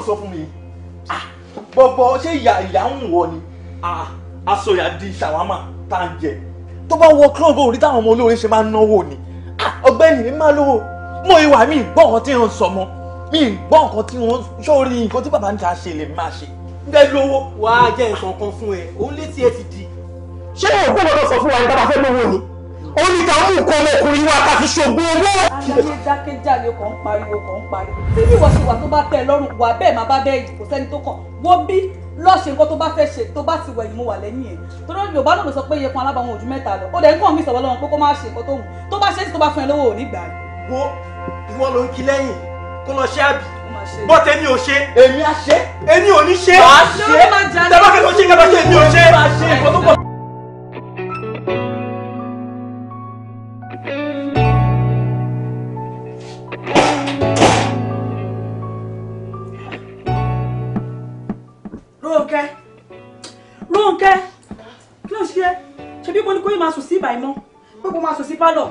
ń sọ fún mi gbogbo ṣé ìyá ìyá ń wọ ni aṣọyà di ṣàwámà tá à ń jẹ tó bá wọ club òrí táwọn ọmọ olóore ṣe máa ń náwó ni ọ̀gbẹ́ni mi máa lówó mo ìwà mi gbọ́ nǹkan tí wọ́n sọ mọ́ mi gbọ́ nǹkan tí wọ́n sórí nǹkan tí bàbá ń ta ṣe lè máa ṣe ǹjẹ́ lówó. wàá jẹ́ nǹkan kan fún ẹ òun létí ẹ ti di. ṣé ìgbọ́dọ̀ sọ fún wa ní tábà fẹ́ lówó ni ó ní ìta mú nǹkan ọmọkùnrin wa ká fi ṣògbó owó. àlàyé jákèjádé ọkọ̀ ń pariwo ọkọ̀ ń pariwo tí bí wọ́n ṣe wà tó bá tẹ̀ lọ́rùn wà bẹ́ẹ̀ má bá bẹ́ẹ̀ yìí kò sẹ́ni tó kàn wọ́n bí lọ́ọ̀ṣẹ̀ nǹkan tó bá fẹ́ ṣe tó bá ti wẹ̀yìn mo wà lẹ́yìn ẹ̀ torí yorùbá lòdì sọ pé iye kan alábàáwọn ojú mẹ́ta lọ ó dẹ̀ ń kàn mí sọ̀rọ̀ lọ́wọ́ pé kó má ṣe nǹkan tó wù tó bá ṣe é tó bá fún ò ṣe èmi á ṣe. èmi ò ní ṣe. wàá ṣe. tẹ́lá kẹ́kọ̀ọ́ ṣe kẹ́kọ̀ọ́ ṣe èmi ò ṣe. báyìí mọ́ pé kó máa sùn sí pálọ̀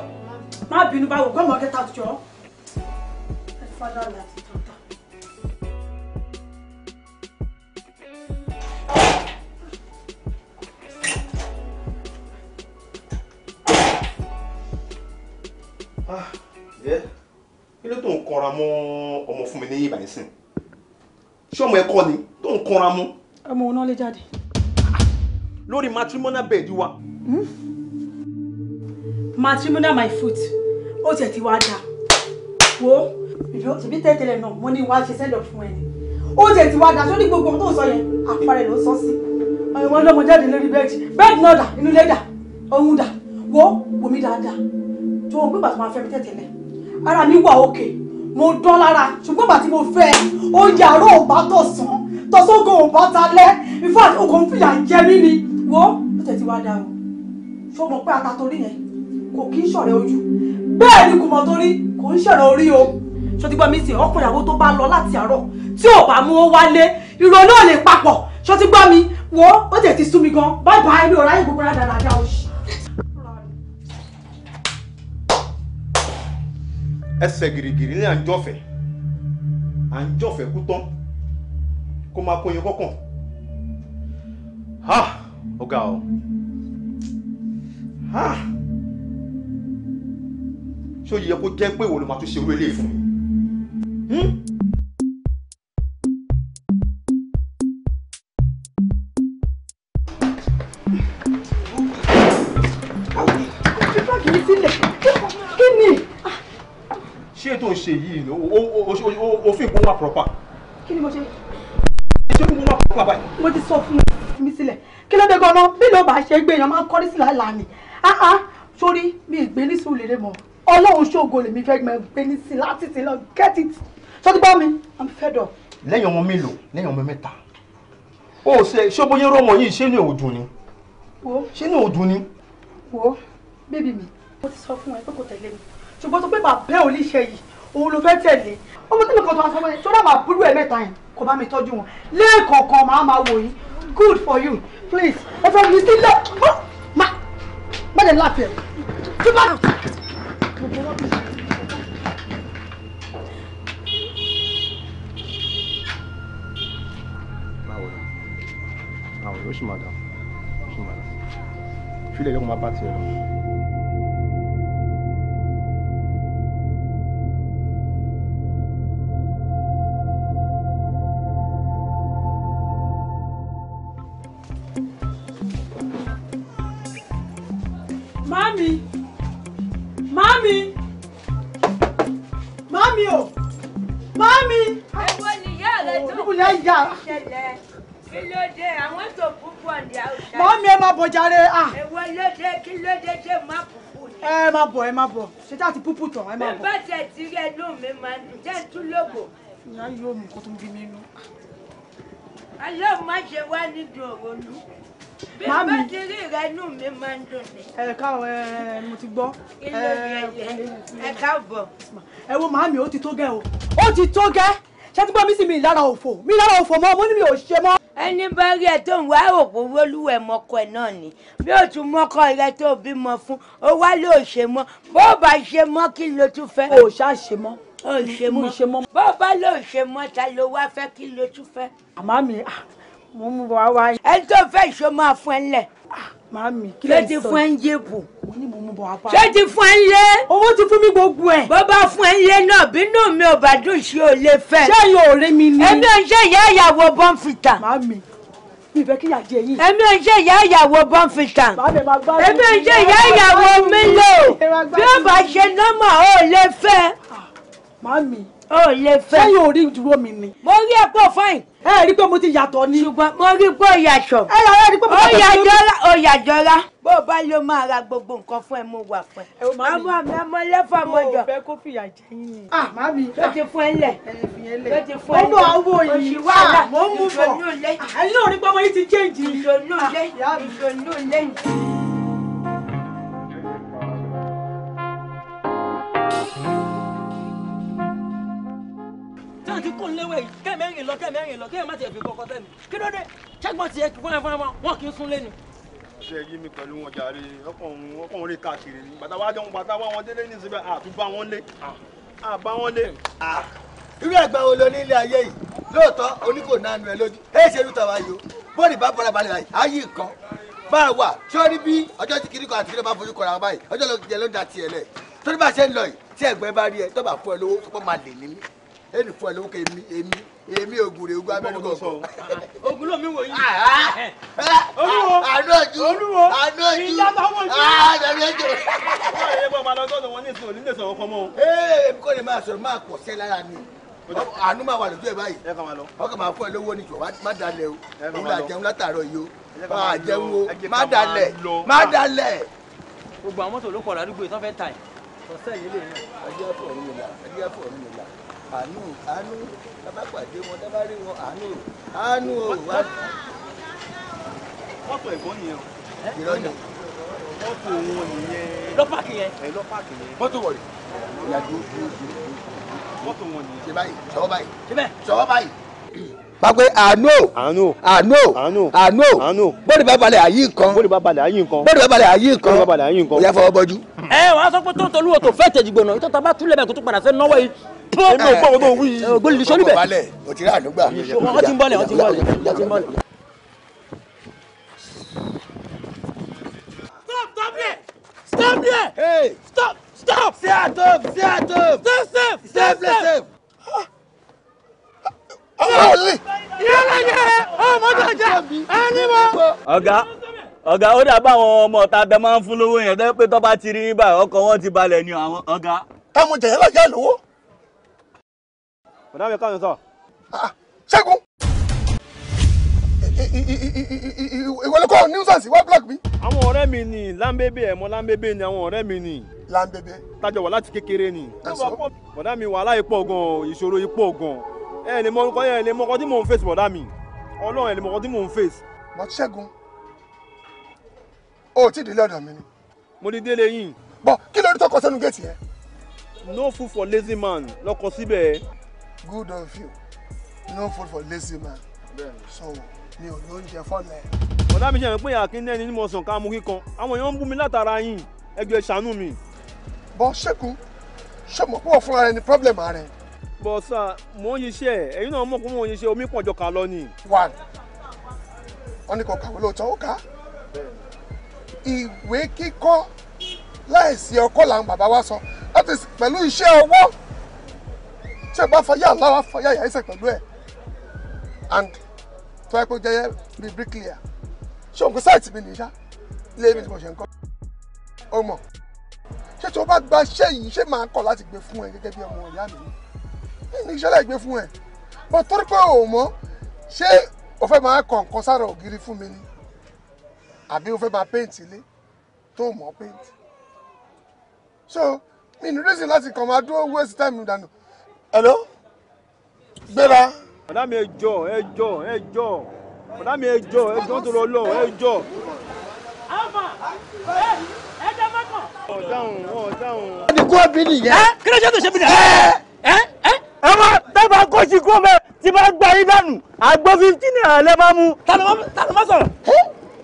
má bínú báwo gọ́ọ̀mù get out jọ. ẹ fọdọ́ láti tọ́ta. kí ló tó ń kanra mọ́ ọmọ fún mi ní ìbàdí sìn ṣé ọmọ ẹ̀kọ́ ni tó ń kanra mọ́. ọmọ òun náà lè matrimonial bed wa. Mm? matrimonial my foot ó tiẹ̀ ti wá dà wo ṣèbí tẹ́tẹ́lẹ̀ náà mo ní wá ṣe sẹ́dọ̀ fún ẹni ó tiẹ̀ ti wá dà sórí gbogbo tó ń sọ yẹn àpárẹ̀ ló sọ sí àwọn ọlọ́mọ jáde lórí bẹ́ẹ̀dì bẹ́ẹ̀dì náà dà inú ilé dà ohun dà wo omi dáadáa tó o gbé bàtà máa fẹ́ mi tẹ́tẹ́lẹ̀ ara mi wà òkè mo dán lára ṣùgbọ́n bàtà mo fẹ́ oúnjẹ àárọ̀ ò bá tọ̀sán tọ́sọ́gọ̀ ò bá talẹ́ in fact o kò ń fìyà jẹ mí ni wo ó tẹ̀ ti wá dà o ṣó mọ̀ pé ata torí yẹn kò kí ń ṣọ̀rẹ́ ojú bẹ́ẹ̀ ni kò mọ̀ torí kò ń ṣọ̀rẹ́ orí o ṣọtígbọ́ mi sì ọkùnrin àwọn tó bá lọ láti àárọ̀ tí ò bá mú ó wálé ìrọ̀ náà lè papọ̀ ṣọtígbọ́ mi wo ó tẹ̀ ti sú mi gan báyìí báyìí mi ò ráyè gbogbo rádà rádà oṣù. ẹsẹ̀ gìrìgìrì ní àjọfẹ́ àjọfẹ́ kú tán kó máa kóyin kọ́kàn ha ọ̀gá o ha ṣé ó yẹ kó jẹ́ pé ìwọ ló máa tún ṣe irú eléyìí fún mi. Hmm? ṣé tó ń ṣe yìí òfin ìpò wà proper. kí ni mo ṣe. ṣé mo wà proper báyìí. mo ti sọ fún mi sílẹ̀ kí ló dé gan-an bí ló bá ṣe gbé èèyàn máa ń kọ́rí sí làálàá ni ah, ah. sórí mi ì gbé ní sùúrù lérè mọ́ ọlọ́run ṣóògùn lèmi fẹ́ mẹ pé ní sí láti sí lọ get it sọ ti gbọ́ mi i'm fed up. lẹ́yìn ọmọ mélòó lẹ́yìn ọmọ mẹ́ta ó ṣe ṣé bóyá rọmọ yìí ṣé ní òòdùn ni ṣé ní òòdùn ni. wo bébì mi mo ti sọ fún ẹ pé kò tẹ̀lé mi ṣùgbọ́n tó pé bàbá ò ní ṣe yìí òun ló fẹ́ tẹ̀lé ọmọ tí mi kàn tó wá sọ fún ẹ ṣọlá máa búrú ẹ mẹ́ta yẹn kò bá mi tọ́jú wọn lẹ́ẹ̀kọ̀ọ̀kan máa máa wò yín good for you please ẹ fẹ́ mi sílẹ̀ má má dẹ̀ láàfin ẹ̀ tí bá. Báwo Mami! Mami o! Mami! Ẹ̀wọ́ ni ìyá rẹ̀ tó ń ṣẹlẹ̀. Kí ló dé? Àwọn tó púpọ̀ ní àwùjọ. Mami ẹ máa bọ̀ jàre. Ẹ̀wọ́ ah! ló dé kí ló dé dé má púpù ni. Ẹ máa bọ̀ ẹ máa bọ̀ ṣe tí a ti púpù tán ẹ máa bọ̀. Bẹ́ẹ̀ tí rẹ̀ ló mi máa ń jẹ́ tún lóbò. Ìyá yóò mú kó tó bí mi nú. Ọlọ́run má ṣe wá nídùn òrónú mami ẹ káwọ ẹ mo ti gbọ́. ẹ káàbọ̀. ẹ wo màámi ó ti tó gẹ́ o ó ti tó gẹ́ ṣé tí gbọ́ mi sì mi lára òfò mi lára òfò mọ́ mo ní mi ò ṣe mọ́. ẹni bá rí ẹ tó ń wá òpó wọlúwẹ̀ mọ́kọ ẹ náà ni bí ó tún mọ́kọ rẹ tó bímọ fún ó wá ló ṣe mọ́ bó bá ṣe mọ́ kí ló tún fẹ́. o ò ṣáà ṣe mọ́ o ò ṣe mọ́ bó bá ló ṣe mọ́ ló wá fẹ́ kí ló tún fẹ́. àmọ́ mi ah, mo mú bọ̀ wá wá. ẹni tó fẹ́ ìṣó máa fún ẹ lẹ̀. Ah, màámi kí ló ń sọ. Ṣé ti fún ẹ ń yé bò? Mo ní mo mú bọ̀ apá. Ṣé ti fún ẹ ń lé? Owó ti fún mi gbogbo ẹ̀. Bó bá fún ẹ ń lé náà bínú mi ò bá dùn sí ò lè fẹ́. Ṣé yóò rí mi ní? Èmi ò ń ṣe ìyá ìyàwó bọ́ǹfìtà. Màámi ìfẹ́ kí yà jẹ yín. èmi ò ṣe ìyá ìyàwó bọ́ǹfìtà. èmi ò ṣe ìyá ìyàwó mi lò. bí ó bá ṣe nọ́mà ó lè fẹ́. Ah, màámi o lè fẹ́. sẹ́yìn ò rí dúró mi ni. mo rí ẹ̀pọ̀ fáìn. ẹ rí pé mo ti yàtọ̀ ni. ṣùgbọ́n mo rí pé ó yàtọ̀. ẹ rà ẹ rí pé mo ti yàtọ̀ lórí. ó yàjọra bó o bá ló máa ra gbogbo nǹkan fún ẹ mo wà fún ẹ. ọmọ mi ọmọ lẹ́fọ̀ mọ́jọ. mo fẹ́ kó fìyà jẹ yín. ah màmí. ló ti fún ẹ lẹ̀. ló ti fún ẹ lẹ̀. ọmọ àwo yìí wà ah, mọ́ mú bọ̀. Ah, ẹ̀yin ò rí pé ọmọ yìí ti change. ìṣòro lé ah, ìṣòro lé. thank you tí wọ́n ti kún léwé yìí kẹ́mẹ́rin lọ kẹ́mẹ́rin lọ kéèyàn má ti ẹ̀fìn kọ́kọ́ tẹ́ni kí ló dé ṣẹ́gbọ́n ti ẹ̀kí fún ẹ̀fọn wọn kì í sún lẹ́nu. ṣe yí mi pẹ̀lú wọn jàre ọkùnrin ọkùnrin káàkiri ni bàtà wájọ bàtà wọn délé nísìnyí bá wọn lé àbá ah. wọn lé. Ah. irú ẹ̀gbọ́n wo ló ní ilé ayé yìí lóòótọ́ oníkò nánu ẹ lójú ẹ ṣe irú tàwa yìí o bóòlì bá bọ́ra balẹ̀ ayé nǹkan bá wà sórí bí ọjọ́ tí kìnnìkan àti kìnnìkan bá fojú kọ̀ra báyìí ọjọ́ ló jẹ ló ń da tiẹ̀ lẹ̀ sórí bá ṣe ń lọ yìí tí ẹ̀gbọ́n bá rí ẹ tó bá fún ẹ lówó tó pọ̀ máa lè ní ẹnì fún ẹ lówó kẹ èmi èmi èmi ògùn rè ogun abẹ́rẹ́ kọ̀ọ̀kan. ogun ló mi wò yìí. Ah, ah. olúwo anọ́jú anọ́jú ìjọba wọn jù. àdàbí ẹjọ. wọ́n yẹ kó máa lọ sọ́dọ̀ wọn ní ìsìn òní lè sọ̀rọ̀ fọmọ. ee kò lè máa sọ̀rọ̀ máa pọ̀ sẹ́ lára mi àánú máa wà lójú ẹ báyìí ọkàn máa fún ẹ lówó ní ìjọba má dalẹ̀ o òun là jẹun látàárọ̀ yìí o má jẹun o má dalẹ̀ má dalẹ̀. gbogbo àwọn mọ́tò ló kọ̀ ládùúgbò yìí tó fẹ́ ta ẹ̀ sọ́sẹ́ yìí lè ní. ẹjẹ́ fọ̀ọ́rùn mi là ẹjẹ́ fọ̀ọ́rùn mi là àánú àánú bàbá pàdé wọn dábàá rí wọn àánú àánú o wá. mọ́tò ẹ̀gbọ́n nìyẹn o. irọ́ ni mọ́tò wọn nìyẹn. lọ́pàkì yẹn. ẹ lọ́pàkì yẹn. mọ́tò wọ̀lẹ̀. ìyàdó mọ́tò wọn nìyẹn. ṣe báyìí sọ báyìí. ṣe bẹ́ẹ̀ sọ báyìí pàpẹ àánú àánú àánú àánú àánú bóde bá balẹ̀ àyí nǹkan bóde bá balẹ̀ àyí nǹkan bóde bá balẹ̀ àyí nǹkan bóde bá balẹ̀ àyí nǹkan ó yá fọwọ́ bọ́jú. ẹ wàá sọ pé tó ń tolú o tó fẹ́ tẹ̀jú gbọ̀nà ìtọ́ta bá túlẹ̀ bẹ́ẹ̀ kó tó padà fẹ́ náwó yìí pọ́. èmi ò gbọ́ tó wí. ògbó lè sọ níbẹ̀. o ti ń bọ́lẹ̀ wọ́n ti ń bọ́lẹ̀ wọ́n ti ń bọ́lẹ̀. stop stop there stop there hey. stop stop. stay at home stay at home. stay safe ah. Ah. Ah. ọ̀gá ọ̀gá ó dàbá àwọn ọmọ ọ̀tá abẹ máa ń fún lówó yẹn tẹ́ pé tọ́ ti rí báyìí ọkọ̀ wọn ti balẹ̀ ni ọ̀gá. táwọn jẹ̀yẹ́ lọ́jà lówó bọ̀dá mi káwọn sọ. Ah, ah, ṣẹ́gun ìwọlé kọ́ nuisance wá block mi. àwọn ọ̀rẹ́ mi ni lambebe ẹ̀mọ́ lambebe ni àwọn ọ̀rẹ́ mi ni. lambebe. tájọ wà láti kékeré ni. bọ̀dá mi wàhálà ipò gan ìṣòro ipò gan ẹ lè mọ orúkọ yẹn lè mọ ọkọ tí mò ń fèsì bọ̀dá mi ọlọ́run ẹ lè mọ ọkọ tí mò ń fèsì. mo ti ṣẹ́gun o ti délé ọ̀dọ̀ mi ni. mo ti délé yín. bọ kí lóri tó kọ sẹ́nu géètì yẹn. no food for lazy man lọkọ síbẹ̀ good of you no food for lazy man so mi ò lóúnjẹ fọ́nà ẹ̀. bọ̀dá mi ṣe rẹ̀ pé àkíndé ni mo sàn ká mú kíkan àwọn èèyàn ń bú mi látara yín ẹgbẹ́ ṣàánú mi. bọ́ ṣẹ́kù ṣé mo pọ̀ fúnra rẹ ni pírọ́blẹ̀mù rẹ. bọ́ sà mò ń ṣiṣẹ́ ẹ̀yin náà mọ̀ pé mò ń ṣiṣẹ́ omi pọ̀jọ kà lọ ni. one wọ́n ní kò kàwé lóòótọ́ ó kà á ìwé kíkọ́ láìsí ọkọ́ làwọn bàbá wa sọ that is pẹ̀lú iṣẹ́ ọwọ́ tẹ́ bá fayá aláwa fayá yà ẹsẹ̀ pẹ̀lú ẹ̀ and tó yẹ kó jẹ́ bíi bricklayer ṣé òǹkó sáìtì mi nìyá lé mi tí mo ṣe ń kọ́ ọ mọ̀ ṣé tí o bá gba iṣẹ́ yìí ṣé màá kọ̀ láti gbé fún ẹ gẹ́gẹ́ bí ọmọ ìyá mi ní ní iṣẹ́ láì gbé fún ẹ bọ́ torí pé o mọ̀ ṣé o fẹ́ máa kọ̀ nǹkan sára ògiri fún mi ni àbí o fẹ́ máa péǹtì ilé tó mọ̀ péǹtì so mi ní reason láti kàn máa dúró waste time dànù hello Bella. gbéra. ọ̀dà mi ẹjọ́ ẹjọ́ ẹjọ́ ọ̀dà to ẹjọ́ ẹjọ́ tó lọ lọ ẹjọ́. àmà ẹ ẹjẹ mọ́kàn. ọ̀dáhùn ọ̀dáhùn. ẹni kó bí nìyẹn. ẹ kí ló ṣe tó ṣe bí eh. ẹ ẹ. ẹ máa dábàá kó sí kó mẹ tí bá gba yín dànù àgbo fifteen naira lẹ máa mú. ta ló máa sọ̀rọ̀.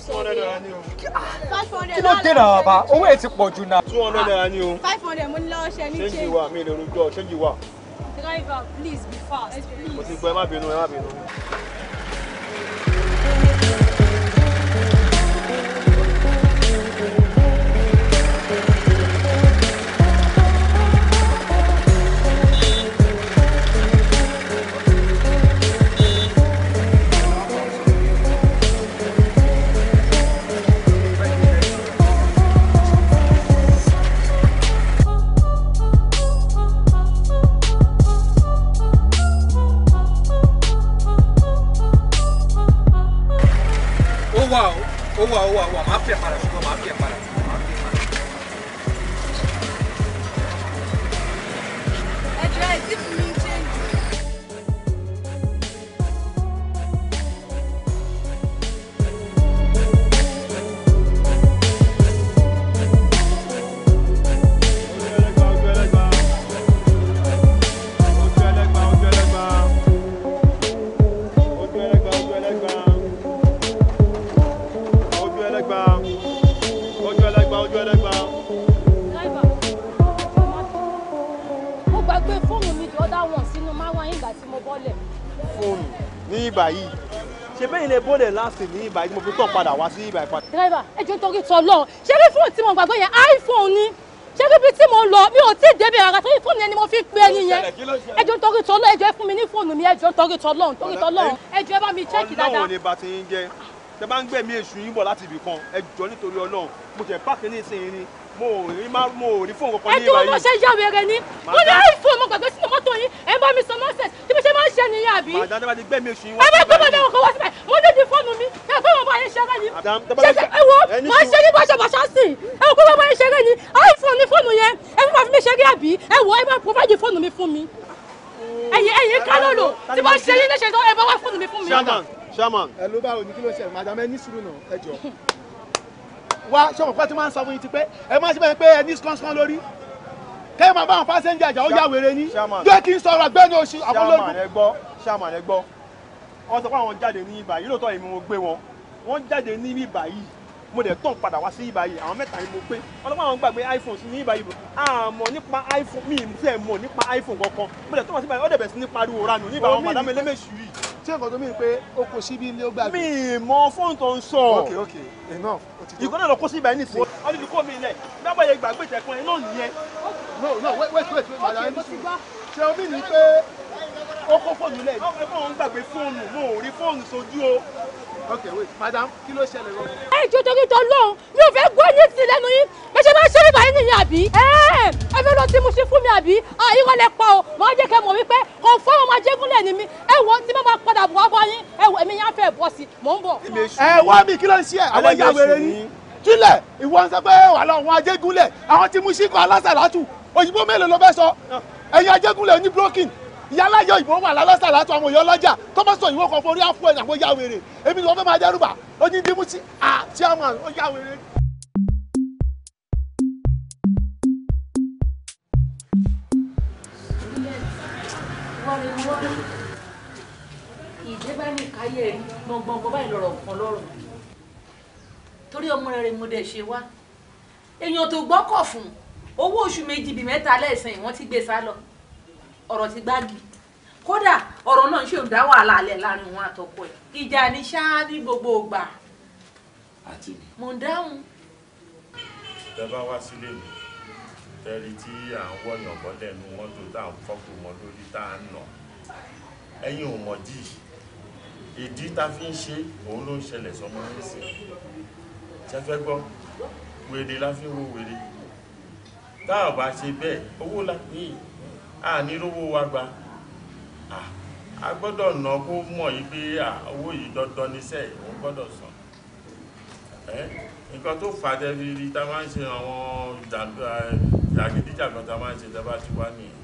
five hundred kí ló dé náà bàbá owó ẹ̀ ti pọ̀ jù náà. two hundred naira ni o. five hundred mo ní lọ́wọ́ ṣe ní change. change wa mi lè rojọ́ change wa. driver please be fast mo ti gbọ́ ẹ má bínú ẹ má bínú. 我我我没拍。ẹ̀yin lè bọ́ọ̀lẹ̀ láǹsì ní ibà yìí mo fi tọ̀ padà wá sí ibà ìpadà. dírẹ́bà ẹ jọ̀ọ́ torí tọ lọ ṣé bí fóònù tí mo gbàgbọ́ yẹn iphone ni ṣé bí tí mo lọ mi ò tí ì débi ara torí fóònù yẹn ni mo fi pe ẹni yẹn ẹ jọ̀ọ́ torí tọ lọ ẹ jọ̀ọ́ fún mi ní fóònù mi ẹ jọ̀ọ́ torí tọ lọ torí tọ lọ ẹ jọ̀ọ́ bá mi chẹ́ẹ̀kì dáadáa. ọlọ́run ni bá ti ń jẹ́ tẹ bá ń gbẹ̀mí èṣù yín bọ̀ láti ibì kan ẹ jọ̀ọ́ nítorí ọlọ́run mo jẹ́ páàkì ní ìsinyìí ni mo ò rí má mo ò rí fóònù kankan ní ìbáyìí. ẹ tí wọn bá ṣe yá wẹrẹ ni mo ní àìfò mo gbàgbé sínú mọ́tò yín ẹ bá mi sọ nọ́ọ̀sẹ̀sì tí mo ṣe máa ń ṣe nìyẹn àbí. màdàm dábàá ti gbẹ́ mi oṣù yín wá. ẹ bá gbọ́dọ̀ dáwọ̀ kan wá síbẹ̀ mo ní di fóònù mi ẹ fẹ́ wọn bá yẹn ṣeré ni. màdàm dábàá ti ẹ wo máa ṣe ní bàṣà bàṣà sí i ẹ wò pé wọn bá yẹn ṣeré ni àìfóònù ni fóònù yẹn ẹ fún mi ṣeré àbí ẹ wò ẹ bá provide fóònù mi fún mi. ẹyin ẹyin kálọ̀lò tí mo ṣe yín léṣe tó bá ṣe wa ṣọ̀wọ́n pẹ́ tí máa ń sọ fún yín ti pé ẹ máa ṣe bẹ́ẹ̀ pé ẹ ní skọ́nskọ́n lórí kẹ́yìn máa bá àwọn pásẹ́ńjà àjà ó yà wèrè ní jẹ́ kí n sọ̀rọ̀ àgbẹ́ni oṣù àwọn olórí. ṣàmà ẹ gbọ́ ṣàmà ẹ gbọ́ wọ́n sọ pé àwọn jáde ní ibà yìí lóòótọ́ èmi mo gbé wọn wọ́n jáde ní ibà yìí mo dẹ̀ tán padà wá sí ibà yìí àwọn mẹ́ta yìí mo pé ọlọ́pàá àwọn gbàgbé iphone sí ní ibà yìí bò àmọ́ nípa iphone mi ìmú fẹ́ mọ̀ nípa iphone kankan mo dẹ̀ tán wá sí ibà yìí ó dẹ̀ bẹ̀ sí ní pariwo ranù ní ibà àwọn màdámẹ́ lẹ́mẹ̀sù yìí. ṣé nǹkan tó mí pé o kò síbi ilé ó ok ok enough ìkọ́ náà lọ kó sí ibà ẹni sìn. wọ́n ti kó mi lẹ̀ dábàá yẹ gbàgbé ìtẹ̀kùn ẹ̀ náà nìyẹn. no no no. wait wait wait madam ṣé omi ní pé ó kó fóònù lẹ́yìn. ọkọ ẹ̀fọ́ òun gbàgbé fóònù mo ò rí fóònù sójú o. ok wait madam kí ló ṣẹlẹ̀ lọ. ẹ jọ torí tọ lóhùn mi ò fẹ́ gbọ́ ní ti lẹ́nu yín bẹ́ẹ̀ ṣe bá ṣe bíbá yín nìyẹn àbí. ẹ ẹ fẹ́ lọ tí mo ṣe fún mi àbí àyíwọ́ lẹ pa o màá jẹ́ kẹ́ mọ̀ wípé kò fọ́ọ̀mù máa jẹ́ gúnlẹ̀ ní mi ẹ wo tí mo bá padà bọ̀ ọ́ bọ́ yín ẹ wo èmi yẹn fẹ́ bọ́ sí mò ń bọ̀. ẹ wá mi kí ló ń ṣe àwọn ìyá wẹrẹ ni kílẹ̀ ìwọ ń sọ pé wà láwọn ajégúnlẹ̀ àwọn tí mú síkọ alásàlátù òyìnbó mélòó ló fẹ́ sọ ah. ẹ̀yin ajégúnlẹ̀ ní brokin ìyálàyò ìbò wà lálọ́sà látọ̀ àwọn èèyàn lọ́jà tó bá sọ ìwé kan fún orí àpò ẹ̀yàn kó yá wèrè èmi ni wọ́n fẹ́ máa dẹ́rùbà ó ní dímú sí àti àwọn àrùn ó yá wèrè. ìjẹ́bá ní káyé gbọ̀ngbọ̀ngbọ̀ báyìí lọ̀rọ̀ kan lọ́rùn torí ọmọ rẹ̀ mo dẹ̀ ṣe wá èèyàn tó gbọ́kọ̀ fún owó oṣù méjì bíi mẹ́ta lẹ́sìn wọ́n ti gbé sá lọ ọ̀rọ̀ ti gbági kódà ọ̀rọ̀ náà ṣe ò dá wàhálà alẹ́ láàrin wọn àtọkọ ẹ̀ ìjà ni ṣáá ní gbogbo ìgbà. àti mi. mo ń dáhùn. tẹ bá wá sílé mi tẹ́rí tí à ń wọ̀yàn bọ́lẹ̀ nu mọ́tò tá à ń fọ́pọ̀ mọ́ lórí tá à ń nà ẹ̀yin ò mọ̀ dì ìdí tá fi ń ṣe òun ló ń ṣẹlẹ̀ sọmọ nísìn ṣẹfẹ́ gbọ́ wèrè la fi ń wo wèrè tá a bá ṣe bẹ́ẹ̀ owó la pín in a ní rówó wa gba a gbọ́dọ̀ ná kó mọ̀ yìí pé owó yìí dandan níṣẹ́ òun gbọ́dọ̀ san nǹkan tó fà á tẹ́lẹ̀ rí tá máa ń ṣe àwọn jàgídíjàgan tá máa ń ṣe tẹ́bá ti wá nìyẹn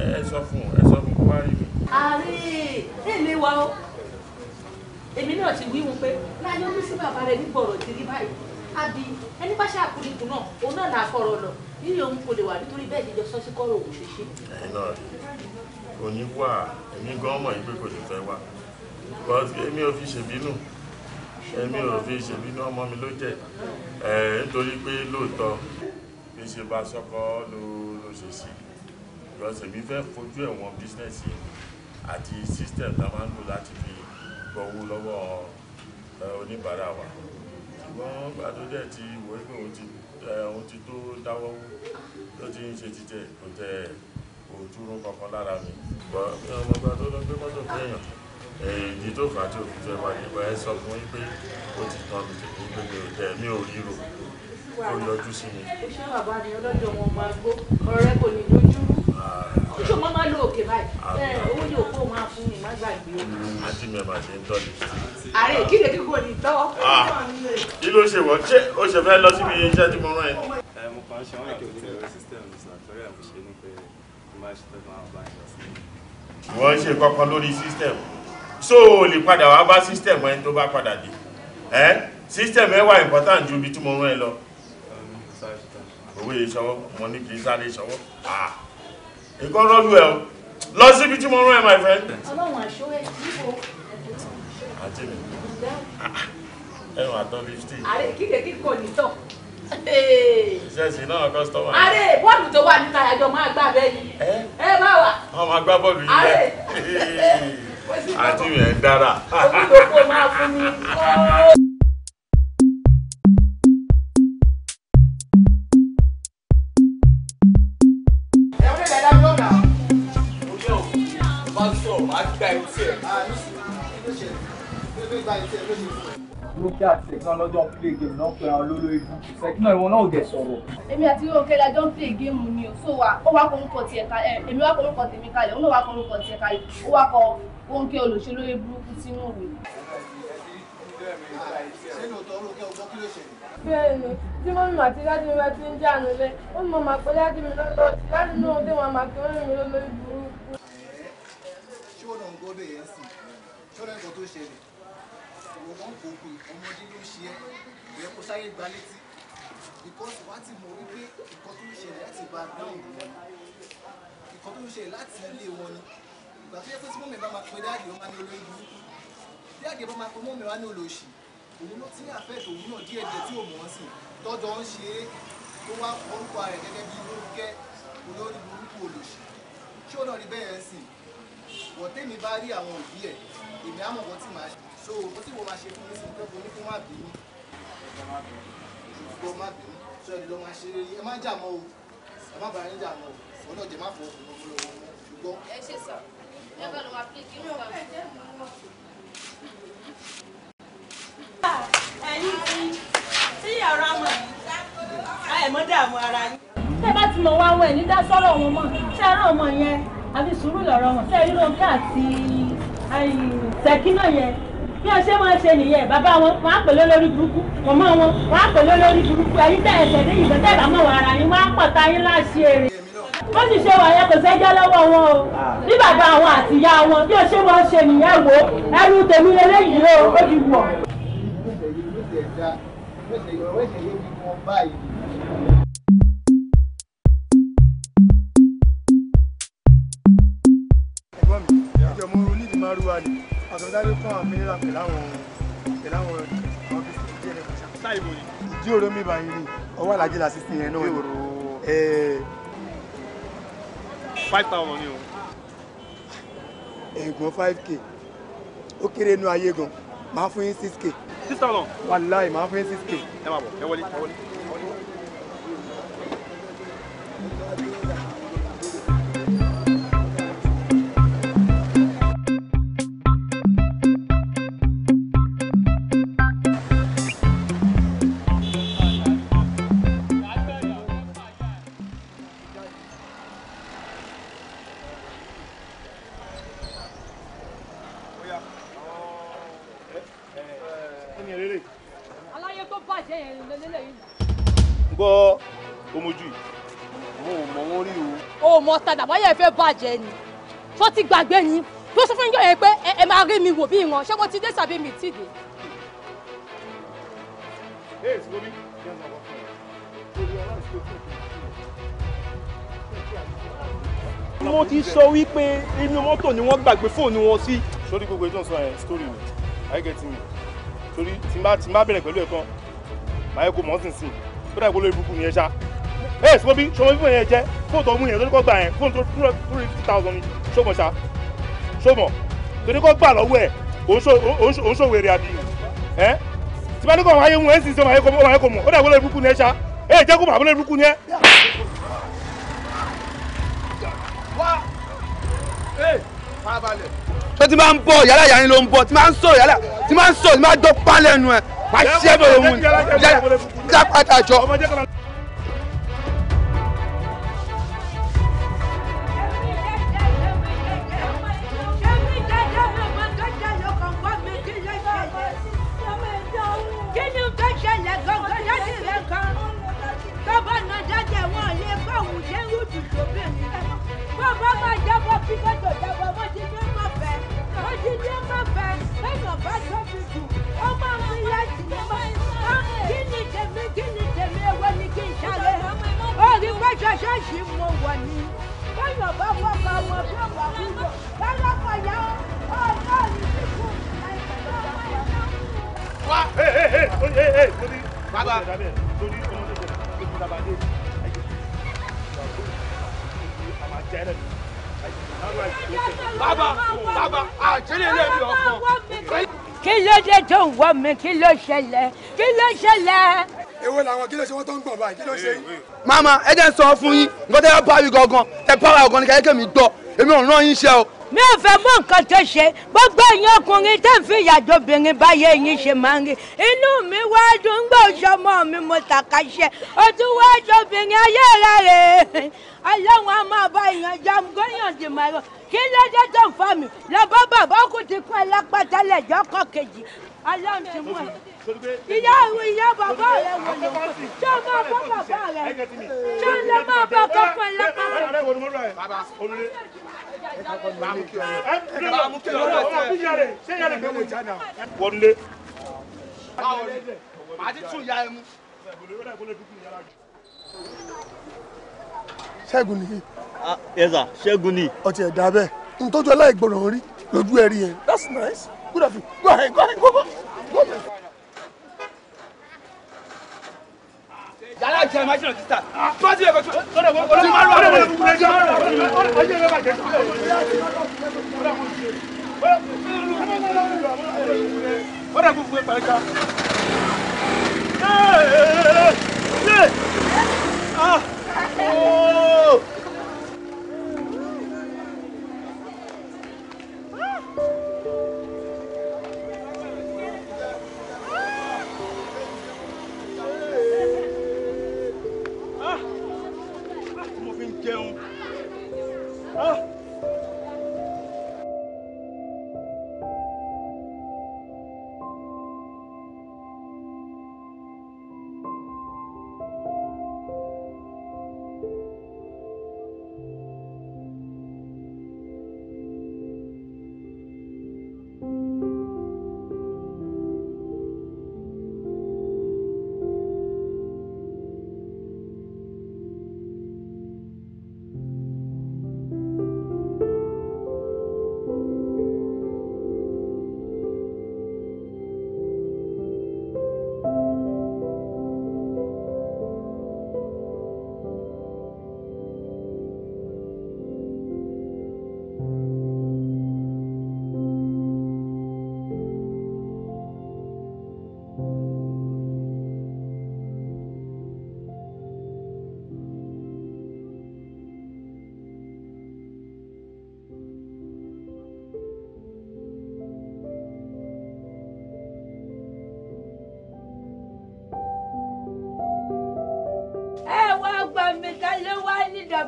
ẹ sọ fún ẹ sọ fún wá rí mi. àrí èmi wa o èmi náà ti wí wọn pé láyé ó bí sí bàbá rẹ ní gbọ̀rọ̀ ti rí báyìí àbí ẹni bá ṣàkúrikù náà òun náà làá kọ̀rọ̀ lọ yíyọ òun kò lè wà nítorí bẹ́ẹ̀ jíjọ sọ́sí kọ́rọ̀ òun ṣe ṣe. ẹ náà rí kò ní wà èmi gan mọ̀ yìí pé kò lè fẹ́ wà èmi ò fi ṣèbínú èmi ò fi ṣèbínú ọmọ mi ló jẹ́ ẹ̀ nítorí pé lóòótọ́ bí ṣe bá sọ́kọ́ ló ló ṣe sí because èmi fẹ́ fojú ẹ̀wọ̀n business yìí àti system tá a máa ń lò láti fi gbọ́wó lọ́wọ́ oníbàárà wa ṣùgbọ́n gbà tó dẹ̀ ti wò ó pé òun ti tó dáwọ́ tó ti ń ṣe jíjẹ kò tẹ̀ kò dúró kankan lára mi. ṣùgbọ́n ọmọ èyí tó fà á tí òfin fẹ́ wá ẹ sọ fún yín pé ó ti tán mi tèmi pé mi ò tẹ mi ò ríro ó yọjú sí mi. ó ṣe bàbá ni ọlọ́jọ́ wọn máa gbó ọ̀rẹ́ kò ní lójú. ó ah. ṣe máa lo òkè báyìí ah. bẹ́ẹ̀ owó yóò kó máa fún gbàgbé. Mm, àti mi ọmọ àti ń tọ́ ni. ààrẹ ìkéde kíkó ni tọ́. Ah, kí ló ṣe wọ́n ṣé o ṣe fẹ́ lọ síbi iṣẹ́ tí mo rán ẹ. ẹ eh, mo kàn ṣe wọn ètò ìlera system sàtọ́rẹ́ àmúṣe ní pé mo máa ṣe tọ́jú àwọn báyìí lọ sí. wọ́n ṣe kankan lórí system so o lè padà wá bá system ẹni tó bá padà dé ẹ system ẹ wà important ju ibi tí mo rán ẹ lọ eh, owó ìṣọwọ́ mo ní kì í sáré ìṣọwọ́ nǹkan ah, rọ́lù ẹ o lọ síbi tí mo rán ẹ my friend. ọlọ́run àṣọ ẹ níbo. àti mi ẹnu àtọ fifty. àrè kíkẹ́ kíkọ nítọ̀. ìṣẹ̀sìn náà kọ́sítọ́mà. àrè bọ́ọ̀lù tó wà níta àjọ máa gbà bẹ́ẹ̀ ni. ẹ má wà. wọ́n máa gbá bọ́ọ̀lù yìí bẹ́ẹ̀. àti mi ẹ̀ ń dára. òkú tó kó máa fún mi. lókè àti ṣẹ̀gbọ́n lọ́jọ́ ń play game náà pé àwọn olólórí búùkù ṣẹ̀gbọ́n náà ìwọ náà ò dẹ̀ sọ̀rọ̀. èmi àti Rónkẹ́ la jọ ń play game ni o so wa ó wá korúkọ tiẹ̀ ka eh, èmi wá korúkọ tèmi kalẹ̀ òun náà wá korúkọ tiẹ̀ kalẹ̀ ó wá kọ Rónkẹ́ olùṣèlórí burúkú sínú òwe. ṣé lóòótọ́ Rónkẹ́ ọgbọ́n àti dájú mi bá ti ń jà nílé ó mọ̀ máa pẹ́ dájú mi lọ́dọ̀ wọ́n mọ̀ kó pé ọmọdé ló ń ṣe ẹ́ ìyẹn kó sáyé gba létí because wá ti mọ̀ wípé nǹkan tó ń ṣẹlẹ̀ láti gba dáhùn wọn nǹkan tó ń ṣẹlẹ̀ láti ilé wọn ni ìgbà tó yẹ pé tí mọ́mí bá máa pe dáàdì ó máa ní olóyún burúkú dáàdì bá máa pe mọ́mí wá ní olóṣì òun ló ti ní àfẹ́ tòun náà díẹ̀ díẹ̀ tí ò mọ̀ ọ́n tọ́jọ́ ń ṣe é tó wá orúkọ rẹ̀ gẹ́gẹ́ bí olóńkẹ́ olórí burúkú olóṣì ṣé ó náà rí bẹ́ẹ̀ sìn wọ̀tẹ́mi bá rí àwọn òbí ẹ̀ èmi á mọ̀ wọ́n ti máa ṣe so ó sì wọ́n máa ṣe fún mi sí pé mo ní kí wọ́n má bínú gbọ́ má bínú so ẹni ló máa ṣe rere ẹ má jà mọ́ o ẹ má bàa ń jà mọ́ o òun náà jẹ́ má fọ òkú lọ́wọ́ lọ́wọ́ ṣùgbọ́n. ẹ ṣe sọ ẹ bá lọ wá pé kí ló wà ẹ̀yin tí tí ọ̀rọ̀ amọ̀ yìí ẹ̀ mọ́ dààmú ara yín. tẹ́ bá ti lọ wá wẹ̀ ní dá wọn mọ̀ ṣé ẹ̀rọ ọmọ yẹn àbí sùúrù lọ̀rọ̀ wọn ṣé ẹ̀rí lóun ká àti ṣẹ́kí yẹn bí wọ́n ṣe máa ṣe nìyẹn bàbá wọn wọ́n á pè lólórí burúkú màmá wọn wọ́n á pè lólórí burúkú ẹ̀yin tẹ̀ ẹ̀sẹ̀ ní ìgbẹ́ tẹ̀ bá mọ̀ wàrà yín wọ́n á pọ̀ ta yín láṣẹ èrè. bó sì ṣe wà yẹn kò sẹ́jọ́ lọ́wọ́ wọn o ní bàbá wọn àti ìyá wọn bí wọ́n ṣe máa ṣe nìyẹn wò ẹrú tèmi lélẹ́yìí o ó ti wọ̀. sáré mi bá yín ọwọ́ alájí la sísìn yẹn náà yòrò. five thousand ni o. ẹ̀gbọ́n five k ó kéré inú ayé gan máa fún yín six k. six thousand. wàláì máa fún yín six k. ẹ máa bọ̀ ẹ wọlé ẹ wọlé. fẹ́ bàjẹ́ ni tó ti gbàgbé ni bó sọ fún yín yẹn pé ẹ máa rí mi wò bí ìran ṣé mo ti dé sàbí mi tì dé. mo ti sọ wípé inú mọ́tò ni wọ́n gbàgbé fóònù wọn sí. sórí gbogbo ètò ìsọ yẹn sítórì mi àyíkẹ́ mi torí tí n bá bẹ̀rẹ̀ pẹ̀lú ẹ̀ tán màá yẹ kó mọ́ sínsìn tó dà ìpolówó ìbùkún ni ẹ ṣá ẹ sọ bí sọ bí fóònù yẹn jẹ fóònù tó mú yẹn lórúkọ gbà yẹn fóònù tó two hundred fifty thousand sọmọ ṣá sọmọ torí kọ gbà lọ́wọ́ ẹ òun ṣòwò èrè àbí ẹ tí bá ní kò wáyé mu ẹ sì sọ wáyé kò mọ ó dà wọlé burúkú ni ẹ ẹ jẹ kó bà wọlé burúkú ni tó ti máa ń bọ̀ yàrá yàrá ló ń bọ̀ tí máa ń sọ̀rọ̀ yàrá tí máa ń sọ̀rọ̀ tí máa dọ́ pálẹ̀ nu ẹ máa ṣẹ́ bọ̀ lóhun jápàtà jọ. ṣọ́ọ̀ṣì mo wà ní báyọ̀ bá fọ́pọ̀ ọmọ bí ọ̀pá wúlò lọ́lọ́pọ̀ yá ọ ọlọ́run ti kú wa ee ee ee ee torí bàbá torí ọmọdé jẹ ètò bàbá dé ayé mi ọkọ. kí ló dé tó ń wọ mi kí ló ṣẹlẹ̀ kí ló ṣẹlẹ̀ èwo làwọn kí ló ṣe wọ́n tó ń gbọ̀n báyìí kí ló ṣe yín. màmá ẹ jẹ́ ń sọ fún yín nǹkan tẹ́ ẹ bá wí gangan ẹ bá wa gangan ní kẹ́kẹ́ mi gbọ́ èmi ò rán yín iṣẹ́ o. mi ò fẹ́ mọ nǹkan tó ṣe gbogbo ẹ̀yin ọkùnrin tẹ́ ń fi ìyàjọ obìnrin báyé yín ṣe máa ń rí inú mi wá dùn gbọ́ ìṣọmọ mi mo tàkàṣẹ o tún wá jọbìnrin ayé rẹ̀ rè ọlọ́run a máa bá èèyàn jẹun góyàn dì máa rọ kí ló dé tó ń fa mi lọ bá bàbá kù ti kún ẹ lápá tẹ́lẹ̀ jọ́kọ̀ kejì ọlọ́run ti mú ẹ ìyá ìwé ìyá bàbá rẹ wò ló ṣé o máa bá bàbá rẹ ṣé o lè máa bá kọ́kọ́ ẹ lọ́kọ́. wọlé. báwo ni màá ti tún ìyá ẹ mú. ṣẹ́gun ni. Ah, ẹ̀sà ṣẹ́gun ni. ọtí ẹ̀dá bẹ́ẹ̀ n tó jọ aláìgbọràn rí lójú ẹ̀rí yẹn that's nice good of you go ahead go ahead go go. yàrá Oh!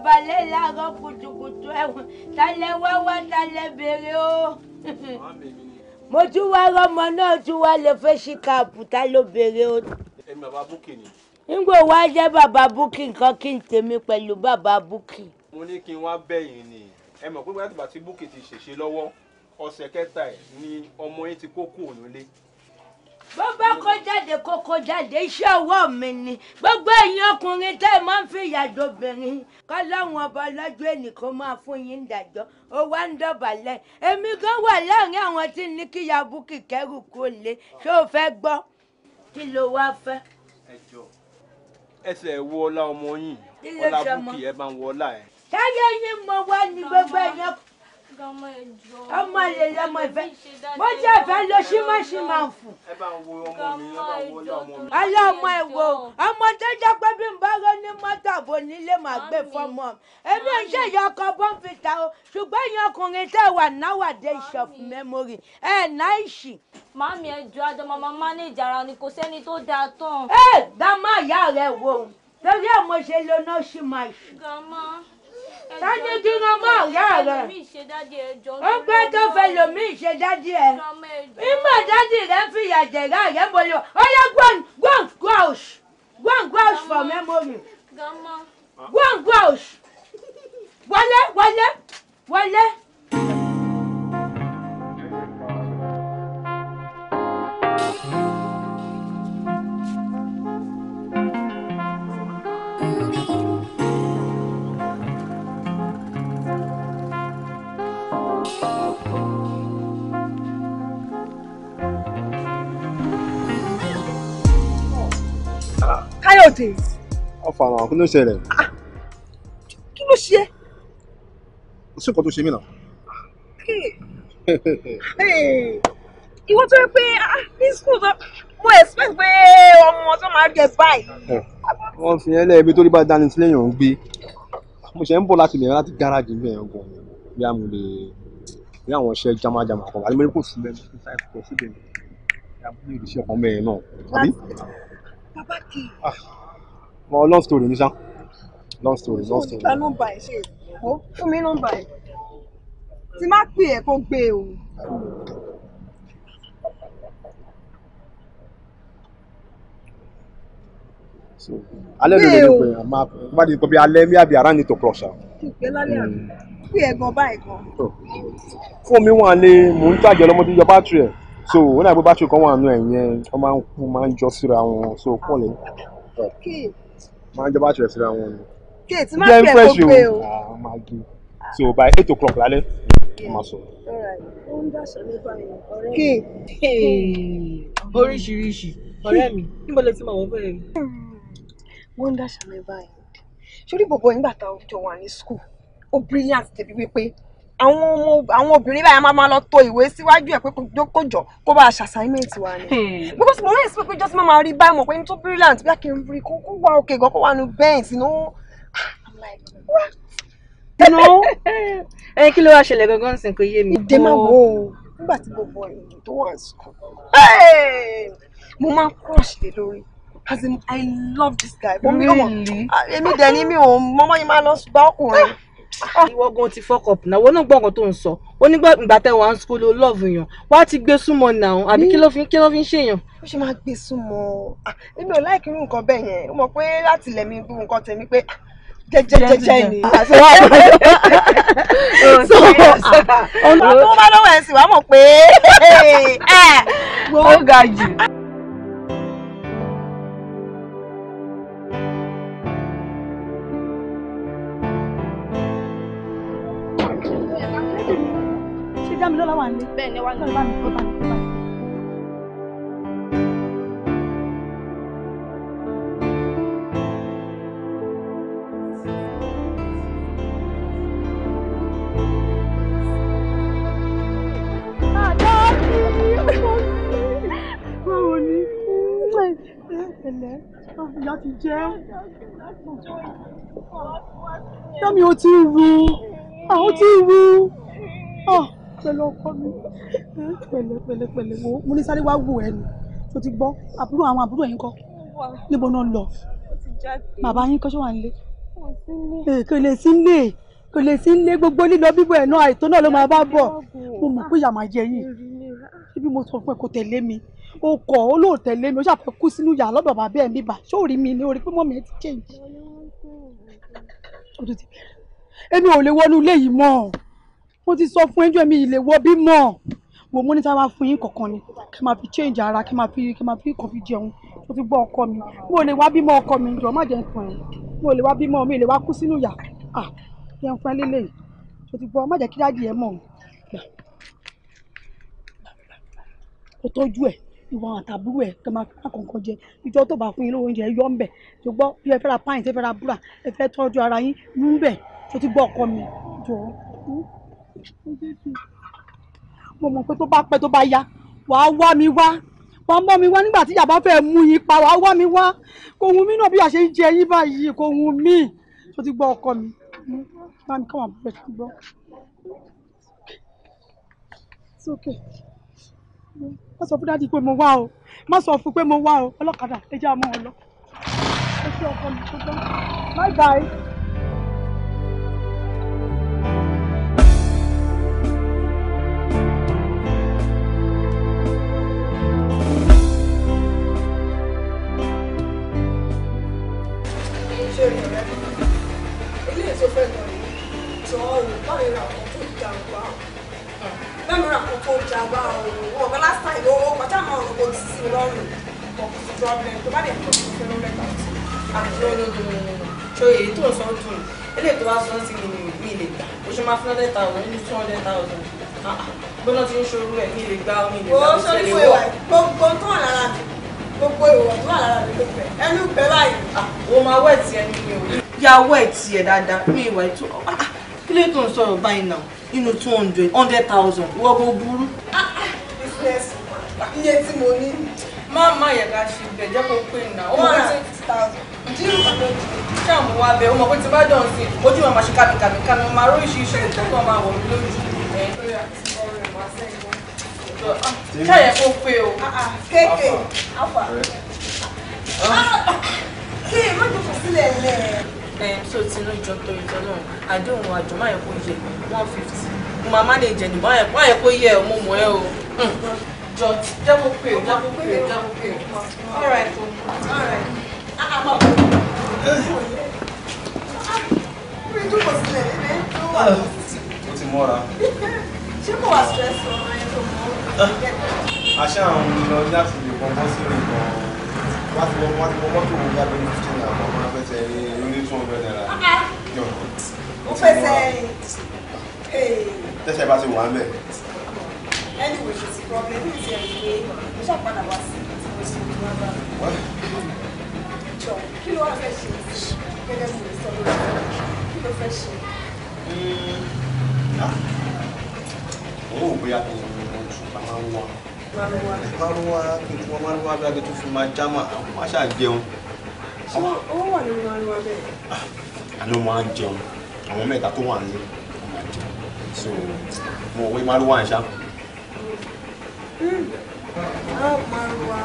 balẹ̀ láàárọ̀ kùtùkùtù ẹ̀wọ̀n talẹ̀ wáwá talẹ̀ béèrè o. mo tún wá rọmọ náà tún wá lè fẹ́ ṣìkàpù ta ló béèrè o. ẹni ni. nígbà wá jẹ́ bàbá búkì nǹkan kí n tèmi pẹ̀lú bàbá búkì. mo ní kí n wá bẹ̀yìn ni ẹ mọ̀ pé bàtí bàtí búkì ti ṣèṣe lọ́wọ́ ọ̀sẹ̀ kẹta ẹ̀ ni ọmọ yín ti kó kúrò nílé bó bá kó jáde kó kó jáde iṣẹ́ ọwọ́ mi ni gbogbo ẹ̀yin ọkùnrin tẹ́ ẹ máa ń fi ìyàdó kọ́ láwọn ọba ọlọ́jọ́ ẹnìkan máa fún yín dàjọ́ ó wá ń dọ̀bálẹ̀ èmi gan wà láàrin àwọn tí ní kíyà búkì kẹ́rù kó lé ṣé o fẹ́ gbọ́ kí ló wá fẹ́. ẹ jọ ẹsẹ̀ wọ ọlá ọmọ yìí ọlá búkì ẹ bá ń wọ ọlá ẹ. táyé yín mo wá ní gbogbo ẹ̀yàn ọmọ yẹyẹ ọmọ ìfẹ́ mo jẹ ìfẹ́ lọ sí mọṣímà fún. ọlọ ọmọ ẹ wo ọmọ tó jẹ pé bí n bá rọ ní mọ́tò àbò nílé màá gbé fọmọ èmi ò ṣe ìyá ọkọ bọ́ǹfìtà o ṣùgbọ́n ìyẹn ọkùnrin tẹ̀ wà nowadays of memory ẹ̀ náà ìṣì. màmí ẹ jọ àjọ màmá mánéjì ara ni kò sẹ́ni tó dáa tán. ẹ dá má yá rẹ wò torí ẹ mo ṣe lọ náà ṣì máa ṣù sáájú dúró mọ́ ọ̀gá rẹ̀ ó pẹ́ tó fẹ́ lòmíì ṣe dádì ẹ̀ ìmọ̀ dádì rẹ̀ fìyà jẹ̀rẹ̀ rẹ̀ bolo ó yẹ gbọ́n gbọ́n grouch gbọ́n grouch for memory gbọ́n grouch wọlé wọlé wọlé. jáde. ọfà àwọn àkúnú ìṣẹ̀lẹ̀. kí ló ṣe é. kò sí nǹkan tó ṣe mí náà. ìwọ tó yẹ pé ah, ní school tó mo expect pé ọmọ tó máa jẹ báyìí. wọ́n fi ẹlẹ́ ibi tó rí bá dání sílẹ̀ yàn ń mo ṣe ń bọ̀ láti lè láti gáràjì ní ẹ̀yàn gan bí a mo lè rí àwọn iṣẹ́ jámájámá kan àti mo ní kò sí lẹ́nu kò sí kò sí lẹ́nu bí a mo lè rí iṣẹ́ kan bẹ́ẹ̀ náà. bàbá kì ah! mo long story ní sá long story long story. ta nọ́mbà ẹ ṣe o fún mi nọ́mbà ẹ tí má pè ẹ kó gbé e o. alẹ́ ló lè ní e pé àmà bá di pé alẹ́ mi àbí ara ni tó pọ̀ ṣá. ìgbẹ́ lálẹ́ àbí mm. pé ẹ̀gàn báyìí gan. Oh. fún mi wọn lé mò ń tàjẹ́ ọlọ́mọdé yọ bátìrì ẹ̀ so wọn náà gbé bátìrì kan wà nù ẹ̀yẹn wọn máa ń kú máa ń jọ So, wọn so pọ̀ máa ń jọba àṣẹ síra wọn ni. kéètì má pẹ́ kó pé o. àwọn ah, máa gbé so by eight o'clock lálẹ́ wọ́n máa sọ. kí oríṣiríṣi ọ̀rẹ́ mi níbo lè ti mọ̀ wọ́n bẹ̀rẹ̀ mi. wọ́n ń dáṣà mẹ́fà yìí sórí bọ̀bọ̀ nígbà táwọn jọ wà ní school ó brilliant tẹ̀bí wípé àwọn ọmọ àwọn obìnrin báyìí máa máa lọ to ìwé síwájú ẹ̀ pé kó jọ kó bá a assignment wa ni hmm. because mo rẹ́ẹ̀sì pé jọ́sí máa rí báyìí mọ̀ pé ní tó brilliant bí akin rí kó kó wá òkè gan kó wà nù bẹ́ẹ̀ sí ní ó i'm like wá. no ẹ kí ló wá ṣẹlẹ̀ gangan sìn kò yé mi. ìdè máa oh. wò ó nígbà tí gbogbo èèyàn tó wà sùn mo máa crush lé lórí as in i love this guy. really ah, èmi dẹ̀ ni mi ò mọ́mọ́ yìí máa lọ gba ọkùnrin. Ah, ìwọ gan ti fọkọ náwó náà gbọ̀ngàn tó ń sọ ó nígbà ìgbà tẹ wà ń sukú ló lọ́ọ̀fù yàn wá ti gbé súnmọ́ náà àbí kí ló fi kí ló fi ń ṣèyàn. ó ṣe máa gbé súnmọ́ ah, èmi ò láìkí irú nǹkan bẹ́ẹ̀ yẹn ó mọ̀ pé láti lẹ̀ mi bí nǹkan tèmi pé ah, jẹjẹjẹjẹ ni. Oh, so ọ̀nà tó bá lọ́wọ́ ẹ̀ sì wá mọ̀ pé ó ga jù. dá mi lọ́la wà nílé. bẹ́ẹ̀ ni wà nílé. bá mi kó bá mi kó bá mi. ìyá ti jẹ́ tẹ́mi ó ti wú ó ah, ti wú. Ah pẹ̀lú ọkọ mi pẹ̀lẹ́ pẹ̀lẹ́ pẹ̀lẹ́ wo mo ní sáré wá wù ẹ́ ni tó ti gbọ́ àbúrò àwọn àbúrò yín kọ́ níbo náà lọ bàbá yín kọ́ ṣé wà nílé kò lè sí nílé kò lè sí nílé gbogbo lílọ bíbọ̀ ẹ̀ náà àìtó náà ló máa bá bọ̀ mo mọ̀ pé ìyà máa jẹ yín ah. bí mo sọ fún ẹ kò tẹ̀lé mi o kọ̀ ó lóò tẹ̀lé mi ó ṣàfẹ́ kú sínú yàrá lọ́dọ̀ bàbá ẹ̀ mi ṣó rí mi ní orí pé mọ́mí ẹ ti change. èmi ò lè wọnú ilé yìí mọ́ mo ti sọ fún ẹjọ́ mi ìlè wọ bí mọ̀ wò mo ní tá a wá fún yín kankan ni kí máa fi change ara kí máa fi kí máa fi kàn fi jẹun mo ti gbọ́ ọkọ mi mo lè wá bímọ ọkọ mi jọ má jẹ́ nǹkan ẹ̀ mo lè wá bímọ mi lè wá kú sínú yà á jẹ́ nǹkan ẹ̀ lélẹ̀ mo ti gbọ́ má jẹ́ kí dáàdì ẹ̀ mọ̀ o tọ́jú ẹ̀ ìwọ àtàbúrò ẹ̀ kí máa fẹ́ kankan jẹ ìjọ tó bá fún yín lówó oúnjẹ yọ ńbẹ̀ tó gbọ́ bí ẹ fẹ́ ra pint ẹ fẹ́ ra búrà ẹ fẹ́ tọ́jú ara yín ń tó ti gbọ́ ọkọ mi jọ mo mọ̀ pé tó bá pẹ́ tó bá yá wàá wá mi wá wàá mọ́ mi wá nígbà tí ìyá fẹ́ mú yín pa wàá wá mi wá kò wù mí náà bí a ń jẹ yín báyìí kò wù mí tó ti gbọ́ ọkọ mi bá mi káwọn bẹ̀rẹ̀ sí gbọ́. má sọ fún dáàdi pé mo wá o má sọ fún pé mo wá o ọlọ́kadà ẹ jẹ́ àmọ́ ọ ẹ ṣe ọkọ mi tó gbọ́ bye bye. gba omi ìlú ìlú ìṣẹ̀lẹ̀ wọ̀. gbogbo tó wà lára mi gbogbo ìwọ̀ tó wà lára mi ló fẹ́ ẹnu fẹ́ báyìí. o máa wẹ̀ tí ẹni mi ò rí. ya wẹ̀ tí ẹ dáadáa mi ìwà ètò ah, ah, kí ló tó ń sọ̀rọ̀ báyìí náà inú two hundred hundred thousand wọ́gbọ́n burú. Ah, business iye tí mo ní. má má yẹ ká ṣe ibẹ̀ jẹ́ kó pé nà ó máa ṣe fifty thousand. jíìrù ṣé àwọn wa bẹ ọmọ pé ti bá dàn sí ojú wọn máa ṣe kàmìkàmì kàmì máa róríṣiríṣi nǹkan tó máa wọ̀ mí lójú. Ah ah, ṣáyẹ kó Ah ah, kéèké afa ah, kí má jòkó sílẹ̀ lẹ̀. so tinú jọ tó ìjọ náà àdéhùn àjọ má yẹ kó yẹ one fifty mo máa manage ẹni má yẹ kó yẹ mo mọ̀ ẹ́ o hmm. jọ jẹ́wọ́ pé o jẹ́wọ́ pé o jẹ́wọ́ pé o. all right o all right. Ah, ah, mo ti mọ́ra. Ṣé mo wà stress lọ́wọ́ ẹ̀ tó mọ́? Ah. àṣà àwọn lọ láti lè pọn bọ́ sí ìrìnkàn wọ́n ti wọ́n ti wọ́n mọ́tò wọn yá lórí fifteen naira wọ́n máa fẹsẹ̀ lórí two hundred naira. ó fẹsẹ̀ tẹ́sẹ̀ bá ti wà ń bẹ̀. ẹni wò ṣe sí problem ní ìṣe ìwé ó ṣàpàdà wá sí ìdí mo ṣe ìwé wọn bá mi. jọ kí ló wá fẹ́ ṣe gẹ́gẹ́ bí mo sọ lórí kí ló fẹ́ ṣe. Hmm. Ah. ó wò bóyá kí márùwá márùwá kí n fún wa márùwá bí agbẹ́tú fún ma jámà má ṣáà jẹun. ṣé owó wà nínú márùwá bẹ́ẹ̀. àná ah, máa ń jẹun àwọn mẹ́ta tó wà nílé wọ́n máa jẹun so mo wé márùwá ẹ̀ ṣá. márùwá hmm. ah, márùwá.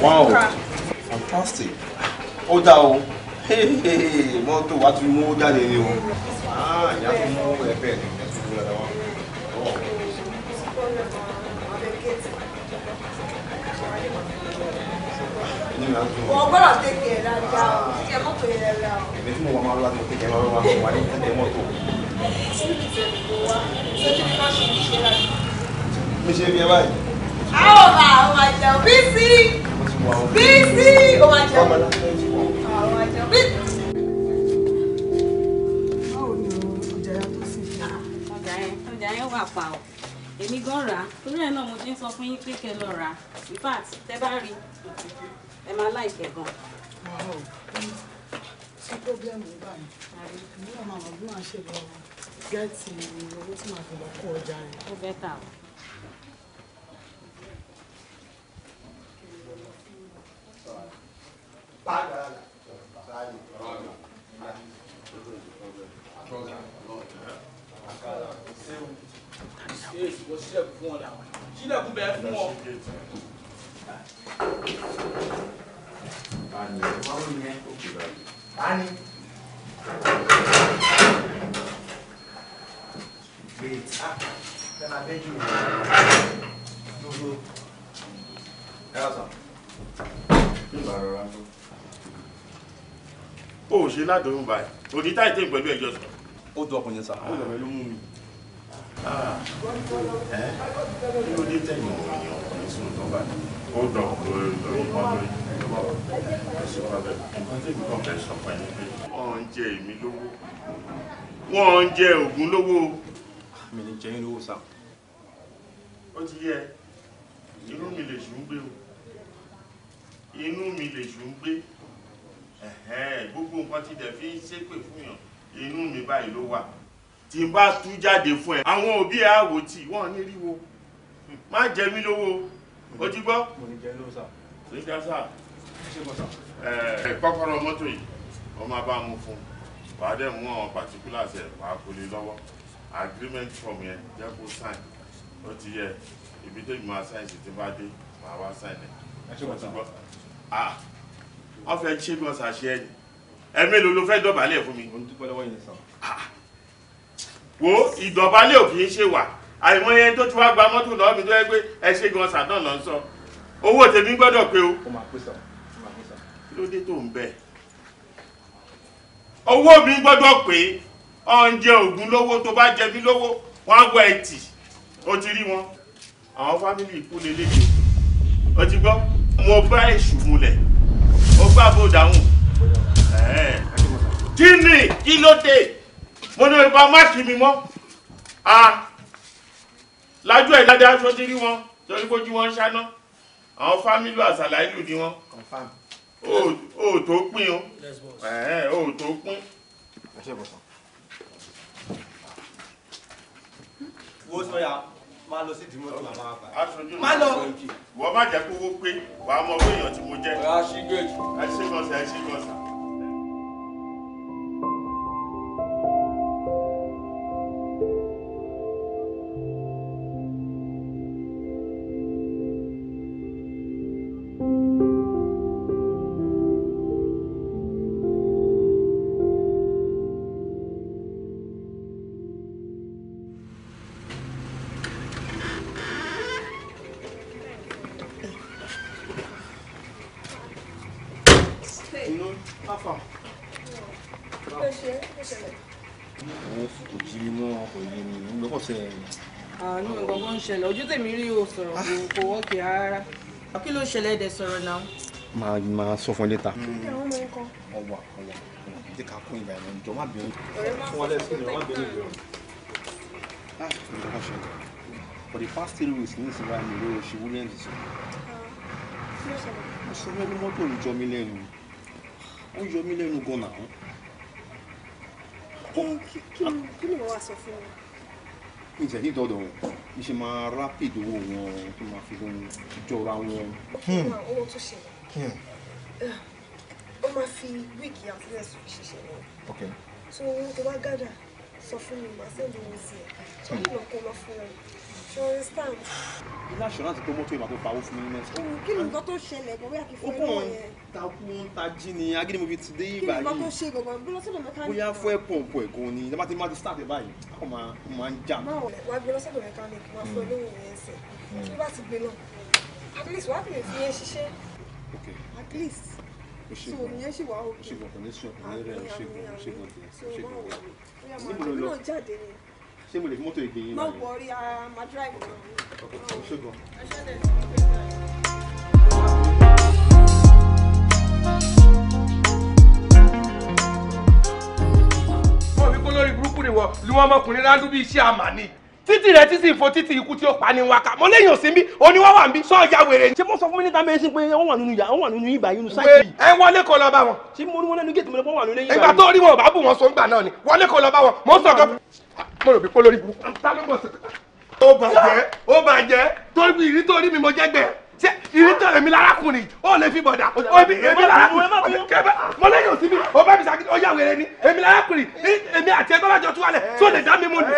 Wow, fantastic. Oh, dá o mọ́tò wa tún mú jáde ni o ah, ìyá tún mú ẹ̀fẹ́ ni ìyá tún mú lọ́dọ̀ wọn. ọgbọ́dọ̀ tẹ̀kẹ̀ ẹ̀ dáadáa o tẹ̀kẹ̀ mọ́tò yẹn dáadáa o. èmi tí mo wà máa lọ láti tẹ̀kẹ̀ lọ́wọ́ wa wà ní tẹ̀kẹ̀ mọ́tò. mi ṣe bí ẹ báyìí a ó ra àwọn àjẹun bísí gan rà torí ẹ̀ náà mo ti ń sọ fún yín pé kẹ́ lọ rà in fact tẹ́ bá rí ẹ máa láìpẹ́ gan. ṣé pọ́blẹ́mù ń bà mí ìmúlò máa wà bí wọ́n á ṣe lọ gẹ́ẹ̀tì owó tí màá fi lọ kó ọjà yẹn. ó bẹ́ẹ̀ o. ládùúrún báyìí òdì táyì tẹ̀ pẹ̀lú ẹjọ́ sọ. ó dùn ọkùnrin sá ó lọ̀rọ̀ ló mú mi. Ah. ẹ kí ló dé tẹ̀yìn òyìn ọkùnrin sùn tó bá ó dọ̀ lórí lórí ọdún wọ́n ń jẹ èmi lówó wọ́n ń jẹ ògùn lówó. mi ni jẹ́yìn lówó sá. ó ti yẹ inú mi lè ṣùgbé inú mi lè ṣùgbé gbogbo nǹkan ti dẹ̀ fi ń ṣépè fún yàn inú mi báyìí ló wà tí n bá tú jáde fún ẹ àwọn òbí ẹ àwò tí wọn ní ríwo má jẹ mí lówó o ti gbọ́. mo ní jẹ lówó sá. ní jẹ sá. ṣé kò sá. ẹ kọ́kọ́rọ́ mọ́tò yìí wọ́n máa bá mú fún wàá dẹ̀ mú àwọn particulars ẹ̀ wàá kó lè lọ́wọ́ agreement form yẹn jẹ́ kó sign ó ti yẹ ibi tó ìmọ̀ sáyẹ̀nsì ti bá dé màá wá sign ẹ̀. ẹ ṣe kò sá wọ́n fẹ́ ṣe gan ṣàṣẹ ẹ̀ ẹ̀mí ló ló fẹ́ dọ̀bálẹ̀ fún mi. mo ń dúpẹ́ lọ́wọ́ yẹn sàn. Ah. wo ìdọ̀bálẹ̀ ò kì í ṣe wà àìmọ̀ yẹn tó ti wá gba mọ́tò lọ́wọ́ mi tó yẹ pé ẹ ṣe gan ṣàn náà lọ sọ owó tèmi gbọ́dọ̀ pé o. ó máa pè sàn ó máa pè sàn. kí ló dé tó ń bẹ̀. owó mi gbọ́dọ̀ pé oúnjẹ ògùn lówó tó bá jẹ mí lówó wọn á gbọ́ ẹtì ó ti rí wọn àwọn fámìlì ikú lélẹ́yìn ó ti gbọ́ mo bá èṣù mulẹ̀ ó gbà bó dáhùn kí ni kí ló dé mo ní ipa máàkì mi mọ́ a lájú ẹ̀ dáadáa tó ti rí wọn torí kójú wọn ṣáná àwọn fámílù àṣàlà ìlú ni wọn o tó pín o o tó pín. wo sọ ya máa lọ sí ìdí mọ́tò bàbá wa báyìí. aṣojú náà ló ń kí wọ́n má jẹ́ kówó pé wàá mọ bóyá tí mo jẹ́. ẹ ṣí gbèjì. ẹ ṣí gbọ̀nsẹ̀ ẹ ṣí gbọ̀nsẹ̀. inú káfà. àwọn òjìrì mọ́ ọkọ̀ yìí ni o sọ̀rọ̀ kò wọ́ọ̀kì rárá kí ló ṣẹlẹ̀ ẹ̀dẹ̀ sọ̀rọ̀ náà. máa máa sọ fún ẹ létà. ọwà ọwà ìdí ká kún ìgbà ìrìn ìjọ má bínú. fún wọn lẹ́sìn ìjọ má bínú ìjọ. Ah, for the past three weeks ní ìsinmi àmì ìlú oṣù williams. mo sọ fẹ́ ní mọ́tò ìjọ mi lẹ́nu ó yọ mí lẹ́nu gan náà. kí ni wọ́n wá sọ fún wọn. mi ìfẹ́ ní ìtọ́dọ̀ wọn mi ṣe máa rápìd owó wọn tó máa fi wọn jọra wọn. Hmm. owó tó ṣe ó máa fi wíìgì àtúnṣe ṣiṣẹ́ wọn. so owó tó bá gádà sọ fún mi màá sẹ́ndì owó sí ẹ̀ tó ń lọ lọ fún ẹ ilé assurance tó mọ́tò ìmàtó pawó fún mi next mm, kí ni nǹkan tó ṣẹlẹ̀ gbọ́ bóyá kí fún ẹ yẹn. ó kàn ni agídí fi ti dé ìgbà yìí. kí ni nǹkan tó ṣe gbọ̀ngàn bí lọ sọ́dọ̀ mẹkáníìkì. bóyá fún ẹ pọ̀npọ̀ ẹ̀ ni nígbà tí má ti start ẹ báyìí àwọn máa ń ń jà. máa wà gbé mm. gbé náà at least wàá fi lè ṣé mo lè fi mọ́tò ìgbìyìn náà. mo wọ orí ara ma drive lọ. ṣùgbọ́n. wọ́n wí pé lórí burúkú ni wọ́n lu ọmọkùnrin ránú bí iṣẹ́ àmà ni títì rẹ títì ìfò títì ikú tí ó pa ni wákà mọ lẹ́yìn òsín bí oníwọ wà níbí sọọjà wèrè. ṣé mo sọ fún mi níta mẹ́rin sí pé wọ́n wà nínú yà wọ́n wà nínú ibà yìí nínú sáìtì. ẹ wọlé kó lọ bá wọn. ṣé mo ní wọn lẹ́nu géètì mo lọ bá wọn lórí. ìgbà tó rí wọn ò bá bù wọn sọ ń gbà náà ni wọlé kó lọ bá wọn mò sọ kan mo rò pé kó lórí burúkú ta ló mọ̀ sí. ó bàjẹ́ ó bàjẹ́ torí ìrí torí mi mo jẹ́ gbẹ̀ ṣe ìrí tó èmi lárakùnrin ó lè fi bọ̀dà èmi èmi lárakùnrin kẹfẹ́ mo lẹ́yìn òsínmi ó bá mi sàkí ó yà wẹ̀rẹ̀ ni èmi lárakùnrin èmi àti ẹgbẹ́ bàjọ́ tú alẹ̀ tó lè dá mi mú ni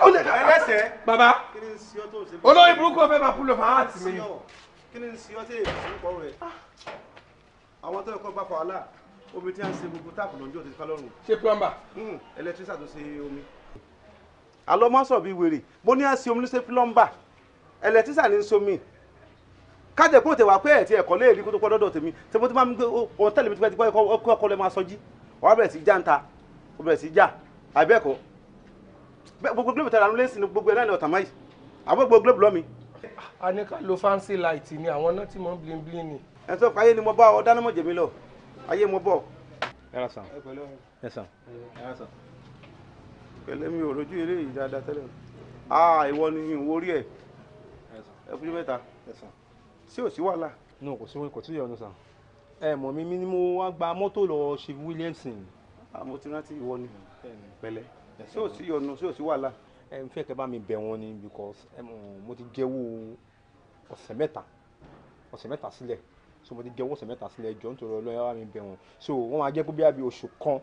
ó lè dá mi. baba olórí burúkú ọ̀fẹ́ máa kú lọ máa tì mí. kí ni sí ọtí èyí fún kọ́ rẹ̀ ah. àwọn tó yẹ kó bá fọ wàhálà omi tí a ń ṣe gbogbo táàpù lọ́jọ́ ti ká lọ́rùn. ṣé plumber. ẹlẹtírísà hmm, tó ṣe omi alọ́mọ́sọ̀ bíi wèrè mo ní àṣì omi ní ṣe plọ́mbà ẹlẹ́tísà ní somi kájẹ kó tẹ wá pé ẹ̀tí ẹ̀kọ́ lè rí kó tó pọ́ dọ́dọ̀ tèmi tí mo ti máa ń gbé ohun tẹ̀lé mi ti pẹ́ ọkọ lẹ́ máa sọ jí wàá bẹ̀rẹ̀ sí já ń ta ó bẹ̀rẹ̀ sí já àbẹ́ẹ̀kọ́ gbogbo globe tẹ̀lé anulẹ́sì ni gbogbo ẹ̀ náà ni ọ̀tàmá yìí àbọ̀ gbogbo globe lọ́mi. a ní ká lo fancy light ni àwọn náà ti mọ bling bling ni. ẹ sọ pé ayé ni mo bá ọ dáná mọ̀ jẹ̀mí lọ ayé mo bọ̀. ẹ sàn ẹ sàn ẹ sàn pẹ̀lẹ́ mi ò rojú eléyìí dáadáa tẹ́lẹ̀ ah ìwọ ni ìwọ orí ẹ̀ ẹ kújú mẹ́ta sí ò sí wàhálà. no kò sí wọn kò tí ì yọnu sàn ẹ mọ̀ mi mi ni mo wá gba mọ́tò lọ ṣe Williamson. àmọ́ tí rántí ìwọ ni pẹ̀lẹ́ sí ò sí yọnu sí ò sí wàhálà. ẹ n fẹ́ kẹ́ bá mi bẹ̀ wọ́n ni because ẹ mọ̀ mo ti jẹ́wọ́ ọ̀sẹ̀ mẹ́ta ọ̀sẹ̀ mẹ́ta sílẹ̀ so mo ti jẹ́wọ́ ọ̀sẹ̀ mẹ́ta sílẹ̀ jọ́ nítorí ọlọ́yà wa mi bẹ̀ wọ́n so wọ́n máa jẹ́ kó bí i oṣù kan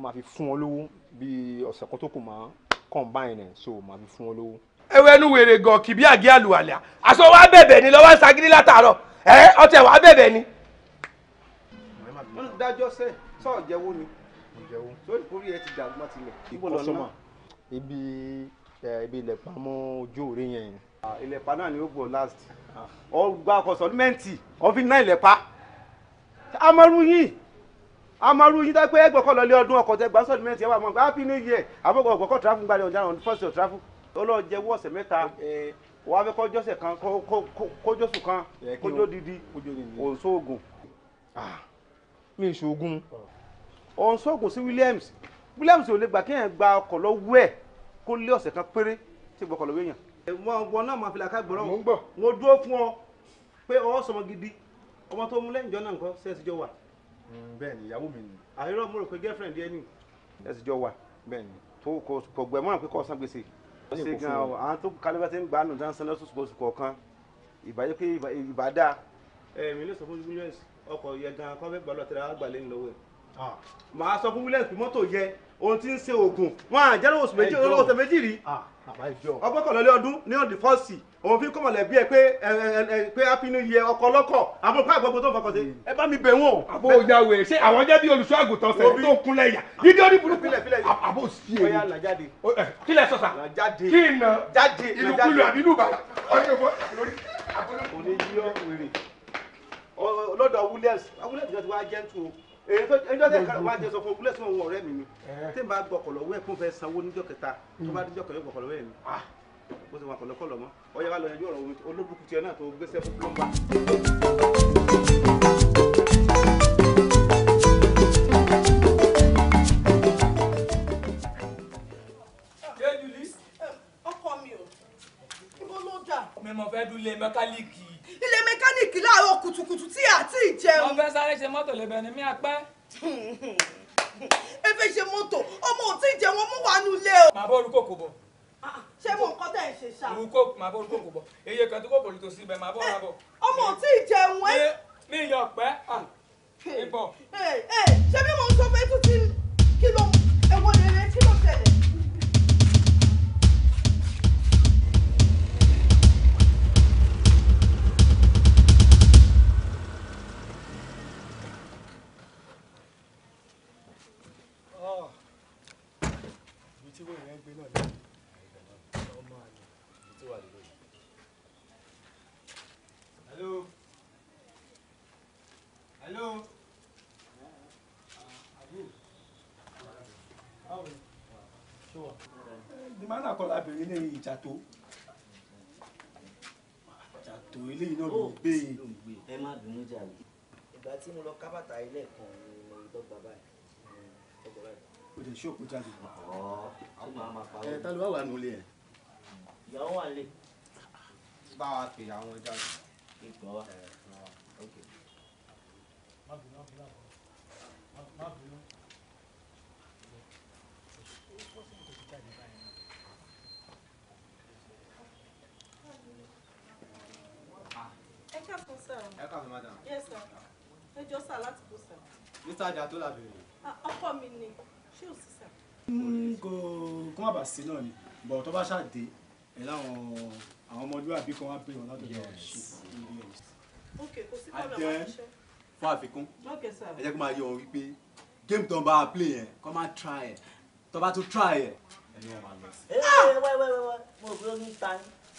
mo máa fi fún ọ lówó bíi ọ̀sẹ̀ kan tó kù máa combine ẹ̀ so máa fi fún ọ lówó. ẹwẹ́ nu wèrè gan kìbí àgé àlùwàlẹ̀ aṣọ wa bẹ̀bẹ̀ ni lọ́wọ́ ṣagídí látàárọ̀ ẹ ọtẹ wa bẹ̀bẹ̀ ni. dájọ́ sẹ́ sọ̀ọ́ jẹ́wọ́ ni sórí orí ẹ ti dàgbọ́n tilẹ̀. ibo lọ lọ́mọ. ibi ibi ilẹ̀ pamọ́ ojú òre yẹn. ilẹ̀ pa náà ni ó gbọ́ last. ọgbà kọ̀sọ́nmẹ́ǹtì ọ̀fìn náà ilẹ̀ pa. amọ̀rú yìí a máa rú yín dápé ẹgbọ̀kọ̀ lọ́lé ọdún ọkọ̀ tẹ gbà sọ́ọ̀dún mẹ́tì ẹ̀ wà mọ́ happy new year àbọ̀kọ̀ ọ̀gbọ̀kọ̀ tráfù gbalẹ̀ ọ̀jà on first of tráfù ọlọ́ọ̀jẹ̀ wọ́ ọ̀sẹ̀ mẹ́ta wà á fẹ́ kọjọ́sẹ̀ kan kọjọ́sù kan kọjọ́ didi òǹṣoògùn mi ń ṣoògùn òǹṣoògùn sí Williams Williams ò lè gbà kéèyàn gba ọkọ̀ lọ́wọ́ ẹ̀ kó lé ọ̀sẹ̀ kan péré tí gbọ́kọ̀ lọ́wọ́ èèyàn. wọn wọn náà máa fi làákà gbọ́rọ̀ mo dúró fún ọ pé ọwọ́ sọmọ gidi ọmọ tó mú lẹ́yìn jọ náà nǹkan sẹ́ẹ̀sì jọ wà. Mm, bẹ́ẹ̀ ni ìyàwó mi ni. àìrọ́ mo rò pé girlfriend ẹ ní. ẹ sì jọ wà bẹ́ẹ̀ ni tó kò gbẹ̀mọ́ àpé kò san gbèsè. ṣé gan o àwọn tó kálíbà ti ń gbà nù dáńsán lọ́sọ̀ọ̀sọ̀ kọ̀ọ̀kan ìbàjẹ́ pé ìbà dáa. ẹ mi lè sọ fún Williams ọkọ̀ yẹ gan kọ́ fẹ́ gbọ́ lọ́tẹ̀rẹ̀ àgbà lẹ́yìn lọ́wọ́ ẹ̀. Ah. màá sọ fún Williams pé mọ́tò yẹ ohun tí ń ṣe oògùn wọn à jẹ́rọ oṣù méjì olówó oṣù méjì rí ah, ọgbọ́kànlélẹ́ ọdún ní ọ̀dì fọ́ọ̀sì òun fi ń kọ́mọ̀lẹ́ bí ẹ pé ẹ pé happy new year ọkọ̀ ọlọ́kọ̀ àwọn ọkọ̀ àgbọ̀gbọ̀ tó ń fọkàn sí hmm. ẹ bá mi bẹ̀ wọ́n. àbò ìyá wèrè ṣé àwọn jẹ́ bí olùṣọ́ àgùntàn sẹ̀ tó ń kúnlẹ̀ yà dídí orí burúkú àbò sí èrè kílẹ̀ sọ̀sà kí n nà ìlúkulù àbí ìlú bàtà ọ̀rẹ́ ìfọ̀ lórí àbúrò. òní yí ọ wèrè Williams Williams ti wá jẹ́ntu o ẹjọ́ tẹ kàrọ̀ wá jẹ sọ fún ogúnlẹ̀ sí òun ọ̀rẹ́ mi ni tí n bá gbọ́kọ̀ lọ́wọ́ ẹ̀ kó fẹ́ sanwó níjọ́ kẹta tó bá mm. díjọ́ kẹyọ gbọ́kọ̀ lọ́wọ́ ẹ̀ mi ah. bó ti wà kọ̀lọ́kọ̀ lọ́mọ ọ̀yẹ́ wa lọ yanjú ọ̀rọ̀ olóbùkún tiẹ̀ náà tó gbéṣẹ́ fún plọ́mbà. ọkọ mi ò ibo ló dà. mímọ fẹ́ dúlé mẹkáníìkì ilé mẹkáníìkì láàárọ̀ kùtùkùtù tí àti ìjẹun. wọ́n fẹ́ sáré ṣe mọ́tò lè bẹ̀rẹ̀ mí apẹ́. ẹ ṣe mọ́tò ọmọ ò tí ì jẹun ọmọ wà nù lé o. màá bọ́ orúkọ kò bọ̀. Ah, ah, ṣé mo nǹkan tẹ̀ ṣe ṣá. orúkọ màá bọ́ orúkọ kò bọ̀ èyí kan tó kò bọ̀ lítòsí ibẹ̀ màá bọ́ ra bọ̀. Eh, ọmọ ò tí ì jẹun ẹ. mi yọ pẹ́ ìbọ̀. ṣé bí mo ń sọ pé tún kí ló ẹ̀wọ̀n lè kí ló ṣẹlẹ̀. jàtó jàtó eléyìí náà ló ń e. gbé e. ẹ má bínú jàre. ìgbà tí mo lọ kábàtà ilé kan ni mo gbọ́ bàbá yìí o lè ṣọ́ọ̀pù jáde. ẹ ta ló wà wà nílé ẹ. ìyàwó wà lè. bá a pè àwọn jáde. ipò wa má bínú má bínú. kẹ́kọ̀ọ́ sir. ẹ kọ́ madam. yes sir. ẹ jọ sir láti kó sir. mr ajá tó làbẹ̀ rẹ̀. ọkọ mi ni ṣé o sì sà. Mm, kò kó má bàa sí náà ni bọ̀ tó bá ṣàdé ẹ̀ láwọn àwọn ọmọlúwàbí kan wá pè wọ́n látọ̀dọ̀ ṣe ok kò sí kọ́nà máa ṣiṣẹ́. fún àfikún ẹ jẹ́ kó máa yọ ọ wípé game tó ń play Come and try ẹ̀ tó to try ẹ̀ ẹ̀ ní hey, máa lọ sí. ẹ ẹ wẹ́wẹ́wẹ́ mo gbé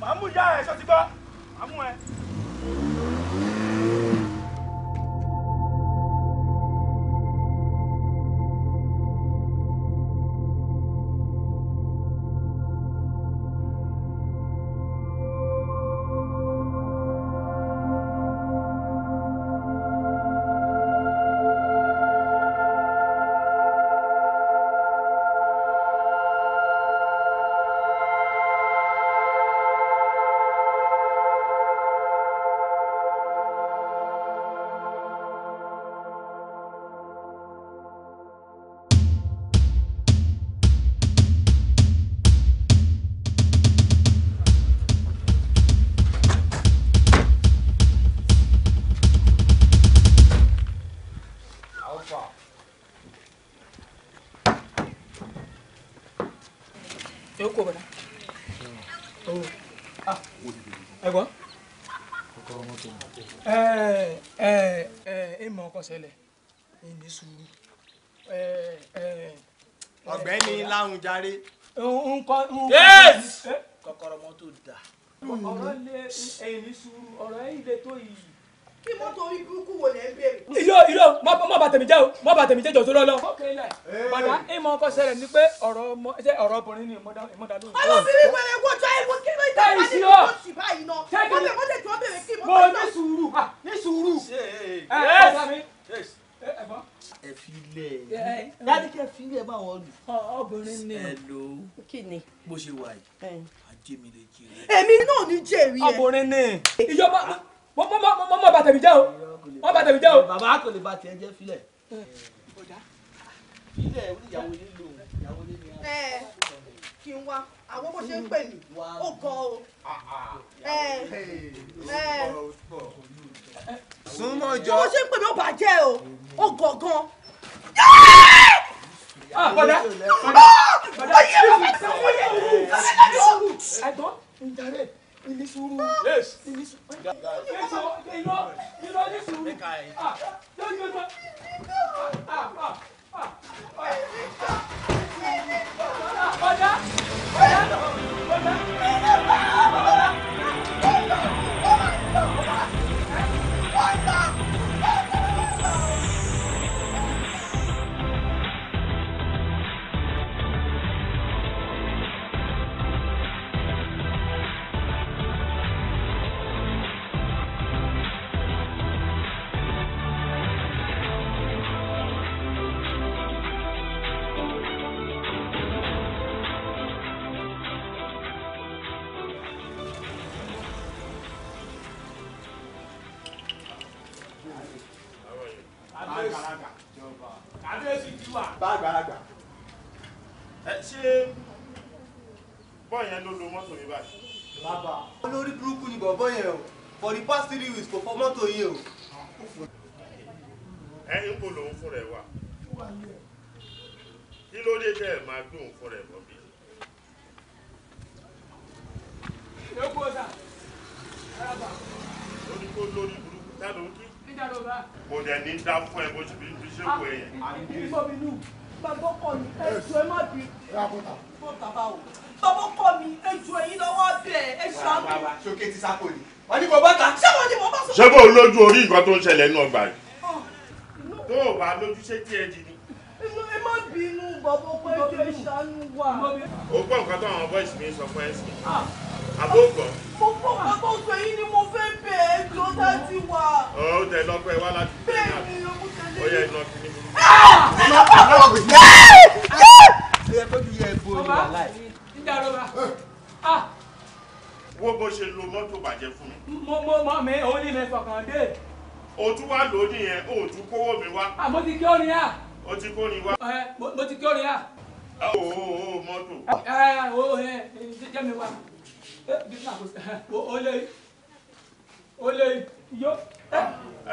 màá mú ìyá ẹ̀ ṣọ́tí gbọ́ màá ẹ. sáré. nkọ nkọ eh? kọ́kọ́rọ́ mọ́tò dà. ọ̀rọ̀ lé ẹ̀yìn ní sùúrù ọ̀rọ̀ ẹ̀yìn lè tó yìí. kí mọ́tò orí burúkú wò lẹ́ ń bèrè. ìyó ìyó má bà tèmi jẹ́ o má bà tèmi jẹ́ jọ̀ọ́ tó lọ́lọ́. bàdá ìmọ̀ ọkọ sẹlẹ̀ ni pé ọ̀rọ̀ ọmọ ṣé ọ̀rọ̀ ọkùnrin ni ìmọ̀dá lóhùn. ọlọ́bìnrin wẹ̀rẹ̀ wọ kí ló dé wá nínú oṣù báyìí náà. wọ́n bẹ̀ wọ́n náà. mo ní sùúrù ní sùúrù. Eh, eh, ẹ ẹ ẹ ẹ fi lẹ̀ dájú kí ẹ lù. obìnrin ni ẹ bó ṣe wà yìí ajé mi lè jèrè. èmi náà ní jèrè ẹ. obìnrin ni. ìjọba mo mo mo mo bàtẹ̀ mi jẹ́ o mo bàtẹ̀ mi jẹ́ o. bàbá kò lè bàtẹ̀ ẹ jẹ́ filẹ̀. filẹ̀ oníyàwó nílò ìyàwó nílò. ẹ kí n wá àwọn bó ṣe ń pè mí ó kọ o. ẹ ẹ súnmọ́ jọ. bó ṣe ń pè mí ó bàjẹ́ o ó gọ̀ọ̀gan. bọ́dá bọ́dá bọ́dá yẹ kó fẹ́ sanwó yẹ ẹ̀gbọ́n ìjàre ìní sùúrù ìní sùúrù. ìlọ ìlọ ní sùúrù ah, lórí ọjọ́. bọ́dá bọ́dá bọ́dá. yé o. ẹ ń bò lòun fún rẹ wà kí ló dé tẹ ẹ máa gbé òun fún rẹ bọ bí. ó ní kó lórí burúkú tá ló ń kí kò dẹ̀ ní dá fún ẹ bó ṣe fi ṣe ah, kò ẹ̀yẹ. bàbá kọ mi ẹjọ ẹ má bí bàbá kọ mi ẹjọ ẹyin lọ́wọ́ bẹ́ẹ̀ ẹjọ àgbẹ. sókè tí sáko ni wọ́n ní kò bá ta. ṣé wọ́n ní mo bá sọ. ṣé kò lójú orí nǹkan tó ń ṣẹlẹ̀ nínú ọgbà yìí. Ah, tó o wà lójú ṣé tí ẹ di ni. inú ẹ má bínú bọ̀bọ̀ pé kí ẹ ṣàánú wa. o gbọ́ nǹkan tó àwọn bọ́ìsì mi sọ fún ẹ sí. Ah. àbókọ. mo gbọ́ nǹkan tó sọ yìí ni mo fẹ́ bẹ̀ ẹ́ jọ láti wà. ọ ó tẹ lọ́pẹ́ wá láti fi ní àná. ó yẹ iná kí ni. ẹ yẹ kó ju yẹ bo ìwà láì wo bó ṣe lo mọ́tò bàjẹ́ fún mi. mo mo mọ mi òun ni mi fọkàn dé. o tún wá lò ó nìyẹn o tún kówó mi wá. àmọ́ ti kí orin à. o ti kó orin wá. ẹ mo ti kí orin à. o o o mọ́tò. ẹ o ẹ jẹ́ mi wá o lè o lè yó.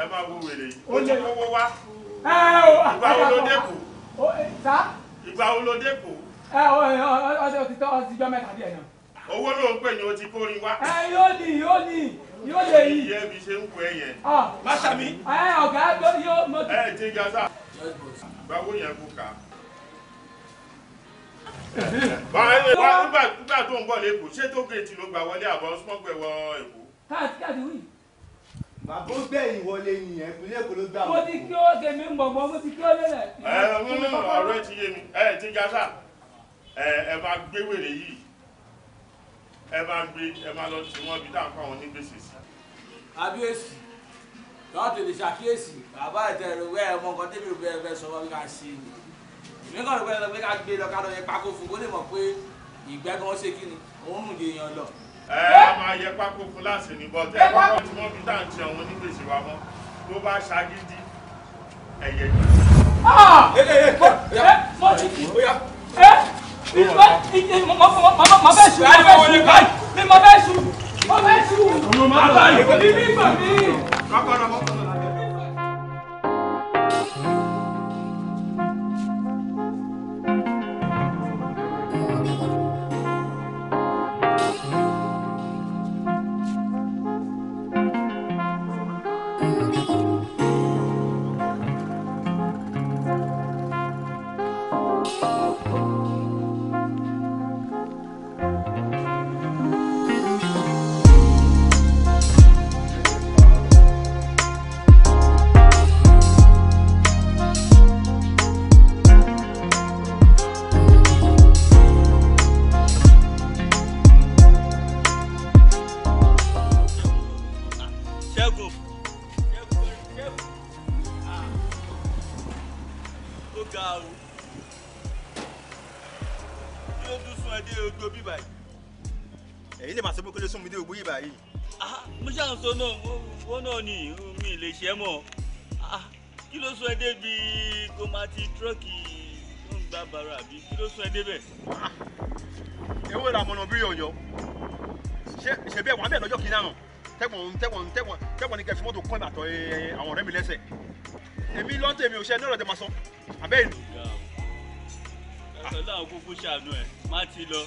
ẹ máa wo wèrè o ti kówó wá. ìgbà wo ló dé kù. ìgbà wo ló dé kù. ẹ ọ ọ ọ ọ ti tọ́ ọ ti jọ mẹ́ta díẹ̀ náà owó ló ń pè yín o ti kórè wá. ẹ yóò ní yóò ní yóò lè yí. ìyẹ́ mi ṣe ń wọ ẹ̀yẹn. Ah, máṣá mi. ẹ ọ̀gá yóò mọ. ẹ ti ga sá. gbàwó yẹn kú ká. báyìí nígbà tó ń bọ̀ lẹ́kọ̀ọ́ ṣé tó gèètì ló gbà wọlé àbọ̀ smọ́gbẹ̀ wọ èkó. káàdì káàdì wí. Bàbá ó gbẹ̀yìn wọlé nìyẹn, ìpínlẹ̀ Èkó ló gbà wọ́n. Mo ti kí ó ṣe mí mọ̀mọ́, mo ti kí ó lélẹ̀. Ẹ ọ̀rọ̀ ẹ ti yé mi, ẹ ti ga sá, ẹ máa gbé wèrè yìí ẹ máa gbé ẹ máa lọ tì wọ́n bí dáhùn fáwọn onígbèsè sí. abíyèsí lọ́ọ̀tì lè ṣàkíyèsí bàbá ìtẹ̀rù wẹ́ ẹ mọ nǹkan tẹ́mi ìwé ẹ̀fẹ́ sọ wọ́n bí ká ṣe ni èmi kàn rẹ̀ lọ pé ká gbé lọ ká lọ yẹ pákó fún kó lè mọ̀ pé ìgbẹ́ kan ṣe kí ni òun mú èèyàn lọ. ẹ á máa yẹ pákó fún láti ní bọ́ tẹ́ pákó tí wọ́n fi dáhùn ti àwọn onígbèsè wa mọ́ tó bá ṣagídí ẹ̀yẹ jù mi ma bẹ su mi ma bẹ su mi ma bẹ su mi ma bẹ su mi ma bẹ su. ṣe ní ọ̀rọ̀ tẹ máa sọ abẹ́ ìlú. ọlọ́run kúkú ṣàánú ẹ̀ má ti lọ.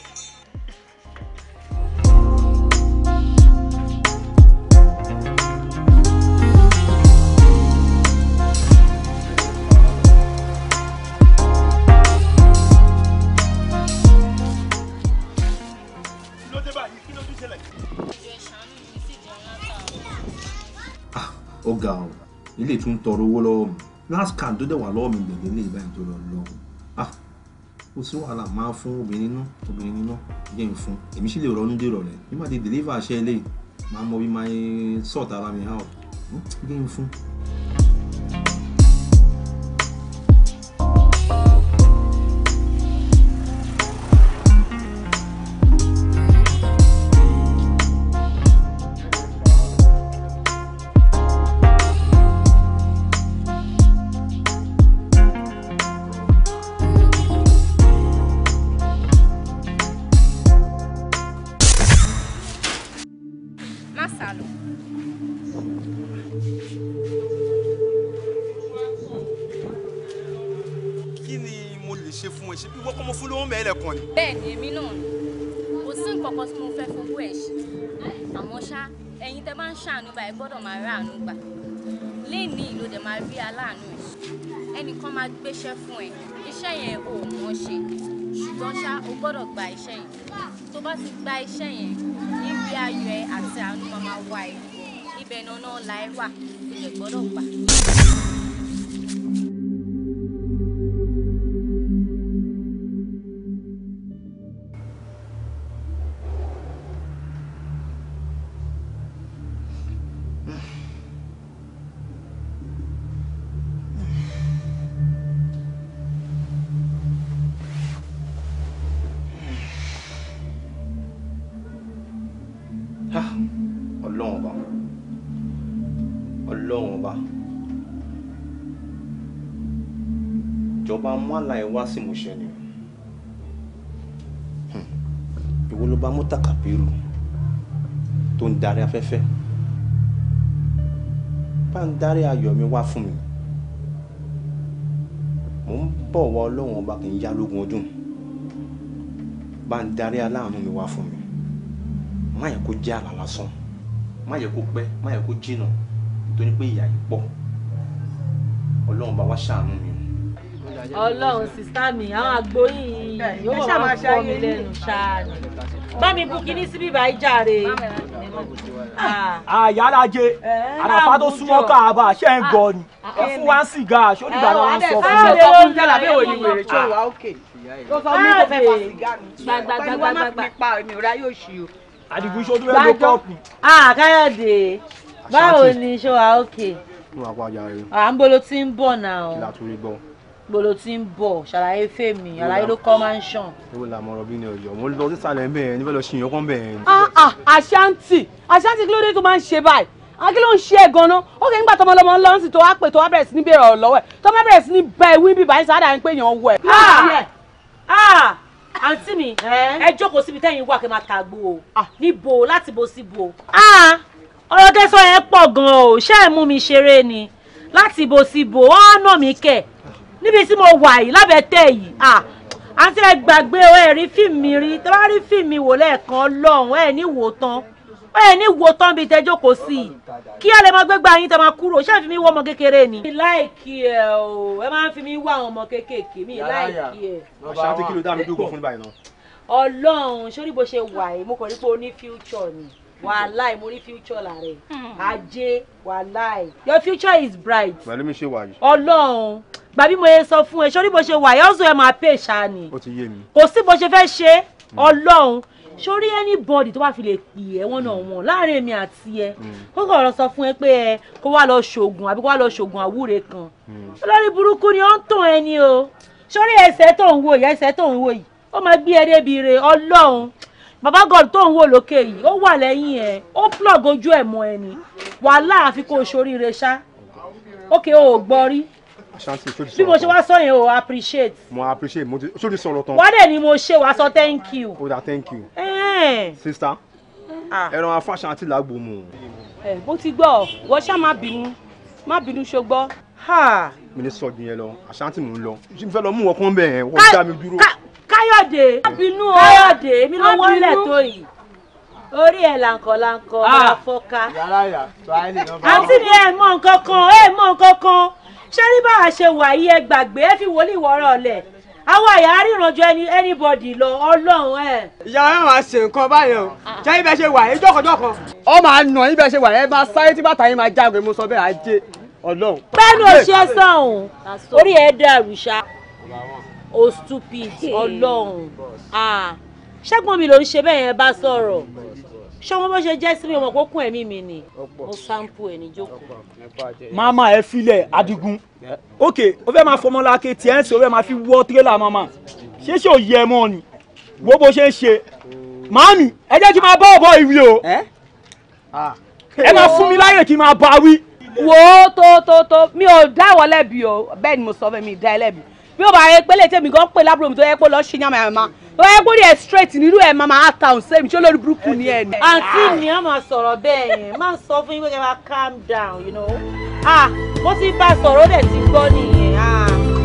Ah, ó ga ọ ilé tún tọrọ owó lọ́wọ́ mi last card tó dẹ̀ wà lọ́wọ́ mi gbẹ̀gbẹ̀ lè báyìí tó lọ lọ́wọ́ ah ó sì wàhálà máa fún obìnrin náà obìnrin nínú jẹ́ ń fún èmi sì lè ronú dèrò rẹ̀ nígbà tí deliver ṣe eléyìí máa mọ bí máa sort ara mi out hmm, jẹ́ ń fún. ṣe fún ẹ ṣe bí wọ́n kọ́ mo fún lówó mẹ́ẹ̀lẹ̀ kan ni. bẹ́ẹ̀ni èmi náà ni kò sí nǹkan kan tí mo fẹ́ fowó ẹ̀ ṣe àmọ́ ṣá ẹ̀yin tẹ́ bá ń ṣàánú báyìí gbọ́dọ̀ máa rà àánú gbà léèní ìlò dẹ̀ máa rí aláàánú ẹ̀ ẹnìkan máa gbéṣẹ́ fún ẹ iṣẹ́ yẹn ò mọ̀ ṣe ṣùgbọ́n ṣá o gbọ́dọ̀ gba iṣẹ́ yẹn tó bá ti gba iṣẹ́ yẹn níbi ayọ̀ ẹ àti àánú máa wà ẹ ibẹ̀ náà náà la wà o lè gbọ́dọ̀ gbà. àmàlà ẹ̀ wá sí ìmúṣẹ ni hmm. ìwo ló bá mọ́tà kàbírù tó ń darí afẹ́fẹ́ bá ń darí ayọ̀ mi wá fún mi mò ń bọ̀ wá ọlọ́run ọba kì í yá lógun ọdún bá ń darí aláàánú mi wá fún mi má yẹ kó jẹ́ àlà lásán má yẹ kó pẹ́ má yẹ kó jìnnà nítorí pé ìyà yìí pọ̀ ọlọ́run bá wá ṣàánú mi ọlọ́run sísá mi àwọn àgbóyìn yóò wà máa kọ́ mi lẹ́nu ṣáàni bá mi bú kínní síbí báyìí jàre. àyálájẹ ah. ah, àràfà tó súnmọ́ káàbà ṣe ń gọ ni ah, ẹ fún wa sìgá aṣọ nígbà tí wọ́n sọ eh, fún mi. ọ̀rọ̀ ń tẹ̀lé àbẹ̀wò ni wèrè tó wà òkè tó sọ mí kò fẹ́ fa sìgá mi pẹ̀lú wọn máa fi pa èmi ò ráyè òṣì o. àdìgún iṣẹ́ olúwẹ̀ ló kọ́ọ̀pù. Káyọ̀dé báwo ni iṣẹ́ wa òkè. à ń bolo tí ń bọ̀ náà. kí la tún rí gbọ́ gbolo ti ń bọ̀ ṣàlàyé fèmí àlàyé ló kọ́ máa ń ṣàn. ewu la mọ̀rọ̀ bí ní ọ̀yọ́ mo lọ sísàlẹ̀ ń bẹ̀ ẹ́ níbẹ̀ lọ ṣìyàn kan bẹ̀ ẹ́. Ah, ah, àṣàǹtì àṣàǹtì kí ló dé tó máa ń ṣe báyìí àkí ah, ló ń ṣe é gan-an ó kì í gbà tọmọ lọmọ ńlọrọ sí tó wá pè tó wá bẹ̀rẹ̀ sí ní bèrè ọ̀rọ̀ lọ́wọ́ ẹ̀ tó má bẹ̀rẹ̀ sí ní bá ewì bíbá ẹ̀ sáadà ń pè yàn wọ̀ ẹ̀. àǹtí mi ẹ jókòó síbi tẹ́yìn wà kí n máa tàgbó o níbo láti bo sí bo. ọ̀rọ̀ tẹ́sán yẹn pọ̀ gan-an ṣé ẹ̀ mú mi ṣeré ni láti bo sí bo ọ̀nà mi kẹ̀ níbi tí mo wà yìí lábẹ́ tẹ̀ yìí àǹtí ẹ gbàgbé ẹ rí fíìmù rí tẹ bá rí fíìmù wò lẹ́ẹ̀kan lọ́hùn ẹ ní wò tán ẹ ní wò tán bíi tẹjọ́ sí i kí ẹ lè máa gbégbá yín tẹ máa kúrò ṣé ẹ fi mi wọ ọmọ kékeré ni. mi láìkí ẹ o ẹ máa ń fi mi wá ọmọ kéékèèké mi láìkí ẹ. ọ̀sán tí kí ló dá mi dúró fún báyìí náà. ọlọ́run sórí bó ṣe wà yìí mo kàn rí pé o ní future ni wàláì mo rí future lára ẹ hmm. ajé wàláì your future is bright. pẹ̀lú mi ṣe wà yìí. ọlọ́run bàbí mo yẹ sọ fún ẹ sórí bó ṣe wà yọ́sùn ẹ máa pè ṣáà ni kò sí bó ṣe fẹ́ ṣe mm. ọlọ́run sórí anybody tó bá fi lè pè ẹ wọn náà wọn láàrin èmi àti ẹ mm. kó kọ̀ ọ̀rọ̀ sọ fún ẹ pé ẹ kó wá lọ ṣoògùn àbí kó wá lọ ṣoògùn àwúre kan mm. olórí burúkú ni ó ń tàn ẹ ni o sórí ẹsẹ̀ tó ń wò yìí ẹsẹ̀ tó ń wò yìí ó máa gbé ẹ débi re ọlọ́run bàbá god tó ń wò lókè yìí ó wà lẹ́yìn ẹ ó plug ojú ẹ̀ mọ́ ẹni wàhálà àfi kó o ṣoríire ṣá ókè o ò gbọ́ rí Ashanti ṣó ti sọ̀rọ̀ tán. bí mo ṣe wá sọ appreciate. mo appreciate mo ti ṣó ti sọ̀rọ̀ tán. wádẹ̀ ni mo ṣe wá sọ thank you. o da thank you. sista ẹran afáṣántì làgbò mu. ẹ bó ti What's your ṣá má bínú má bínú ṣogbọ́. mi ní sọ́ọ̀dù yẹn lọ Ashanti mò ń lọ ṣé mi fẹ́ lọ mú wọn kán bẹ́ẹ̀ wọ́n dá mi dúró. Káyọ̀dé Káyọ̀dé èmi ló wọlé tó yìí orí ẹ̀ làǹkọ̀làǹkọ̀ máa fọ́ka. àǹtí mi ẹ̀ mọ̀ nǹkan kan ẹ̀ mọ̀ nǹkan kan ṣẹ́rí bá a ṣe wà yí ẹ gbàgbé ẹ fi wòlíì wọ́rọ̀ ọ̀lẹ̀ àwọn àyà ríranjọ ẹni anybody lọ ọlọ́run ẹ̀. ìyá ẹ máa ṣe nǹkan báyẹn o jẹ́ ibẹ̀ ṣe wà ìjọkọ̀jọkọ̀. ọ máa nà ibẹ̀ ṣe wà ẹ máa sáré tí bàtà yín máa jágbe mo sọ bẹ́ẹ̀ ajé ọlọ́run. pẹ́ẹ́nù òṣìṣẹ́ sọ̀hún orí ẹ̀ dàrú ṣá o oh, stupid ọlọ́run ah. ṣẹ́gbọ́n mi ló ń ṣe bẹ́ẹ̀ yẹn bá sọ̀rọ̀ ṣé wọn bó ṣe jẹ́ sí mi ọmọ kó kún ẹ̀mí mi ni mo sampo ẹ̀ níjókòó. mama ẹ filẹ̀ adigun ok o fẹ́ máa fọmọ lake tiẹ̀ ń sè o fẹ́ máa fi wọ́ tírélà mama ṣé ṣé o yẹ ẹ mọ́ ni wo bó ṣe ń ṣe màámi ẹ jẹ́ kí n máa bá ọ̀bọ o ah. ẹ máa fún mi láyè kí n máa bá wí. wo tó tó tó mi ò dá ìwọ lẹ́bi o bẹ́ẹ̀ ni mo sọ fẹ́ mi dá ẹ lẹ́bi bí ó bá yẹ pé lè tẹ̀mí gan pé lábúrò mi tó yẹ pé lọ́ọ́ ṣe yàmàyàmà ó yẹ kó rí ẹ straight nínú ẹ máa máa ta òun sẹ́mi tí olórí burúkú ni ẹ ni. àǹtí mi á máa sọ̀rọ̀ bẹ́ẹ̀ yẹn máa sọ fún yín pé kẹ́ máa calm down you know. ah mo ti bá sọ̀rọ̀ ó dẹ̀ ti gbọ́ nìyẹn ah.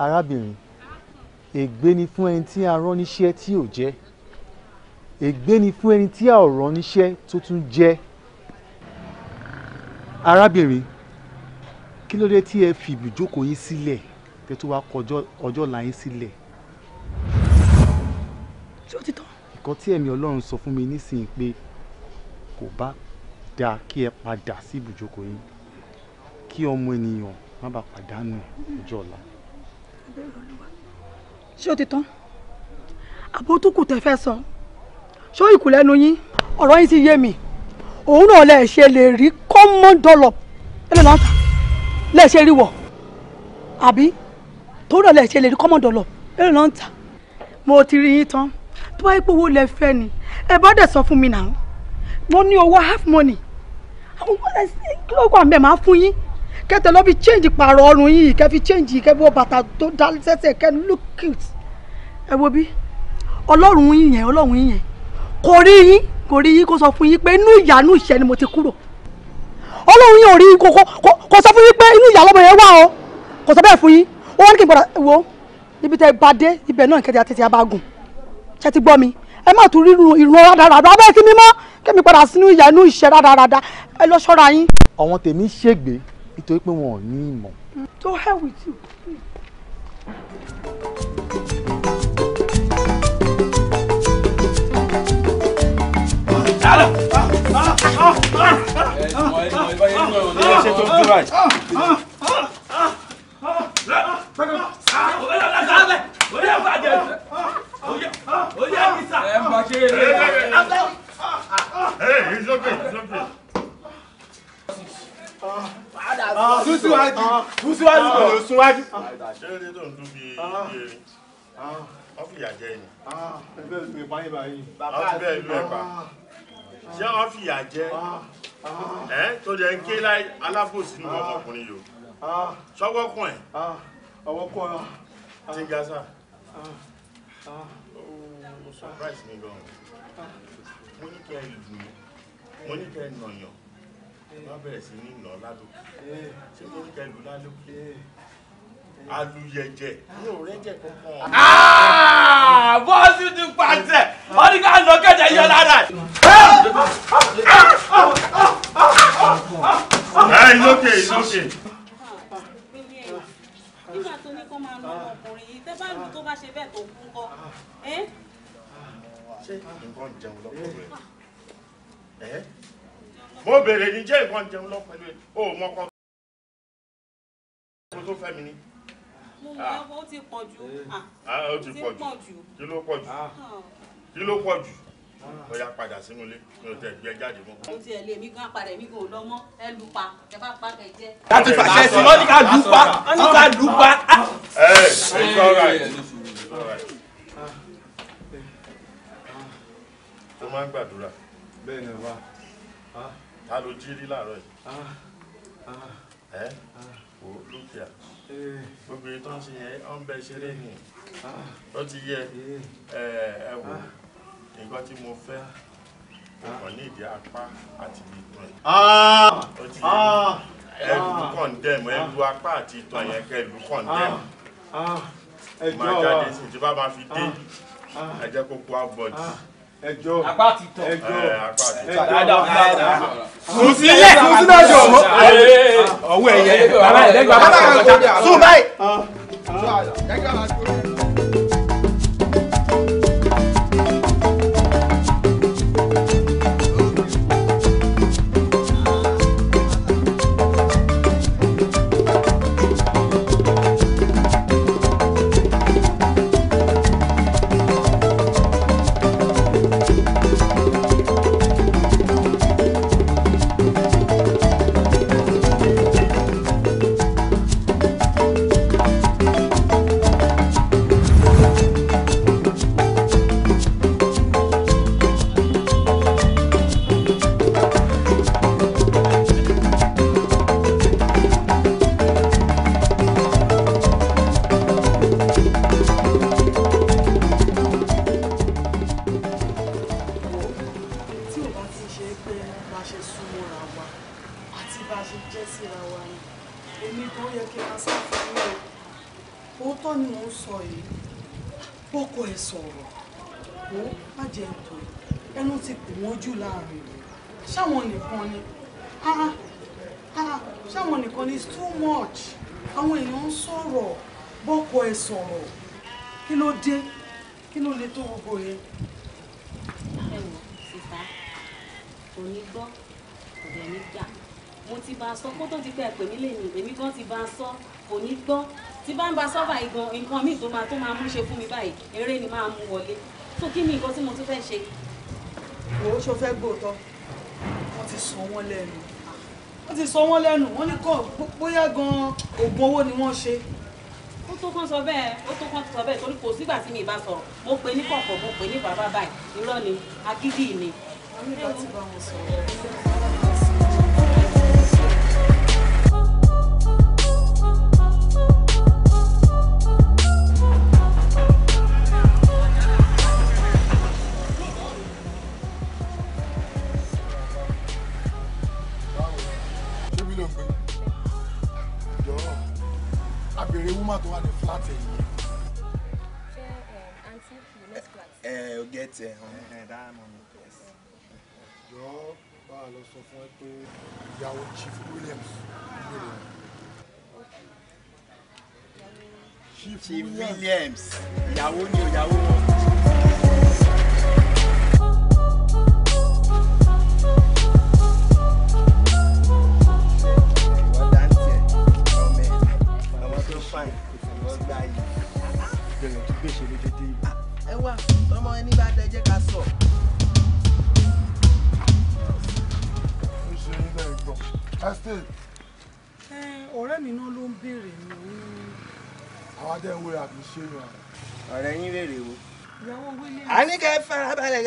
arábìnrin ègbé ni fún ẹni tí a rán níṣẹ́ tí ò jẹ́ ègbé ni fún ẹni tí a ò rán níṣẹ́ tó tún jẹ́ arábìnrin kí ló dé tí ẹ fi ibùjókòó yín sílẹ̀ tẹ́ tó wá kọjọ́ ọjọ́ ọ̀la yín sílẹ̀. tí ó ti tán. nǹkan tí ẹ̀mí ọlọ́run sọ fún mi nísìnyí pé kò bá dáa kí ẹ padà sí ibùjókòó yín kí ọmọ ènìyàn má bàa pàdánù ọjọ́ ọ̀la ṣé o ti tán àbò tó kù tẹ́ fẹ́ sọ ṣó ìkù lẹ́nu yín ọ̀rọ̀ yín ti yé mi òun náà lè ṣe lè rí common dollar ẹlẹ́ náà lè ṣe rí wọ̀ àbí tóun náà lè ṣe lè rí common dollar ẹlẹ́ náà ta mo ti rí yín tán tó bá yẹ pé owó lẹ fẹ́ ni ẹ bá dẹ̀ sọ fún mi náà mo ní owó half money àwọn ọmọ rẹ sí kí ló kọ àmì ẹ máa fún yín kẹtẹ lọ fi change pààrọ̀ ọrùn yìí kẹ fi change kẹ fi wọ bàtà tó dá sẹ́sẹ̀ kẹ look cute ẹ wo bí ọlọ́run yìí yẹn ọlọ́run yìí yẹn kò rí yín kò rí yín kó sọ fún yín pé inú ìyà inú ìṣẹ́ ni mo ti kúrò ọlọ́run yìí ò rí yín kó sọ fún yín pé inú ìyà lọ́mọ yẹn wà o kò sọ bẹ́ẹ̀ fún yín ó wá ní kí n gbọ́dọ̀ wo ibi tẹ́ bá dé ibẹ̀ náà kẹ́tẹ́ àti ti abágùn ṣe ti gbọ́ mi ẹ má tún rírun ìrun rádaràdà bẹ́ẹ̀ sí mímọ́ kémi padà sínú ìyà inú ìṣẹ́ rádaràdà ẹ lọ ṣọ́ra yín. àwọn tèmi ṣègbè nítorí pé wọn ò ní ìmọ̀. to hell with you. Hey, he's okay, he's okay. Ah, sún síwájú sún síwájú kò sún wájú. ṣé ilé tó ń tún bí erin ah. ah. wọ́n fìyà jẹ ẹni. Ah, ẹgbẹ́ ìlú ìpa yìí báyìí. bàbá àti ìlú ẹ̀pà ṣé wọ́n fìyà jẹ ẹ tó jẹ ń ké láì alábòsí ní ọmọkùnrin yìí o ṣọwọ́kùn ẹ̀. ọwọ́kùn ẹ̀. ti ga sá. ó oh, surprise mi gan-an mo ní kẹ́ ẹ lù mí mo ní kẹ́ ẹ nàyàn wọ́n bẹ̀rẹ̀ sí ní nà lálùkù ṣé kò kẹlù lálùkù aluyẹjẹ ní òrẹ́jẹ kankan. Ah! bọ́ọ̀sì ti pàṣẹ wọ́n ká lọ kẹ́jẹ yọ lára. ẹ lókè lókè. nígbà tó ní kó máa lọ ọkùnrin yìí tẹ́ bá lù tó bá ṣe bẹ́ẹ̀ tó kú kọ́. ṣé nǹkan jẹun lọ́kùnrin? mo bèrè ní jẹ́ ìwọ̀n jẹun lọ pẹ̀lú ẹ̀ o mọ ọkọ tó fẹ́ mi ni. mo mọ ah. ọkọ ó ti pọ̀ jù. Eh. Ah. Ah, ó ti pọ̀ jù kí ló pọ̀ jù kí ló pọ̀ jù ó yá padà sínú ilé mi ò tẹ̀ gbé jáde mọ́. mo ti ẹ̀ lé mi gan padà mi gan lọ́mọ́ ẹ lù pa ẹ bá pa kẹ jẹ́. láti fàṣẹ sí wọn lù pa wọn lù pa. ẹ ẹ ìṣọ́ ra ẹ̀ tó máa ń gbàdúrà. bẹ́ẹ̀ ni wá ta ló jí rí láàárọ̀ yìí ah, ah. ẹ wò ó lókè à eh. gbogbo ètò ṣe yẹ ọ ń bẹ ṣeré ni ah. ó ti yẹ eh. ẹ ẹ wò nǹkan tí mo fẹ́ ọkàn ní ìdí apá àti ìtàn ẹ̀. ó ti yẹ ẹlú kọ̀ǹdẹ̀mù ẹlú apá àti ìtàn yẹn kẹ ẹlú kọ̀ǹdẹ̀mù máa jáde sí ti bá máa fi dé ẹ jẹ́ kó kó abọ́dì ẹjọ́ apá ti tọ ẹjọ́ ẹjọ́ kù sílẹ̀ kù sílẹ̀ ẹjọ́ ọwọ́ ọwọ́ ẹyẹ bàbá ẹlẹgbàá bàbá kan kọjá sùn báyìí. máa tó máa mú ṣe fún mi báyìí eré ni máa mú wọlé tó kí ni nǹkan tí mo tún fẹ́ ṣe. wo ṣo fẹ́ gbóòótọ́ wọ́n ti sọ wọ́n lẹ́nu wọ́n ti sọ wọ́n lẹ́nu wọ́n ní kọ́ bóyá gan-an oògùn owó ni wọ́n ṣe. ó tó kán sọ bẹ́ẹ̀ ó tó kán sọ bẹ́ẹ̀ torí kò sígbà tí mi ì bá sọ̀rọ̀ mo pè ní kọ̀ọ̀kọ̀ mo pè ní bàbá báyìí irọ́ ni agídí ni. àmì ìbá ti bá wọn sọ̀rọ̀ ìyàwó Chief Williams Chief Williams ìyàwó ni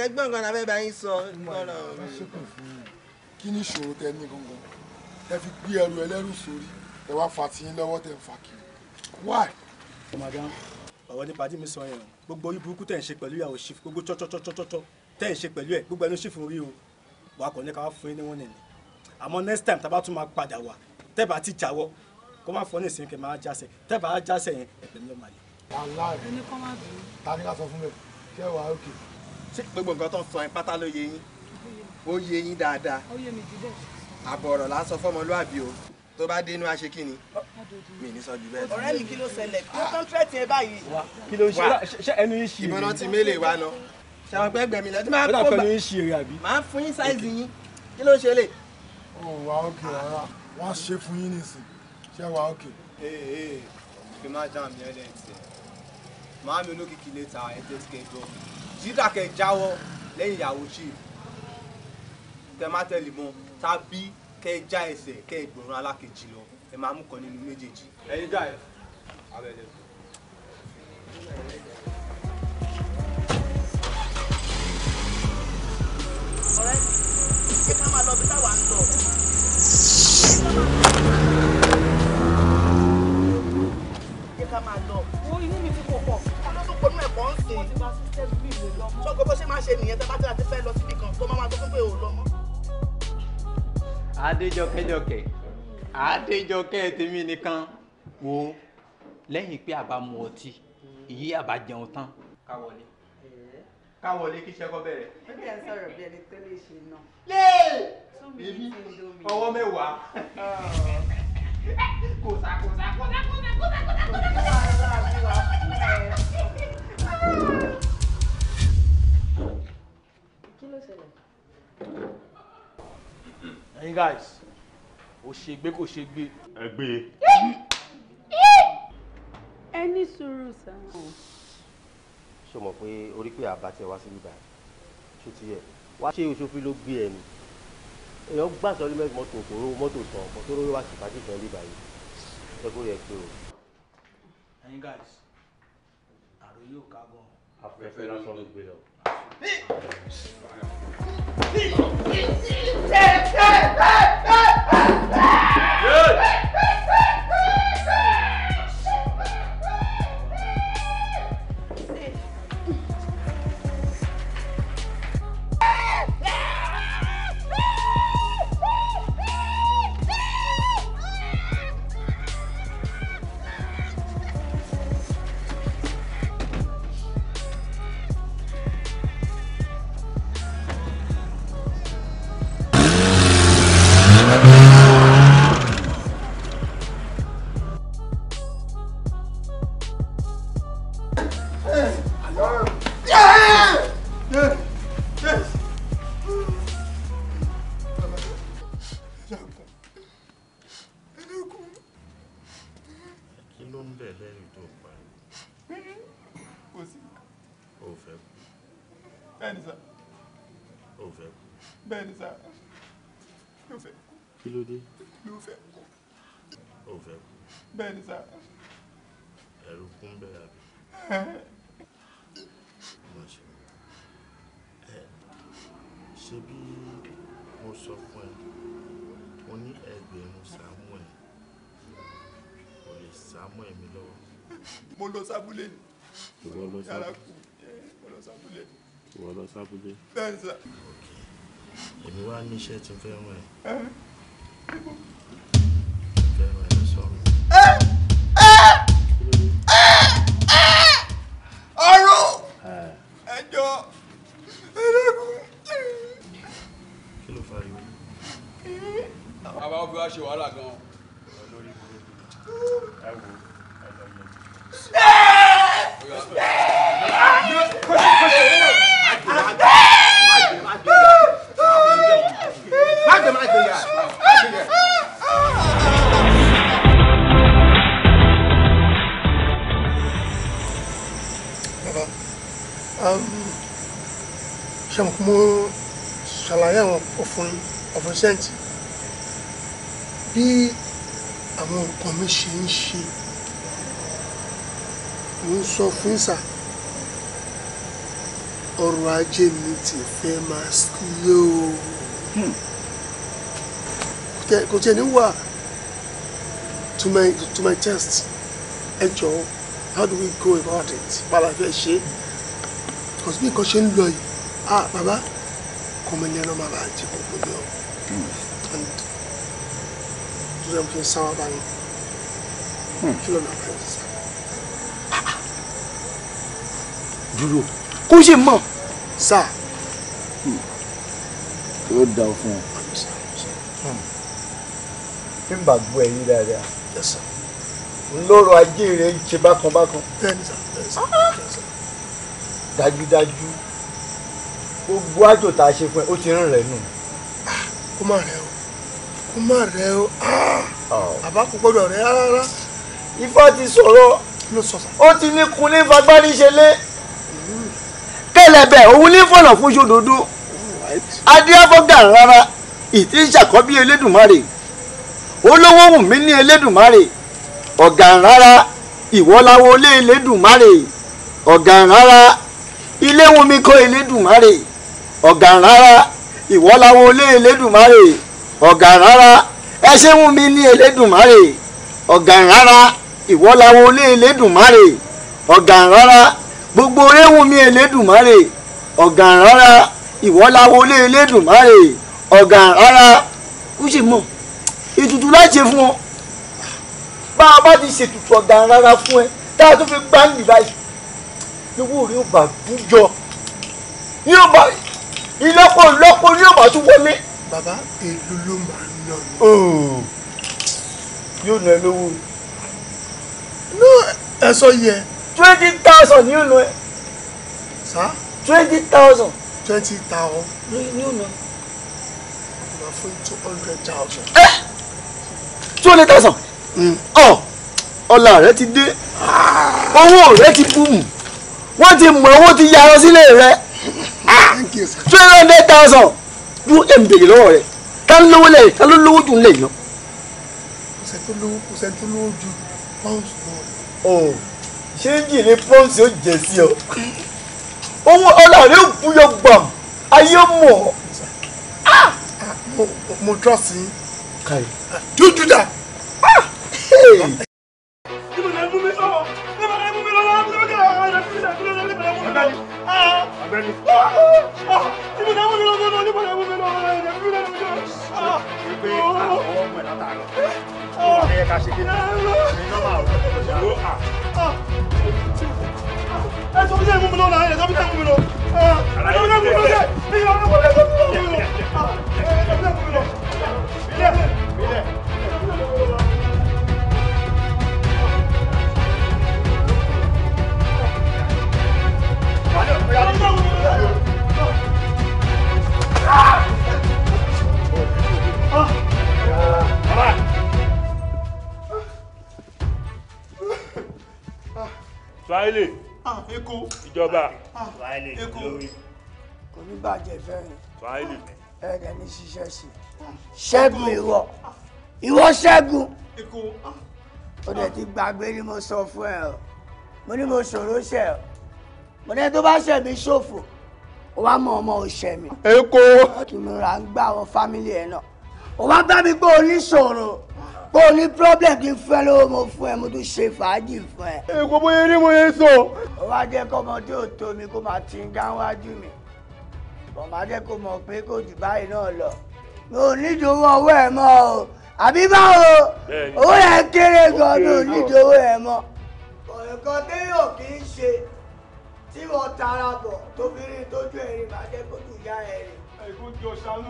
ẹ̀yẹn gbọ́n nǹkan lábẹ́ bá yín sọ gbọ́dọ̀. kí ni ìṣòro tẹ ní gangan tẹ fi gbé ẹrù ẹlẹ́rù sórí tẹ wá fa tiyín lọ́wọ́ tẹ ń fa kiri why. madam ọ̀rọ̀ nípa tí mi sọ yẹn gbogbo orí burúkú tẹ̀ ń ṣe pẹ̀lú ìyàwó ṣìf gbogbo chọ́chọ́chọ́chọ́ tẹ̀ ń ṣe pẹ̀lú ẹ̀ gbogbo ẹnu ṣìf orí o wà á kàn ní ká wá fún yín ní wọ́n nìyẹn àmọ́ next time tábà tún máa padà wá tẹ́bà ti jáwọ́ kó má fọ́ ní ìsinmi kẹ́ máa jásẹ̀ tẹ́bà á jásẹ̀ yẹn ẹ̀pẹ̀ ní ọmọ yẹn. aláàrẹ ta ni ká sọ fún mi ṣé òkè ṣé gbogbo nǹkan tó ń sọ yín pátá ló yé ó yé dáadáa àbọ̀ ọ̀rọ̀ là sọ fọ́mọlúàbí o tó bá dé inú aṣe kí ni mi ní sọ jù bẹ́ẹ̀ lọ. ọ̀rẹ́ mi kí ló ṣẹlẹ̀ kí ló tán tírẹ̀tì ẹ báyìí. kí ló ṣe ẹnu yín ṣì rí. ìbọn náà ti mélèé wa lọ. ṣàwọn pẹ́ gbẹ̀mí lọ tí máa kó bá máa fún yín sáìzì yín kí ló ṣe lè. ó wà ókè rárá wọn á ṣe fún yín nísìn ṣé wà ókè. ee kí n má jàǹbí ẹlẹ́tì máa mi olókìkí lè ta ẹ̀jẹ̀ skẹ́jọ́ mi dídà kẹ jáwọ́ lẹ́yìn ìyàwó chief tẹ má tẹ̀lé mọ́ tàbí kẹ já ẹsẹ̀ kẹ ìgbòrán alákejì lọ ẹ máa mú kan nínú méjèèjì. ẹyin dá ẹ abẹ́lẹ̀. ọ̀rẹ́ ṣé ká máa lọ bí táwa ń lọ. ṣé ká máa lọ. wo mi ti pò pọ̀ kàn ń sìn. ṣọ́kọ bó ṣe máa ṣe nìyẹn tẹ́ bá tí a ti fẹ́ lọ síbi kan tó máa máa tó fún pé ò lọ mọ́. adéjọkẹjọkẹ adéjọkẹ tèmi nìkan wo lẹ́yìn pé àbá mu ọtí ìyí àbá jẹun tán ká wọlé kí iṣẹ́ kọ́ bẹ̀rẹ̀. bíbí ẹ sọ̀rọ̀ bí ẹni tó lè ṣe náà. léè bíbí ọwọ́ mẹ́wàá oh. kò sá kò sá kò sá kò sá kò sá kò sá kò sá. Hey guys ò ṣe gbé kò ṣe gbé. ẹ gbé e. ẹ ní sùúrù sáà. ṣé o mọ̀ pé orí pé àbá tiẹ̀ wá sí bíbá ṣó ti yẹ wá ṣé oṣòfin ló gbé ẹ ni èèyàn gbà sọrí mẹ́rin mọ́tò òkòrò mọ́tò sàn ọ̀pọ̀ tó wá sí fàájì kan bíbá ẹ kó rí ẹ o. ẹ̀yin guys ọ̀rọ̀ yóò ká gan. afẹ́fẹ́ lásán ló gbé lọ. Yeah! ló fẹ́ kú. ó fẹ́ kú. bẹ́ẹ̀ ni sá. ẹ̀rù kún bẹ́ẹ̀ àbí. mo ṣe ẹ ṣe bí mo sọ fún ẹ mo ní ẹgbẹ̀rún Samuel kò lè Samuel mi lọ́wọ́. mo lọ sábúlé ni. ìwọ lọ sábúlé. mo lọ sábúlé. ìwọ lọ sábúlé. bẹ́ẹ̀ sá. èmi wá níṣẹ́ tí n fẹ́ ràn ẹ́. percent bí àwọn nǹkan mi ṣe ń ṣe mo ń sọ fún sà ọrọ̀ ajé mi ti fẹ́ máa sílé o hmm. kò tiẹ̀ ní wà to my to my test ẹ jọ̀ọ́ how do we go about it bàbá fẹ́ ṣe kò sí bí nǹkan ṣe ń lọ yìí ah bàbá kọ́mọlẹ́rán máa bá jẹ́ kókó ní ọ̀hún problem kì í san ọba yẹn kí ló máa bá yẹn sá. dúró kó ṣe mọ̀. sá. yóò dá o fún ọ. fí hmm. n bá gbọ́ ẹ̀yìn dáadáa ńlọrọ̀ ajé rẹ̀ ń ṣe bákan bákan ah! dájúdájú gbogbo àjò tá a ṣe fún ẹ ó ti rìn rẹ nù. Ah! kó má rẹ o kó má rẹ o bàbá kò gbọdọ̀ rẹ rárá ifá ti sọ̀rọ̀ ó ti ní kunlé fagbárí ṣe lé kẹlẹbẹ òun ní fọ̀nà fún ṣòdodo adéábọ́gà rárá ìtí ń ṣàkọ́bí elédùnmarè olówó wù mí ní elédùnmarè ọ̀gàn rárá ìwọ́láwọ́ olé elédùnmarè ọ̀gàn rárá ilé wù mí kọ́ elédùnmarè ọ̀gàn rárá ìwọ́láwọ́ olé elédùnmarè ọ̀gàn rárá ẹ ṣéun mi ní elédùnmáre ọ̀gàn rárá ìwọ́láwo lé elédùnmáre ọ̀gàn rárá gbogbo réhùn mi elédùnmáre ọ̀gàn rárá ìwọ́láwo lé elédùnmáre ọ̀gàn rárá ó sì mọ̀ ètùtù láti ṣe fún ọ bá a bá ti ṣètùtù ọ̀gàn rárá fún ẹ tá a tún fi gbáǹdì báyìí lówó rí ò bá bú jọ yóò bá ìlọ́pọ̀ ìlọ́pọ̀ yóò bá tún wọlé bàbá èlò ló máa ń ná mi. Oh, yóò ná ẹ lówó. ní ẹ̀sọ́ yẹ. twenty thousand yóò ná ẹ. sá. twenty thousand. twenty thousand. yóò ná. mà fún two hundred thousand. ẹ eh! two hundred thousand. ọ hmm. oh, ọlá rẹ ti dé owó rẹ ti bùmù wọ́n ti mọ owó ti yarọ sílé rẹ two hundred thousand dúró èmi bèrè lọ́wọ́ rẹ̀ ta ló lówó lẹ́yìn ta ló lówó jù lẹ́yìn lọ. kò sẹ́ni tó lówó kò sẹ́ni tó lówó ju pounds lọ. ṣé jìnnì pounds yóò jẹ sí ọ owó ọlọ́run yóò búyọ gbàm ayé mọ̀ ah! mo trust yín. káyọ̀ dúdú dà. Ọ̀gbẹ́ni. pé àwọn ọmọ ẹ̀ látàárọ̀ ó ṣe yẹ ká ṣe kí ni nọ́mà ò ó à. ẹ sọ fún sẹ́yìn mú mi lọ náà ẹ sọ fún sẹ́yìn mú mi lọ ẹ sọ fún sẹ́yìn mú mi lọ ẹ sọ fún sẹ́yìn mú mi lọ ẹ sọ fún sẹ́yìn mú mi lọ. Swahili eko ìjọba Swahili lórí. kò ní bàjẹ́ fẹ́ràn Swahili ẹ̀rẹ̀ ní ṣiṣẹ́ sí ṣẹ́gun ìwọ ìwọ ṣẹ́gun ah. ó dẹ̀ ti gbàgbé ni mo sọ fún ẹ o mo ní mo ṣòro ṣẹ o mo ní tó bá ṣẹ̀ mí ṣòfò ó wá mọ ọmọ òṣẹ mi. eko. ọtún mi ra ń gbà àwọn fámìlì ẹ náà ó wá bá mi pé oníṣòro o ní problem kí n fẹ́ lówó mo fún ẹ mo tún ṣe fàájì fún ẹ. èkó bóyá ní mo yẹ sọ. ó wá jẹ́ kó ọmọ tí ò tó mi kó máa ti ń dá wájú mi bọ̀ máa jẹ́ kó mọ̀ pé kò jù báyìí náà lọ. mi ò nídìí owó ọwọ́ ẹ̀ mọ́ o àbí báwo owó yẹn kéré gan mi ò nídìí owó ẹ̀ mọ́. ọ̀rẹ́kan téèyàn kì í ṣe tí wọ́n tara bọ̀ tó fi rí tójú ẹ̀rín máa jẹ́ kó tù yá ẹ̀rín. ẹ̀kú jọ ṣàánú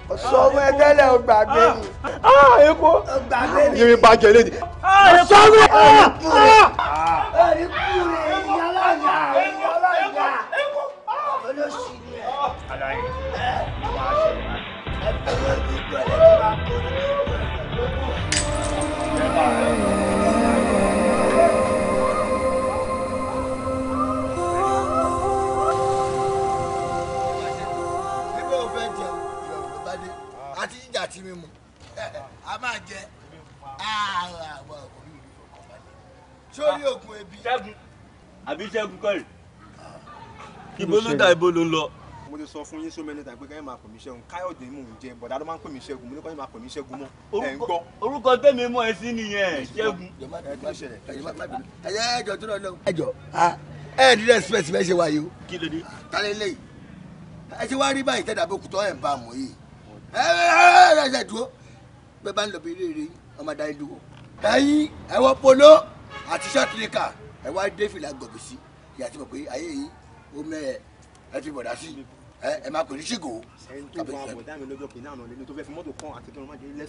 sọmọ ẹ tẹ́lẹ̀ o gbàgbé ah, ah, ni. Ah, epo yìnyín bàjẹ́ lẹ́ni. sọmọ ẹ ẹ̀rí kúrè yálàyà yálàyà olóṣì ni ẹ. ẹ bẹ̀rẹ̀ ní ìgbẹ́lẹ́ ní wàá kó àbí ṣẹ́gun kọ́rì ibo ló dà ibo ló lọ. mo ti sọ fún yín so many times pé kẹ́hìn máa pè mí ṣẹ́gun káyọ̀dé mò ń jẹ bọ̀dá ló máa ń pè mí ṣẹ́gun mo ní kọ́ni máa pè mí ṣẹ́gun mọ́ orúkọ tẹ́mi mọ́ ẹ sí nìyẹn ṣẹ́gun. ẹjọ tó lọ ẹjọ ẹ ní respect bẹ́ẹ̀ ṣe wáyé o. kí ló dé. tálẹ́ lẹ́yìn ẹ ṣe wá rí báyìí tẹ́lẹ̀ àbókùtọ́ ẹ̀ ń bá mọ̀ yìí ẹ ẹ ẹ dúró bẹ́ẹ̀ bá ń lọ bí eré ọmọ dáyé dúró. dáyé ẹ̀wọ̀n polo àti ṣọ́ọ̀tì nìkan ẹ wá dé fìlà gọ̀bì sí ìyá ti mọ̀ pé ayé yìí ó mẹ́ ẹ ẹ ti bọ̀dá sí ẹ máa pè ní ṣìgò. sẹ́yìn ni. má ṣe pé fún má ṣe pé má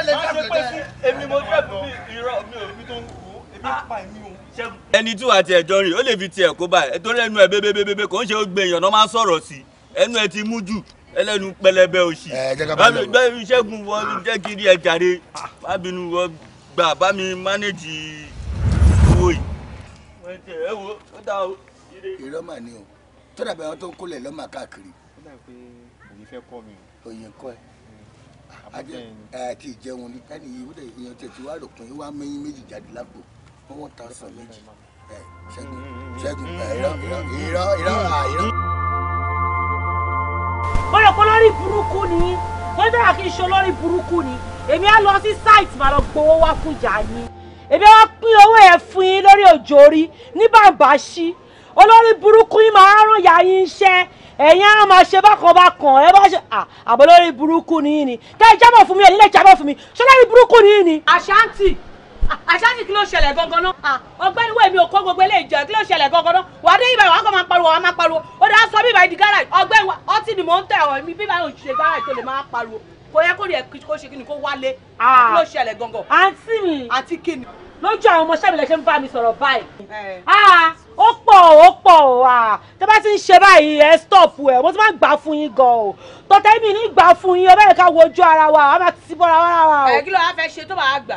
ṣe pé fún èmi mo fẹ́ fún irọ́ mi ò mi tó ń kú èmi pa èmi o. ẹni tí wàá tiẹ̀ jọ ó lè fi tiẹ̀ kó báyìí torí ẹnu ẹ̀ bébébébé kò ń ṣe ó gbẹ̀yàn náà máa sọ̀rọ̀ sí ẹnu ẹ ti mú jù ẹlẹ́nu pẹlẹbẹ òsì bámi ṣẹ́gun wọ jẹ́ kiri ẹ̀ wọ gbà bámi mánéjì owó yìí. ẹ o. irọ́ mà ni o tó dàbí àwọn tó ń kólẹ̀ lọ́mà káàkiri. ó dàbí pé òye fẹ́ kọ́ mi. òye kọ́ ẹ àti àti ìjẹun ní ẹni yìí wúdẹ èèyàn tẹ̀tí wá rò pé wá mẹ́yìn méjì jáde lágbo wọ́n wọ́n ta sàn méjì ṣẹ́gun ṣẹ́gun ìrọ̀ ìrọ̀ ìrọ̀ ìrọ̀ àìrọ̀ ọ̀rọ̀ kan lórí burúkú ni wọ́n dára kí n ṣe olórí burúkú ni èmi á lọ sí site màá lọ gbowó wá fún ìjà yín èmi á pín owó yẹn fún yín lórí òjò orí ní bàbá sí olórí burúkú yín máa rán ìyá yín iṣẹ́ ẹ̀yin á máa ṣe bákan bákan ẹ bá ṣe àbọ̀ lórí burúkú ni yín ni kẹ́ ẹ jábọ̀ fún mi ẹ̀ nílẹ̀ jábọ̀ fún mi ṣọlá ní burúkú ni yín ni. àṣántì àṣàṣì kí ló ṣẹlẹ̀ gangan náà ah, ọgbẹ́ni wo èmi ò kọ́ gbogbo eléyìí jẹ́ kí ló ṣẹlẹ̀ gangan náà wà á dé ibà wàá kọ́ máa pariwo wàá máa pariwo ó dáa sọ bíbá ìdí gáràjì ọgbẹ́ni ọtí ni mò ń tẹ̀ ọ́ mi bíbá yóò ṣe gáràjì tó lè máa pariwo kò yẹ kó rí ẹ kó ṣe kí ni kó wálé ah. kí ló ṣẹlẹ̀ gangan. àǹtí mi àǹtí kí ni. lójú àwọn ọmọọṣẹ́ mi lè ṣe ń bá mi sọ̀rọ̀ báyìí. Ah, ó pọ̀ ó pọ̀ tó bá ti ń ṣe báyìí ẹ stop ẹ mo ti máa ń gbà mi ní gbà fún yín ọbẹ̀ ká wojú ara wa a máa ti bọ́ra wa. ẹ kí ló wàá fẹ́ ṣe tó bá a gbà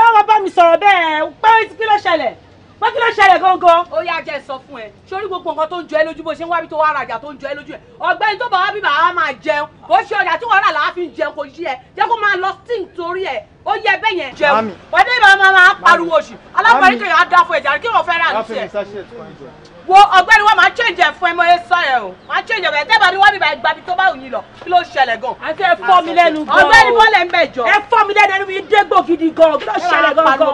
ẹ wá bá mi sọ̀rọ̀ bẹ́ẹ̀ pé kí ló ṣẹlẹ̀ pé kí ló ṣẹlẹ̀ gangan. ó yá jẹ́ sọ fún ẹ sórí gbogbo nǹkan tó ń jọ ẹ lójú bó ṣe ń wábi tó wá rajà tó ń jọ ẹ lójú ẹ ọ̀gbẹ́ni tó bá wá bí bàá máa jẹun ó ṣe ọjà tí wàhálà làá fi ń jẹun kò yí ẹ jẹ́ kó máa lọ sting torí ẹ ó yẹ bẹ́ẹ̀ yẹn jẹun wọ́n dé ìbámu máa pariwo oṣù alápàrí kò yà á dá fún ẹ̀jà kí wọ́n fẹ́ rà ní tiẹ̀ wo ọ̀gbẹ́ni wọn máa change ẹ fún ẹ mọ ẹ sọ ẹ o máa change ẹ tẹ́ bá ní wọ́n bí báyìí gbabi tó bá òyìn lọ kí ló ṣẹlẹ̀ gan. àti ẹ fọ́ mi lẹ́nu gan o ọ̀gbẹ́ni bọ́lẹ̀ ń bẹ̀ jọ. ẹ fọ́ mi lẹ́nu mi dégbò gidi gan kí ló ṣẹlẹ̀ gan gan.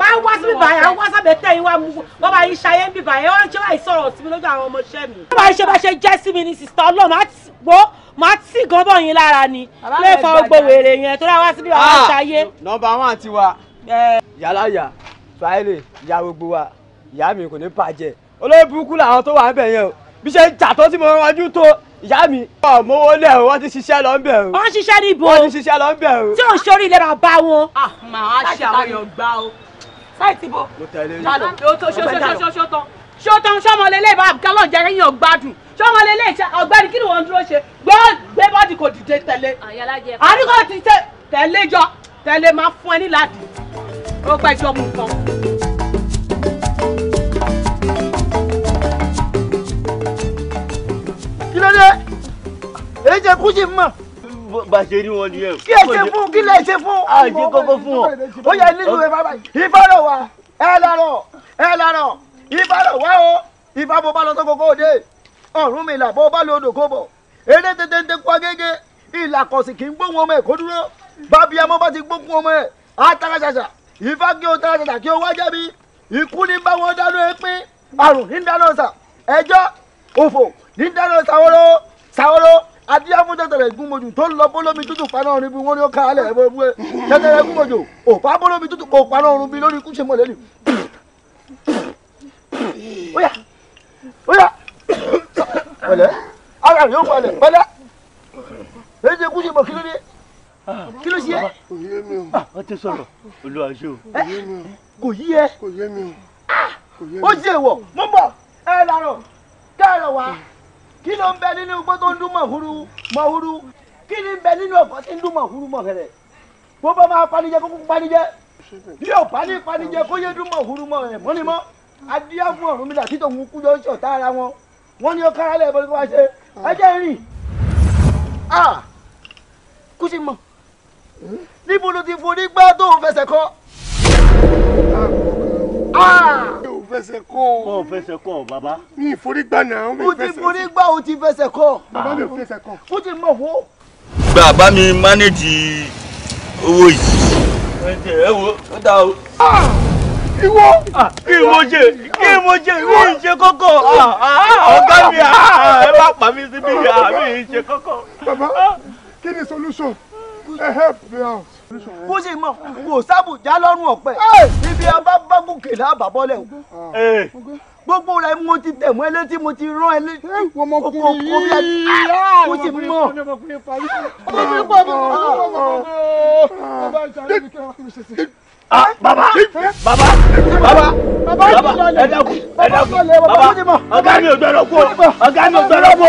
máa wá sí bíbá yẹn wá sábẹ́ tẹ̀ yín wá mú wọ́n bá yín ṣayé ń bíbá yẹn ṣe wáyé sọ̀rọ̀ sí mi lójú àwọn ọmọọṣẹ́ mi. bá ṣe bá ṣe jẹ́ sí mi ni sista ọlọ́run á ti gbó màá tì gan bọ̀ yín lára ni lè fa gbogbo wèrè yẹn tó dáa wá síbí wàá ah, ṣayé. nọ́mbà wọn àti wa eh. yàrá yà fàáìlì ìyá gbogbo wa ìyá mi kò ní bàjẹ́ olóyè làwọn tó wà ń bẹ̀ yẹn o bí ṣe ń jà tó tí mo rọjú tó ìyá mi. ọmọ owó lẹ o wọn ti ṣiṣẹ́ lọ ń bẹ o. wọn ṣiṣẹ́ ní ibo wọn ti ṣiṣẹ́ lọ ń bẹ o. tí ò ń sórí ilé bàbá wọn. Ah, màá ṣe àwọn èèyàn gbá o. sáìtì bo jalo ṣóṣóṣóṣóṣótán ṣótán ṣọmọlélẹ bá gálọ jẹrẹ yín ọgbádùn ṣọmọlélẹ ọ̀gbẹ́ni kí ni wọn dúró ṣe gbọ gbé bọ́dì kò dìde tẹ̀lé. Ah, àríkọ́ ti tẹ̀lé jọ tẹ̀lé máa fún ẹ nílàdí ó gbẹ́jọ́ mú kan. èyí ṣe kú sí mọ̀. bá a ṣe rí wọn nìyẹn. kí ẹ ṣe fún kí lẹ ṣe fún. a ṣe kókó fún ọ. ó yẹ nílùú ẹ bàbá ìbárò wa ẹ lọrọ ẹ lọrọ ìbárò wa o ìbá bó bá lọ tó kókó òde ọ̀run mi là bó bá lọ odò kó bọ̀ eré tètè ń tẹ kó agége ìlàkọ̀sì kì í gbóhùn ọmọ ẹ̀ kó dúró bàbí ẹmọ bá ti gbókùn ọmọ ẹ̀ àtàkàṣàṣà ìfá kí o tàkàṣàṣà kí o wá jẹ́bi ikú ní bá wọn dáná ẹ pín àrùn ní dáná ọ̀sà ẹjọ́ òfò ní dáná ṣàwòrò ṣàwòrò adíyàfún tẹ̀tẹ̀rẹ̀ gúnmojù tó lọ bólómi tútù paná orin bí wọ́n ní ó ká alẹ̀ ẹ̀bọ̀ ẹ̀bọ̀ tẹ̀tẹ̀rẹ̀ gúnmojù ò pa bólómi tútù kò paná orin bí lórí ikú ṣe mọ̀lẹ́lì. óyà óyà pẹ̀lẹ́ ara rẹ̀ yóò palẹ̀ pẹ̀lẹ́ èyí ṣe kú ṣe mọ̀ kí ló dé kí ló ṣe é. Ah, ọ ti sọ̀rọ̀ olú àṣọ. kò yí ẹ kò yé mi o. Ah, ó ṣe èèwọ̀ mú bọ̀ ẹ lárọ̀ kẹ́ ẹ̀rọ wá kí ló ń bẹ nínú igbó tó ń dún mọ̀húrú mọ̀húrú kí ni ń bẹ nínú ọ̀gọ́ tí ń dún mọ̀húrú mọ̀fẹ̀rẹ̀ bó bá máa panijẹ kó kó panijẹ bí ò pani panijẹ kó yé dún mọ̀húrú mọ̀fẹ̀rẹ̀ mọ́nimọ́ adíyàfún ọ̀run mi là títò ń kú jọ ṣọ̀tá ara wọn wọn ni ó kára lẹ̀ bọ́ ló wá ṣe ẹjẹ́ rìn a kú sí mọ̀ níbo ló ti forí gbá tó fẹsẹ̀ kọ́ fẹsẹ̀ kọ́ o. kọ́ o fẹsẹ̀ kọ́ o bàbá. mi ìforígbà náà mi fẹsẹ̀. mo ti forígbà o ti fẹsẹ̀ kọ́. bàbá mi ò fẹsẹ̀ kọ́. mo ti mọ̀ wo. gba bá mi mánéjì owó yìí. ẹ wo ó dá o. Ah! Ìwọ! Kí ah, mo jẹ, kí mo jẹ, mi ì ṣe kókó. Ah, ọ̀gá mi, ẹ má pa mí síbí, mi ì ṣe kókó. Bàbá, kí ni solution? Ẹ help me out bó ṣe mọ kò sábùjá lọ́rùn ọ̀pẹ ibi ọba bá gòkè láàbà o gbogbo rẹ mo ti tẹ̀mọ́ ẹ létí mo ti rán ẹ létí ọkọ̀ bí ẹ mo ti mọ̀. bàbá bàbá bàbá bàbá ẹ dákun ẹ dákun bàbá ọ̀gá mi ò gbẹ́rọ̀ kú ọ̀gá mi ò gbẹ́rọ̀ kú ọ̀gá mi ò gbẹ́rọ̀ kú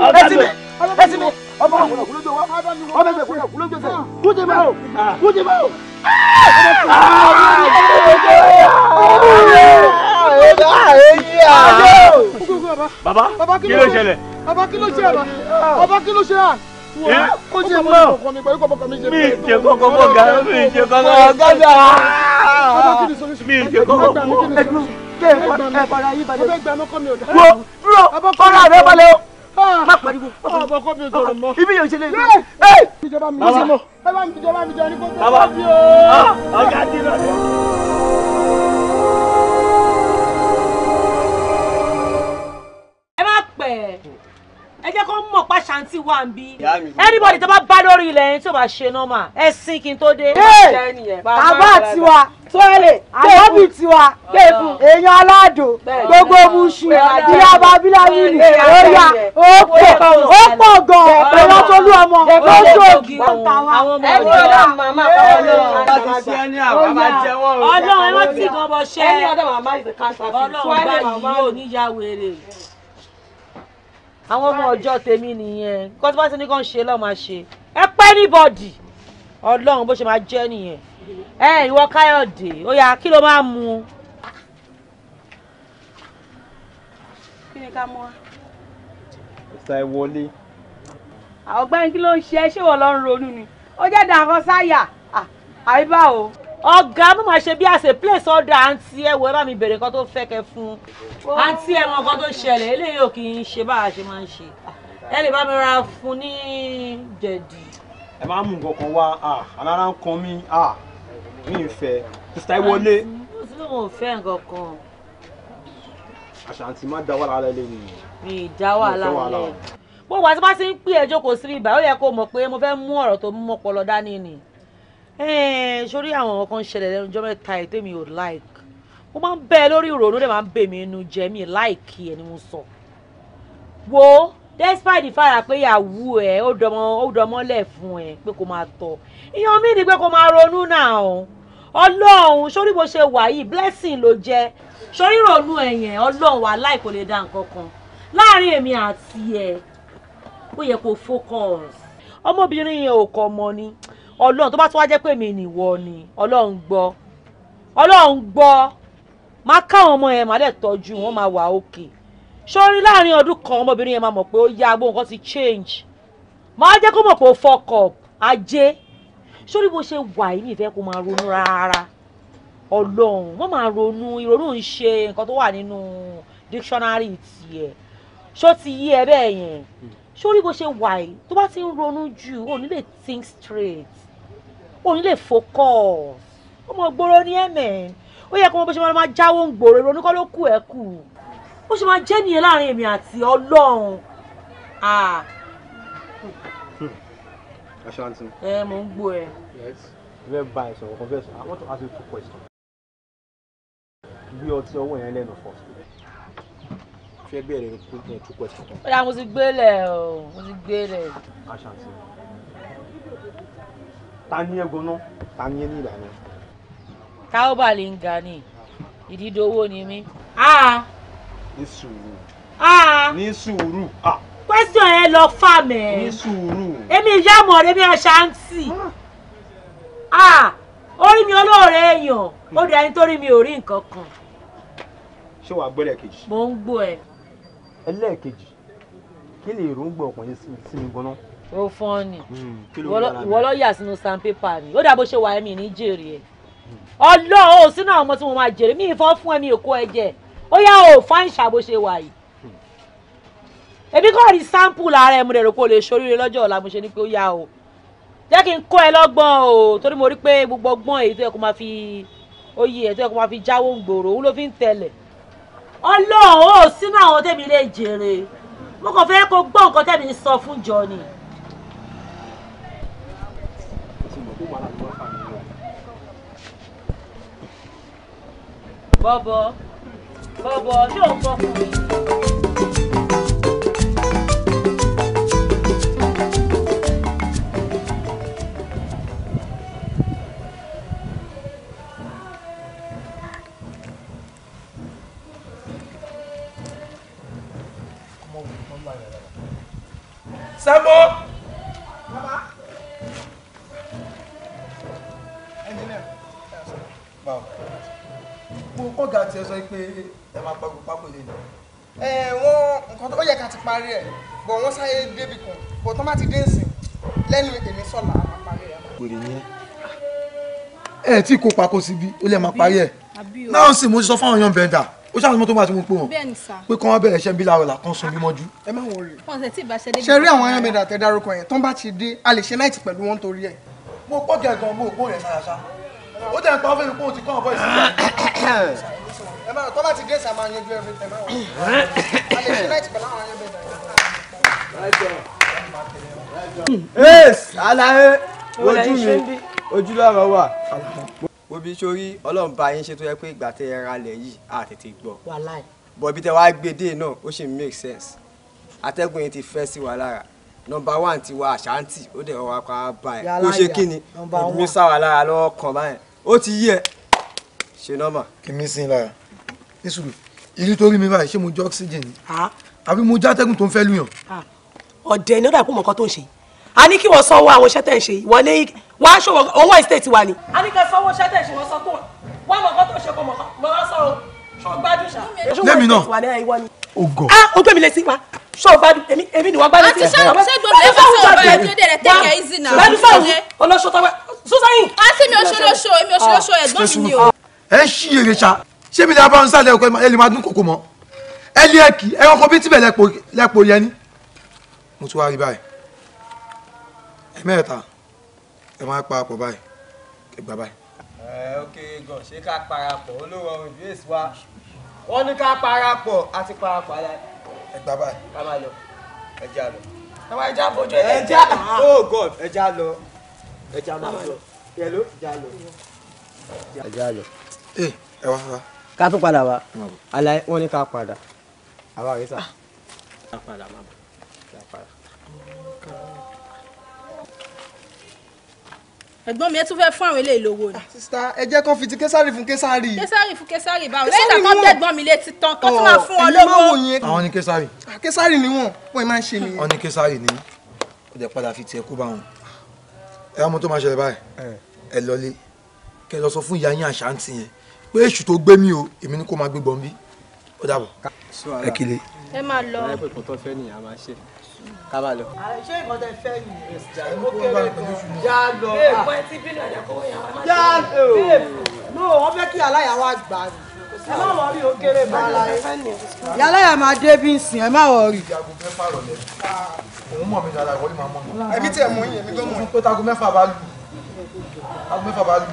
ọ̀gá mi ò gbẹ́rọ̀ kú ọba àwọn ọkùnrin wa ọba ẹgbẹ ìpínlẹ̀ ọkùnrin gbèsè kújì bá o kújì bá o. baba baba kí ló ṣẹlẹ̀. baba kí ló ṣẹlẹ̀ baba kí ló ṣẹlẹ̀ kó jẹ mọ mi jẹ kọkọ bọ ga mi jẹ kọkọ bọ ga mi jẹ kọkọ bọ ga. ẹ gbọ́n ẹ gbọ́n ẹ gbọ́n ayé balẹ̀. wo dúró kọ́ra rẹ balẹ̀ o. Ah, má pariwo. Ah, ọbọ kó mi sọ̀rọ̀ mọ. ibi yóò ṣe lè lọ. ìjọba mi jọ ẹ bá mi jọba mi jọ ní kókó bá mi o. Ah, ọgá dín lọ. ẹ má pẹ́ ẹ jẹ́ kó mọ̀ pa ṣàǹtì wà ń bí anybody tó bá bá lórí ilẹ̀ yẹn tí bá ṣe nọ́mà ẹ sin kí n tó dé. bàbá tiwa tóyè àyọ́bì tiwa gbẹ̀bù èèyàn aládùn gbogbo musu ìyá babilani oya ó pọ̀ ó pọ̀ gan-an tó lú ọmọ ó ṣòògì àwọn ọmọ ọjọ́ màmá pàwọn lọ́wọ́ ọlọ́run ẹ má tì gan bọ̀ ṣẹ́ ọlọ́run bá yìí ò níyàwó èrè àwọn ọmọ ọjọ́ tèmi nìyẹn nǹkan tí wọ́n ti ní kàn ṣe lọ́ọ́ máa ṣe ẹ pẹ́ ní bọ́ọ̀dì ọlọ́run bó ṣe máa jẹ́ nìyẹn ẹ ìwọ káyọ̀dé ó yá kí ló máa mu. kí ni ká mú wa. ìsà ẹ wọlé. ọ̀gbẹ́ni kí ló ń ṣe é ṣé wọ́n lọ ń ronú ni ó jẹ́ dàgbọ́n sáyà àbí báwo ọ̀gá mo máa ṣe bí àṣẹ place order àǹtí ẹ̀ wọ ẹ bá mi bèrè nǹkan tó fẹ́ fún un àǹtí ẹ̀ mọ nǹkan tó ṣẹlẹ̀ eléyìí ò kì í ṣe bá a ṣe máa ń ṣe ẹ lè bá mi ra fún ní jẹ̀dì. ẹ máa ń mú nǹkan kan wá alára ń kan mí mi ì fẹ́ sista ẹ wọlé. mo ti lóun ò fẹ́ nǹkan kan. àṣà àǹtí má dá wàhálà alẹ́ lẹ́yìn. mi ì dá wàhálà alẹ́. bó wàá tí wọ́n ti ń pè ẹjọ́ kò sí ibà ó yẹ kó mọ̀ pé mo fẹ́ mú ọ̀rọ̀ tó mú mọ́pọlọ dání ni. Eh, sórí àwọn kan ṣẹlẹ̀ lẹ́nu jọ́ mẹ́ta ètò èmi ò like ó máa ń bẹ́ ẹ lórí ìrònú dẹ̀ máa ń bè mí inú jẹ́ mi like ẹ̀ ni mo sọ. wo despite the fact pé ìyàwó ẹ ó dọmọlẹ̀ fún ẹ pé kó máa tọ̀ ìyàn mi ni pé kó máa ronú náà ọlọ́run sórí bó ṣe wà yìí blessing ló jẹ́ sórí ìrònú ẹ yẹn ọlọ́run wà láì kò lè dá nǹkan kan láàrin èmi àti ẹ ó yẹ kó focus ọmọbìnrin yẹn ò kọ́ ọmọ ni ọlọ́run tó bá tún wá jẹ́ pé mi nìwọ ni ọlọ́run gbọ́ ọlọ́run gbọ́ máa káwọn ọmọ yẹn máa dẹ̀ tọ́jú wọn máa wà òkè sórí láàrin ọdún kan ọmọbìnrin yẹn máa mọ̀ pé ó yá gbóhùn kan ti change máa jẹ́ kó mọ̀ pé ó fuck up ajé sórí bó ṣe wà yìí mi ìfẹ́ kó máa ronú rárá ọlọ́run wọ́n máa ronú ìrònú ń ṣe nǹkan tó wà nínú dictionary tiẹ̀ ṣó ti yí ẹ bẹ́ẹ̀ yẹn hmm. sórí bó ṣe wà yìí tó bá ti ń ronú jù ò ní think straight òun lè focus ọmọ gbòòrò ní ẹ̀mẹ̀ ó yẹ kó mọ bó ṣe máa jáwó ń gbòòrò ronú kọ́ ló kù ẹ̀ kù ó ṣe máa jẹ́ nìyẹn láàrin èmi àti ọlọ́run Ashanti. ẹ mò ń gbọ́ ẹ. yes very bad sọ ọkọ fẹsọ i want to ask you two questions. bí ọtí ọwọ́ yẹn lẹ́nu first. fẹ́ bẹ̀rẹ̀ eh, two questions. ó mo ti gbélé o mo ti gbélé. Ashanti ta ni ẹ̀gbọ́n náà ta ni ẹni ìlànà. káwọ́bà lè ń ga ni ìdídowó ni mí. ah sùúrù. ní sùúrù. question ẹ lọ me mẹ́. ní sùúrù. èmi ìyá mọ̀ rẹ bí aṣáǹtì. Ah. orí mi olóore èèyàn ó dẹ̀ ẹni tó rí mi ò rí nǹkan kan. ṣé wàá gbọ́ ẹlẹ́ẹ̀kejì. mo ń gbọ́ ẹ. ẹlẹ́ẹ̀kejì kí lè ròǹgbà ọkùnrin sí mi gbọ́ná rofọ́ọ̀nì hmm, wọ́n lọ yà sínú sandpaper ni ó dà bó ṣe wà ẹ̀mí ní jèrè ẹ̀ ọlọ́ọ̀ ò sínú àwọn ọmọ tí mo máa jèrè mí ìfọ́ fún ẹ̀mí èkó ẹ̀jẹ̀ ó yà ó fáìn ṣàbó ṣe wà yìí èmi kò rí sample ara ẹ̀ mo dẹ̀ rò pé o lè ṣoríire lọ́jọ́ ọ̀la mo ṣe ni pé ó yà ó jẹ́ kí n kọ́ ẹ lọ́gbọ́n o torí mo rí pé gbogbo ọgbọ́n èyí tó yẹ kó máa fi oyè ẹ̀ tó yẹ kó máa fi jáwó ń gbòòrò òun ló fi ń tẹ̀lẹ̀ ọlọ́ọ̀ ò sínú àwọn tẹ̀mí lè jèrè mo kàn fẹ́ kó gbọ́ nǹkan tẹ̀mí sọ fún jọ ni. bọ́bọ́ bọ́bọ́ ṣé ò ń bọ́ fún mi. Sabo! báwo mo kọ́gà tiẹ̀ sọ pé ẹ máa pagbo pápò lè nà. ẹ wọn nǹkan tó yẹ ká ti parí ẹ bọ wọn sáré débi kan bọ tó má ti dé nsìn lẹ́nu èmi sọlá máa parí ẹ. pèrè ni ẹ ẹ tí kò pakó síbi ó lè máa parí ẹ náà sì mo ti sọ fáwọn èèyàn bẹ́ẹ̀ dà ó ṣàtúntò tó bá ti mú pé wọn pé kí wọn bẹ̀rẹ̀ iṣẹ́ bí láwọlà kan sun bí mọ́jú. ẹ má wọlé ṣe rí àwọn ayọ́mẹ̀dà tẹ dárúkọ yẹn tó ń bá ti dé a lè ṣe náìtì pẹ̀lú wọn torí ẹ̀. mo pọ́ gẹ̀gàn mo ò gbóòrè sára sára ó dẹ̀ ń pa fún mi kóun ti kọ́ ọ̀bọ ìsìnkú. ẹ máa tọ́ bá ti dé sàmà yanjú ẹ̀rọ ìtẹ̀ máa wà. a lè ṣe láti pẹ̀lú àwọn ayẹyẹ bẹ̀rẹ̀. yes alaye ojú mi ojú wà. bobi sori ọlọ́run bá yín ṣe tó yẹ pé ìgbà tẹ ẹ ra lẹ̀ yìí a tètè gbọ́ bọ̀bí tẹ wàá gbé dé náà ó sì make sense atẹ́gùn yìí ti fẹ́ sí wa lára nọmba one ti wa àṣántì ó dẹ̀ wá pa báyìí kó ṣe kí ni ọdún mi sá wa lára lọ́wọ́ kan báyìí ó ti yí ẹ ṣe nọ́mà. kìmí sin lára ní sùúrù ìrí tó rí mi báyìí ṣé mo jẹ oxygen ni ah. àbí mo já tẹ́gùn tó ń fẹ́ lùyàn. Ah. ọ̀dẹ̀ ni ó dà kó mọ̀ tó ń ṣe a ní kí wọ́n sanwó àwọn iṣẹ́ tẹ̀ ń ṣe wọ́n ní wọ́n aṣọ owó estate wa ni. a ní kí wọ́n sanwó iṣẹ́ tẹ̀ ń ṣe wọ́n sọ pé wọ́n mọ̀ nǹkan tó o gọ. ah o gbẹ̀mí létí wa sọ gbádùn èmi èmi ni wọ́n gbádùn sí ẹ̀. àti sọ ṣé gbogbo ẹ̀ fọwọ́ sọ ọ̀rọ̀ ẹ̀ tó sọ́sẹ́yìn. a sì mi òṣòlóṣò èmi òṣòlóṣò ah, ẹ̀gbọ́n mi ni o. ẹ ṣí èrè ṣá ṣé mi dábàá ń sálẹ̀ ọkọ ẹ lè máa dún kòkó mọ́ ẹ lé ẹkì ẹ kọ́kọ́ bí tìbẹ̀ lẹ́pọ̀ yẹn ni. mo tún wá rí báyìí ẹ mẹ́ta ẹ máa pa àpọ̀ báyìí ẹ gbà báyìí. ẹ ok gan ṣé ká parapọ̀ olówó ọrùn ìlú èsì wa wọ́n ní ká parapọ̀ àti parapọ̀ alẹ́. ẹ gbà báyìí. ká máa lọ ẹ já lọ. ẹ já fojú ẹ já. oh god ẹ já lọ ẹja máa lọ yẹlò ìjà lọ. ẹja lọ. ẹ eh, ẹ wá wá. ká tún padà wá aláì wọn ní ká padà àwa rí sà. Ah. ká padà màmá ká padà. ẹ̀gbọ́n mi ẹ tún fẹ́ fún àwọn eléyìí lówó ni. Ah, sista ẹ jẹ́ kó fi ti késàrì fún késàrì. késàrì fún késàrì báwo lẹ́yìn ìgbà kan tẹ̀gbọ́n mi létí tán kó tún oh, máa fún wọn lówó. àwọn ni késàrì. Ah, késàrì ni wọn wọn máa ń ṣe nìyẹn. wọn ni késàrì ni ó jẹ padà fi tiẹ̀ kó bá ẹ wá mọ tó máa ṣẹlẹ̀ báyìí ẹ lọlé kẹ lọ sọ fún ìyá yín àṣàǹtì yẹn pé èṣù tó gbé mi o èmi ni kó máa gbé gbọ̀n bí ó dàbọ̀ ẹ kí ẹ máa lọ ẹ pé tó fẹ́ nìyà máa ṣe ká bá lọ. ṣé nǹkan tẹ fẹ́ yìí ó kéré kan já lọ. bí èèpọ̀ ẹ bí nàìjíríà kọ́wé yàrá máa ṣe. já lọ bí èèpọ̀ náà wọ́n fẹ́ kí aláyàwó àgbà ni ẹ má wọrí o kéré bàálà yìí yálà yà máa dé bí nsìn ẹ má wọrí. òun mọ̀ mi dáadáa ìwọ́lì máa mọ̀ mi. èmi tí ẹ mọ̀ yín èmi gan mọ̀ yín. tó tago mẹ́fà bá lù tago mẹ́fà bá lù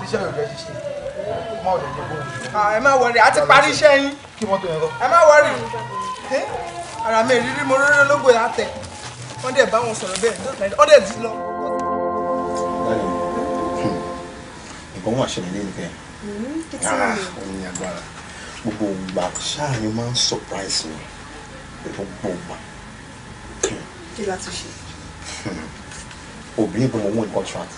tíṣẹ́ yóò jẹ́ ṣíṣe má ò lè bóun. ẹ má wọrí àti parí iṣẹ́ yín. kí mọ́tò yẹn rọ. ẹ má wọrí ara mi ìrírí mo rẹ́rẹ́ lógo yà wọ́n dẹ̀ bá wọn sọ̀rọ̀ bẹ́ẹ̀ wọ́n dẹ̀ ti lọ. nǹkan wọn àṣẹ mi nìkan yẹn. Ah, gbogbo ògbà ṣáà ni máa ń surprise mi gbogbo ògbà. Hmm. kí la tún ṣe. obìnrin gbogbo win contract.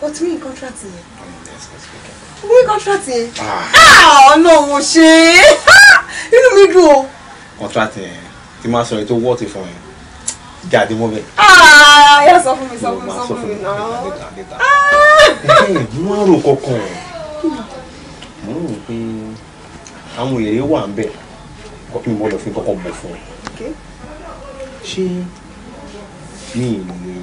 o ti win contract yẹn. Hmm, win contract yẹn. Ah. Ah, ọ̀nà òun ṣe é inú mi dùn o. contract yẹn ti máa sọ èyí tó wọ́ọ̀tì fún yẹn jáde mọ́ bẹ́ẹ̀. yà sọ fún mi sọ fún mi sọ fún mi náà. mo máa rò kankan ń wò pé àwọn èrè wà ń bẹ̀ kọ́ kí n mọ̀ lọ fi kọ́kọ́ bọ̀ fún ẹ. ṣé mi ì lè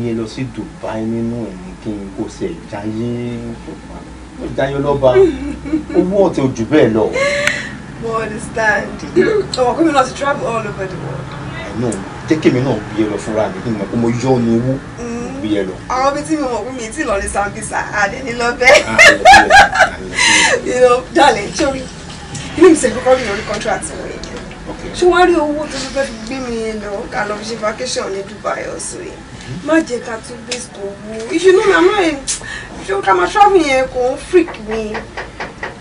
gbé lọ sí Dubai nínú ẹ̀ kí n kó ṣe ìjáyé ìjáyé ọlọ́ba owó ọ̀tẹ̀ ojú bẹ́ẹ̀ lọ. mo understand ọmọ kí náà ti travel all over the world. ẹ̀ náà jẹ́ kí èmi náà gbé e lọ fúnra mi kí n mọ̀ pé mo yọ ọ́ ní owó. Mm ibi yẹn lọ. àwọn ibi tí mo mọ̀ fún mi tí lọ ní sambisa àdéhìn lọ bẹ́ẹ̀. you know darling sorry inú mi sẹ́yìn kọ́kọ́ mi lórí contract wọn yẹn ṣé wọ́n rí owó tó fẹ́ fi gbé mi lọ ká lọ fi ṣe vacation ní Dubai ọ̀sẹ̀ yìí mm-hmm. má jẹ́ ká tún base kò wú ìṣúná mi àmọ́ ẹ̀ ṣé ká máa travel yẹn kò ń freak mi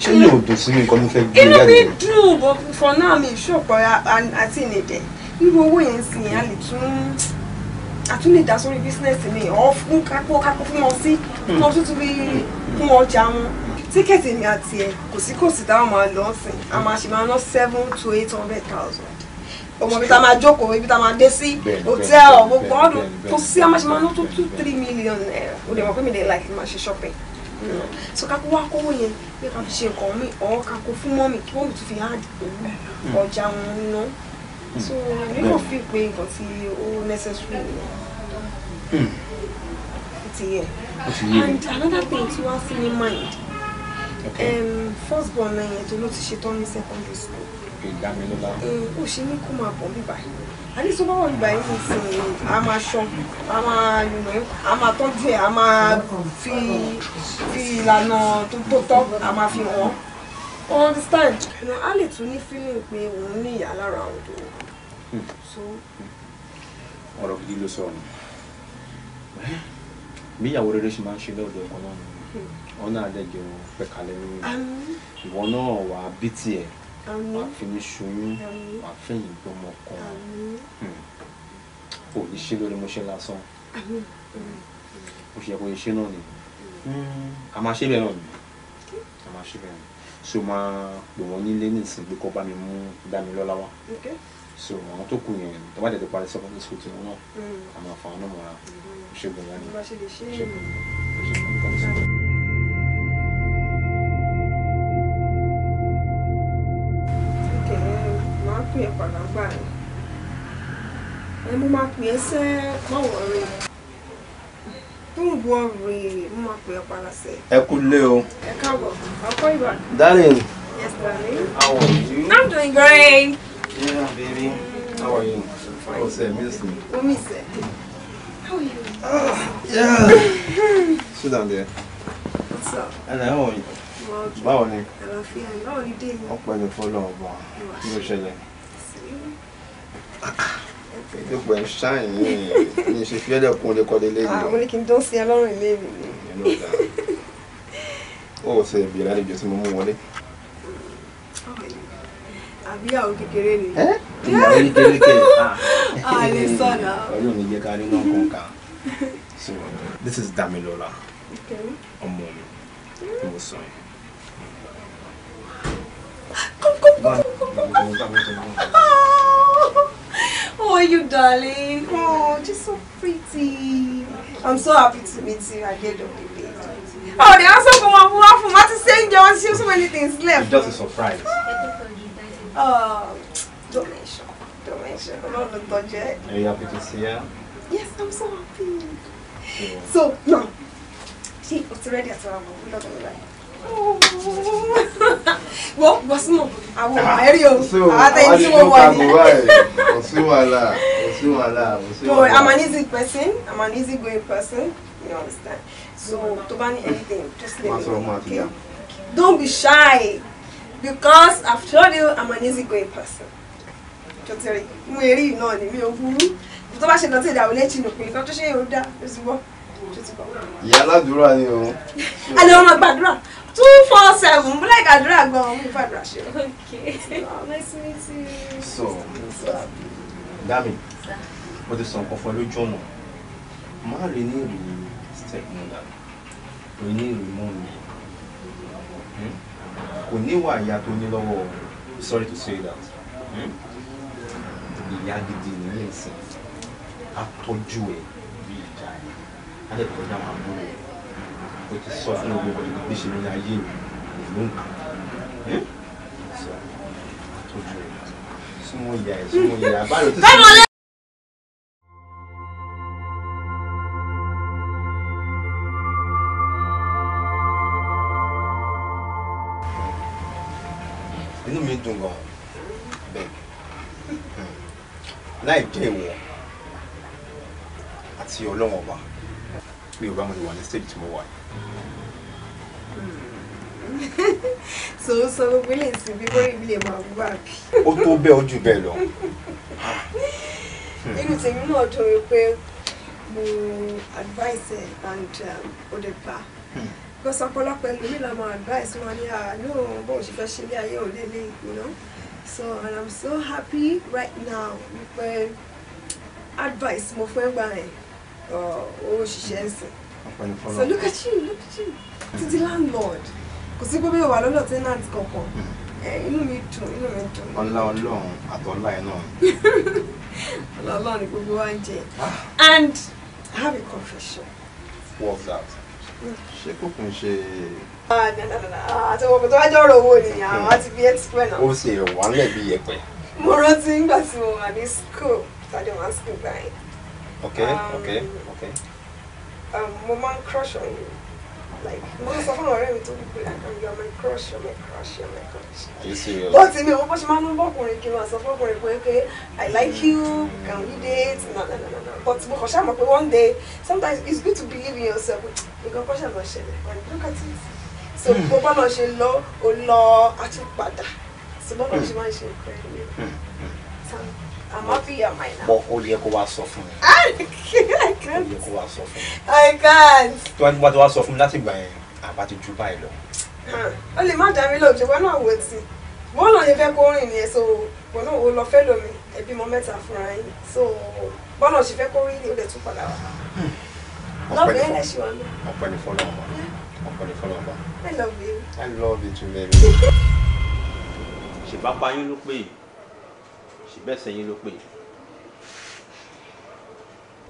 ṣé ní òdùn sí nǹkan ló fẹ́ gbé jáde. inú mi dùn but for now mi ìṣòpọ̀ àti ìnìdẹ̀ irú owó yẹn sì yẹn a lè tún àtún lè dá sórí bísínẹ́sì mi ọ̀ fún kápó kápó fún wọn sí kó tútù bí fún ọjà wọn tíkẹ́ẹ̀tì mi àti ẹ̀ kò sí kò sí táwọn máa lọ sìn a máa ṣe máa ná seven to eight hundred thousand ọmọ ibi tá a máa jókòó ibi tá a máa dé sí hotel gbogbo ọdún kò sí a máa ṣe máa ná tó two three million naira o lè mọ̀ pé mi lè like máa ṣe shopping so kakó wá kówó yẹn bí ká fi ṣe nǹkan mi ọ̀ kakó fún mọ́mì kí wọ́n tún fi hard hmm. ọjà wọn ná so mi kò fi pé nǹkan tí ó necessary. Hmm. ti yẹ and another thing tí wọ́n fi ní mind um, first born náà eh, yẹn tó ló ti ṣetán ní secondary school eh, ó ṣe ní kó máa bọ̀ bíbá àní tó bá wọ̀ bíbá yìí fún un a máa ṣan a máa a máa tọ́jú ẹ̀ a máa fi fi ìlànà tó tọ́ a máa fi hàn ó understand a lè tún ní feeling pé òun ní ìyá lára àwọn tó hmm. so. Hmm. ọ̀rọ̀ gidi ló sọ bí ìyàwó rere ṣe máa ń ṣe lọ́dọ̀ ọkọ náà hmm. ọ̀nà àlejò pẹ̀kalẹ̀ ní ìwọ náà wà á bí tiẹ̀ wà á fi ní ṣoyún wà á fẹ̀yìn gbọmọ kan hmm. ò ní ṣe lórí mo ṣe lásán mo hmm. ṣe kò ṣe náà ni a máa ṣe bẹ́ẹ̀ náà ni a máa ṣe bẹ́ẹ̀ ni so máa pè wọ́n nílé nísìnyí pé kó bá mi mú Dámilọ́lá wá so àwọn tó kù yẹn tó bá dẹ̀ tó parí secondary school tiwọn a máa fà wọn ṣègùn yẹn ṣègùn ṣègùn kọ́ńtà. máa pè é padà gbà ní ẹ mo máa pè é sẹ́ báwo rè túbọ̀ rè mo máa pè é padà sẹ́. ẹ kú lé o. ẹ káàbọ̀ ọkọ ìbá. darling. yes darling. how are you. i'm doing great. yeah baby how are you. fine. o sẹ miss me. o mi sẹ. Oh, yeah. Sit down there. What's up? Hello, how are you? Báwo ni? Àlàáfíà ni, báwo ni dé ni? Ọpẹ́ ni fọ́lọ́ ọba, kí ló ṣẹlẹ̀? Ìdúpẹ́ ń ṣáàyìn ní ní ṣe fi ẹlẹ́kùn lé kọ́lé lé yìí. Àwọn ah, ní kí n dán sí ẹ lọ́rùn ilé mi. Ó ṣe ìbílẹ̀ àlejò tí mo more wọlé. Ah, so this is Damilola ọmọ mi ni mo sọ yẹn. How oh, are you, darling? Oh, just so pretty. I'm so happy to meet you at the end of the day. Oh, the answer from Abu Afu, what is saying? There was so many things left. It's just a surprise. Uh, donation. Donation. I'm on the budget. Are you happy to see her? Yes, I'm so happy. Yeah. So, no. She was ready as well. We're not going to lie. wọ́n wọ́n súnmọ́ àwọn marry you. o àwọn àtẹ̀yìn tí wọ́n wà ní. kò no I'm an easy person I'm an easy going person you understand so tó bá anything just let me know okay don't be shy. because I've told you I'm an easy going person. Jọ̀tẹ̀rì, mú eré yìí náà ni mi ò burú. Tó bá ṣe kan tí èdè àwọn ẹlẹ́tì nìkan nǹkan tó ṣe yóò dá ìṣubọ̀. Ìyá aládùúrà ni o. Àlẹ́ wọn máa gbàdúrà two four seven bí láì gbàdúrà gan-an mú gbàdúrà ṣe. So, Dami, mo ti sọ nǹkan fún ẹ lójú ọ̀nà. Má rí ní ìròyìn step mother, rí ní ìròyìn mọ́ mi. Hmm? kò níwà ìyá tó ní lọ́wọ́ o sorry to say that hmm? ìyá gidi nìyẹn sìn atọ́jú ẹ̀ bí ìjà ẹ̀ adẹ́kọ̀ọ́jà máa bú ẹ̀ o ti sọ fún gbogbo ẹ̀ bí ṣe ní ayé mi ló ń kà atọ́jú ẹ̀ súnmọ́ ìyá ẹ̀ súnmọ́ ìyá báyọ̀ tí. dùn gan bẹ́ẹ̀ láì jẹ́ ìwọ àti ọlọ́wọ́n ọba mi ò bá mo lè wà ní stage tí mo wà yìí. so gbogbo ilé ìsìn bí wọ́n ìbílẹ̀ máa ń wà bí. ó tó bẹ́ẹ̀ ó jù bẹ́ẹ̀ lọ. nínú tèmi náà tó rí pé mo advice and um, ó lè bá kó sọ ọ̀pọ̀lọpọ̀ ẹlòmíì la máa advice wọn ní àánú bó ṣe fẹ́ ṣe ilé ayé ò lé lé you know so and i'm so happy right now wípé advice mo fẹ́ gbà ẹ̀ ó ṣiṣẹ́ ń so look at you look at you to the landlord kò sí gbogbo ìwà lọ́dọ̀ tenant kankan inú mi dùn inú mi dùn. ọlá Ọlọ́run àtọlá ẹ náà. ọlá Ọlọ́run ni gbogbo wa ń jẹ and i have a confession. what's that ṣé kò kàn ṣe. àti ah, ah, ọmọ tó wá jọ̀rọ̀ owó ni àwọn àti bí ẹ ti pẹ́ náà. ó sì wà ń lẹ̀ bí yẹpẹ. mo rántí nígbà tí mo wà ní school tàbí wà ní school báyìí. ok um, ok ok. Um, mo máa ń crush on you like mo sọ fún ọ̀rẹ́ mi tó wípé ah, ah, you are my crush you are crush you are crush. are you serious. bó ti ní owó bó ṣe máa ń mú bọ́kùnrin kí n máa i like you can we date No, no, no, no. but mo one day sometimes it's good to believe in yourself nǹkan kan ṣàlọ́ ṣẹlẹ̀ and look at it so hmm. bó bá lọ ṣe lọ ó lọ àtúpadà so bó lọ ṣe máa ń àmọ́ bí yà máa iná. bọ o yẹ kó wá I can't. o yẹ kó wá sọ I can't. tí wọ́n ti wá sọ fún mi láti gbà to àbá ti ju báyìí lọ. o lè má dá mi lóòjọ́ wọn náà wò sí wọn náà so wọn náà wò lọ fẹ́ lómi ẹbí moment's mẹ́ta fúnra so but náà ṣe fẹ́ kó rí ni ó lè tún padà wá. lọ́ọ̀bù yẹn lè ṣe wà I love you. I love you too baby. ṣèbápa yín ló pè yìí bẹ́ẹ̀ sẹ́yìn ló pè.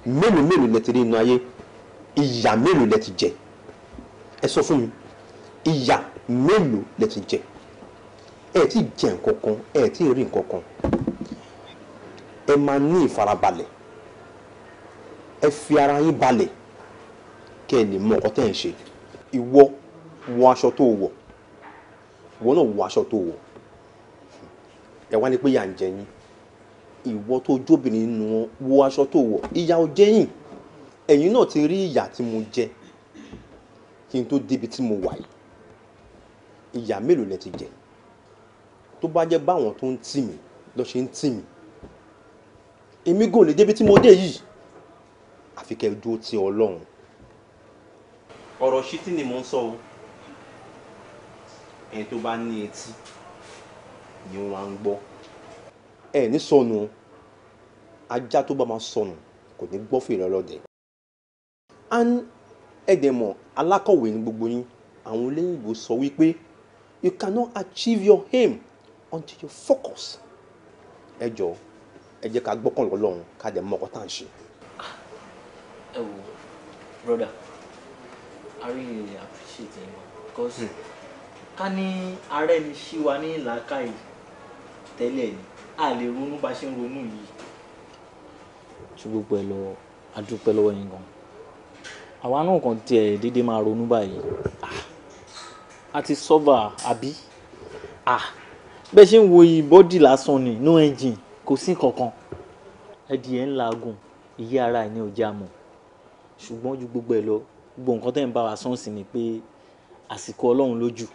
mélòó mélòó lẹ ti rí inú ayé ìyà mélòó lẹ ti jẹ ẹ sọ fún mi ìyà mélòó lẹ ti jẹ ẹ ti jẹ nǹkan kan ẹ ti rí nǹkan kan ẹ máa ní ìfarabalẹ̀ ẹ fi ara yín balẹ̀ kẹ́ ẹ lè mọ ọkọ tẹ́ ẹ ń ṣe ìwọ wọ aṣọ tó wọ̀ ìwọ náà wọ aṣọ tó wọ̀ ẹ wá ní pé yà ń jẹ yín ìwọ tó jóbìnrin nù wọn wo aṣọ tó wọ̀ ìyà ò jẹ́yìn ẹ̀yin náà ti rí ìyà tí mo jẹ kí n tó débi tí mo wà yìí ìyà mélòó lẹ ti jẹ tó bá jẹ́ báwọn tó ń tì mí lọ ṣe ń tì mí èmi gò lè débi tí mo dé yìí àfi kẹ́ ẹ dúró ti Ọlọ́run ọ̀rọ̀ ṣítí ni mo ń sọ o ẹni tó bá ní etí ni wọ́n á ń gbọ́ ẹ ní sọnù ajá tó bá máa sọnù kò ní gbọ́ fèrè ọlọ́dẹ. an ẹ̀dẹ̀mọ̀ alákọ̀wé ní gbogbo yín àwọn olóyìnbó sọ wípé you cannot achieve your aim until you focus. ẹ jọ ẹ jẹ́ ká gbọ́kàn lọ́lọ́run ká dẹ̀ mọ ọkọ tá à ń ṣe. Ah, ẹ wo broda I really appreciate it because hmm. ká ní arẹ́ni ṣí wa ní làákàyè tẹ́lẹ̀ ni a lè ronú bá ṣe ń ronú yìí. tí gbogbo ẹ lọ a dúpẹ́ lọ́wọ́ yín gan àwa náà kàn tiẹ̀ déédéé máa ronú báyìí ah, a ti sọ́bà àbí ah, bẹ́ẹ̀ ṣe ń wo yìí bọ́dì lásán ni no engine kò sí kankan ẹdìyẹ ń làágùn ìyé ara ẹ̀ ní ọjà mọ̀ ṣùgbọ́n ju gbogbo ẹ̀ lọ gbogbo nǹkan tẹ́ ń bá wa sọ́ọ̀sì ni pé àsìkò ọlọ́run lójú.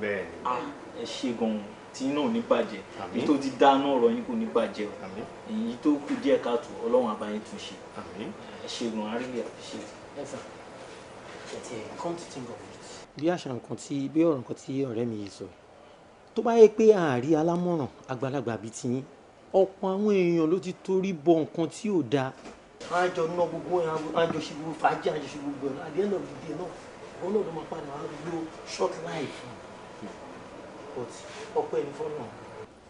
bẹ́ẹ̀ ah, ẹ ṣe gan tí náà ní bàjẹ́ èyí tó ti dáná ọ̀rọ̀ yín kò ní bàjẹ́ o èyí tó kù díẹ̀ káàtó ọlọ́run àbáyé tún ṣe ṣègùn àríyá ṣe. bí àṣà nǹkan tí bí ọ̀rọ̀ nǹkan tí ọ̀rẹ́ mi yìí sọ tó bá yẹ pé àárí alámọ̀ràn àgbàlagbà bíi tiyín ọ̀pọ̀ àwọn èèyàn ló ti torí bọ nǹkan tí ò dáa. àjọ náà gbogbo yẹn àjọ ṣe gbogbo fàájì àjọ ṣe gbogbo yẹn àdéhùn náà short life but ọpẹ́ ní fọ́nà.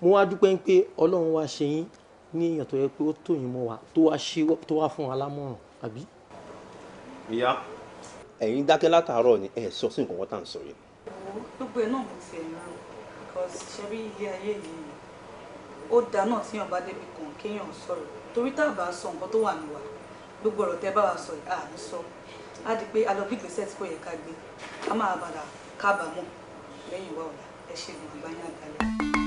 mo wá dúpẹ́ pé ọlọ́run wá ṣe yín ní èèyàn tó yẹ pé ó tó yín mọ́ wa tó wá ṣe tó wá fún wa lámọ̀ràn àbí. ìyá ẹ̀yin dákẹ́ látàárọ̀ ni ẹ̀ sọ sí nǹkan kan tá à ń sọ yìí. gbogbo ẹ̀ náà mo ti ẹ̀ náà because ṣebí ilé ayé yìí ó da náà tíyàn bá débi kan kéèyàn sọ̀rọ̀ torí tá a bá sọ nǹkan tó wà níwà gbogbo ọ̀rọ̀ tẹ́ bá wa sọ yìí à ń sọ á di pé a lọ bí gbèsè tí kò yẹ ká gbé a máa padà kábàámọ̀ lẹ́yìn wa ọ̀la. 喜欢，关键看你。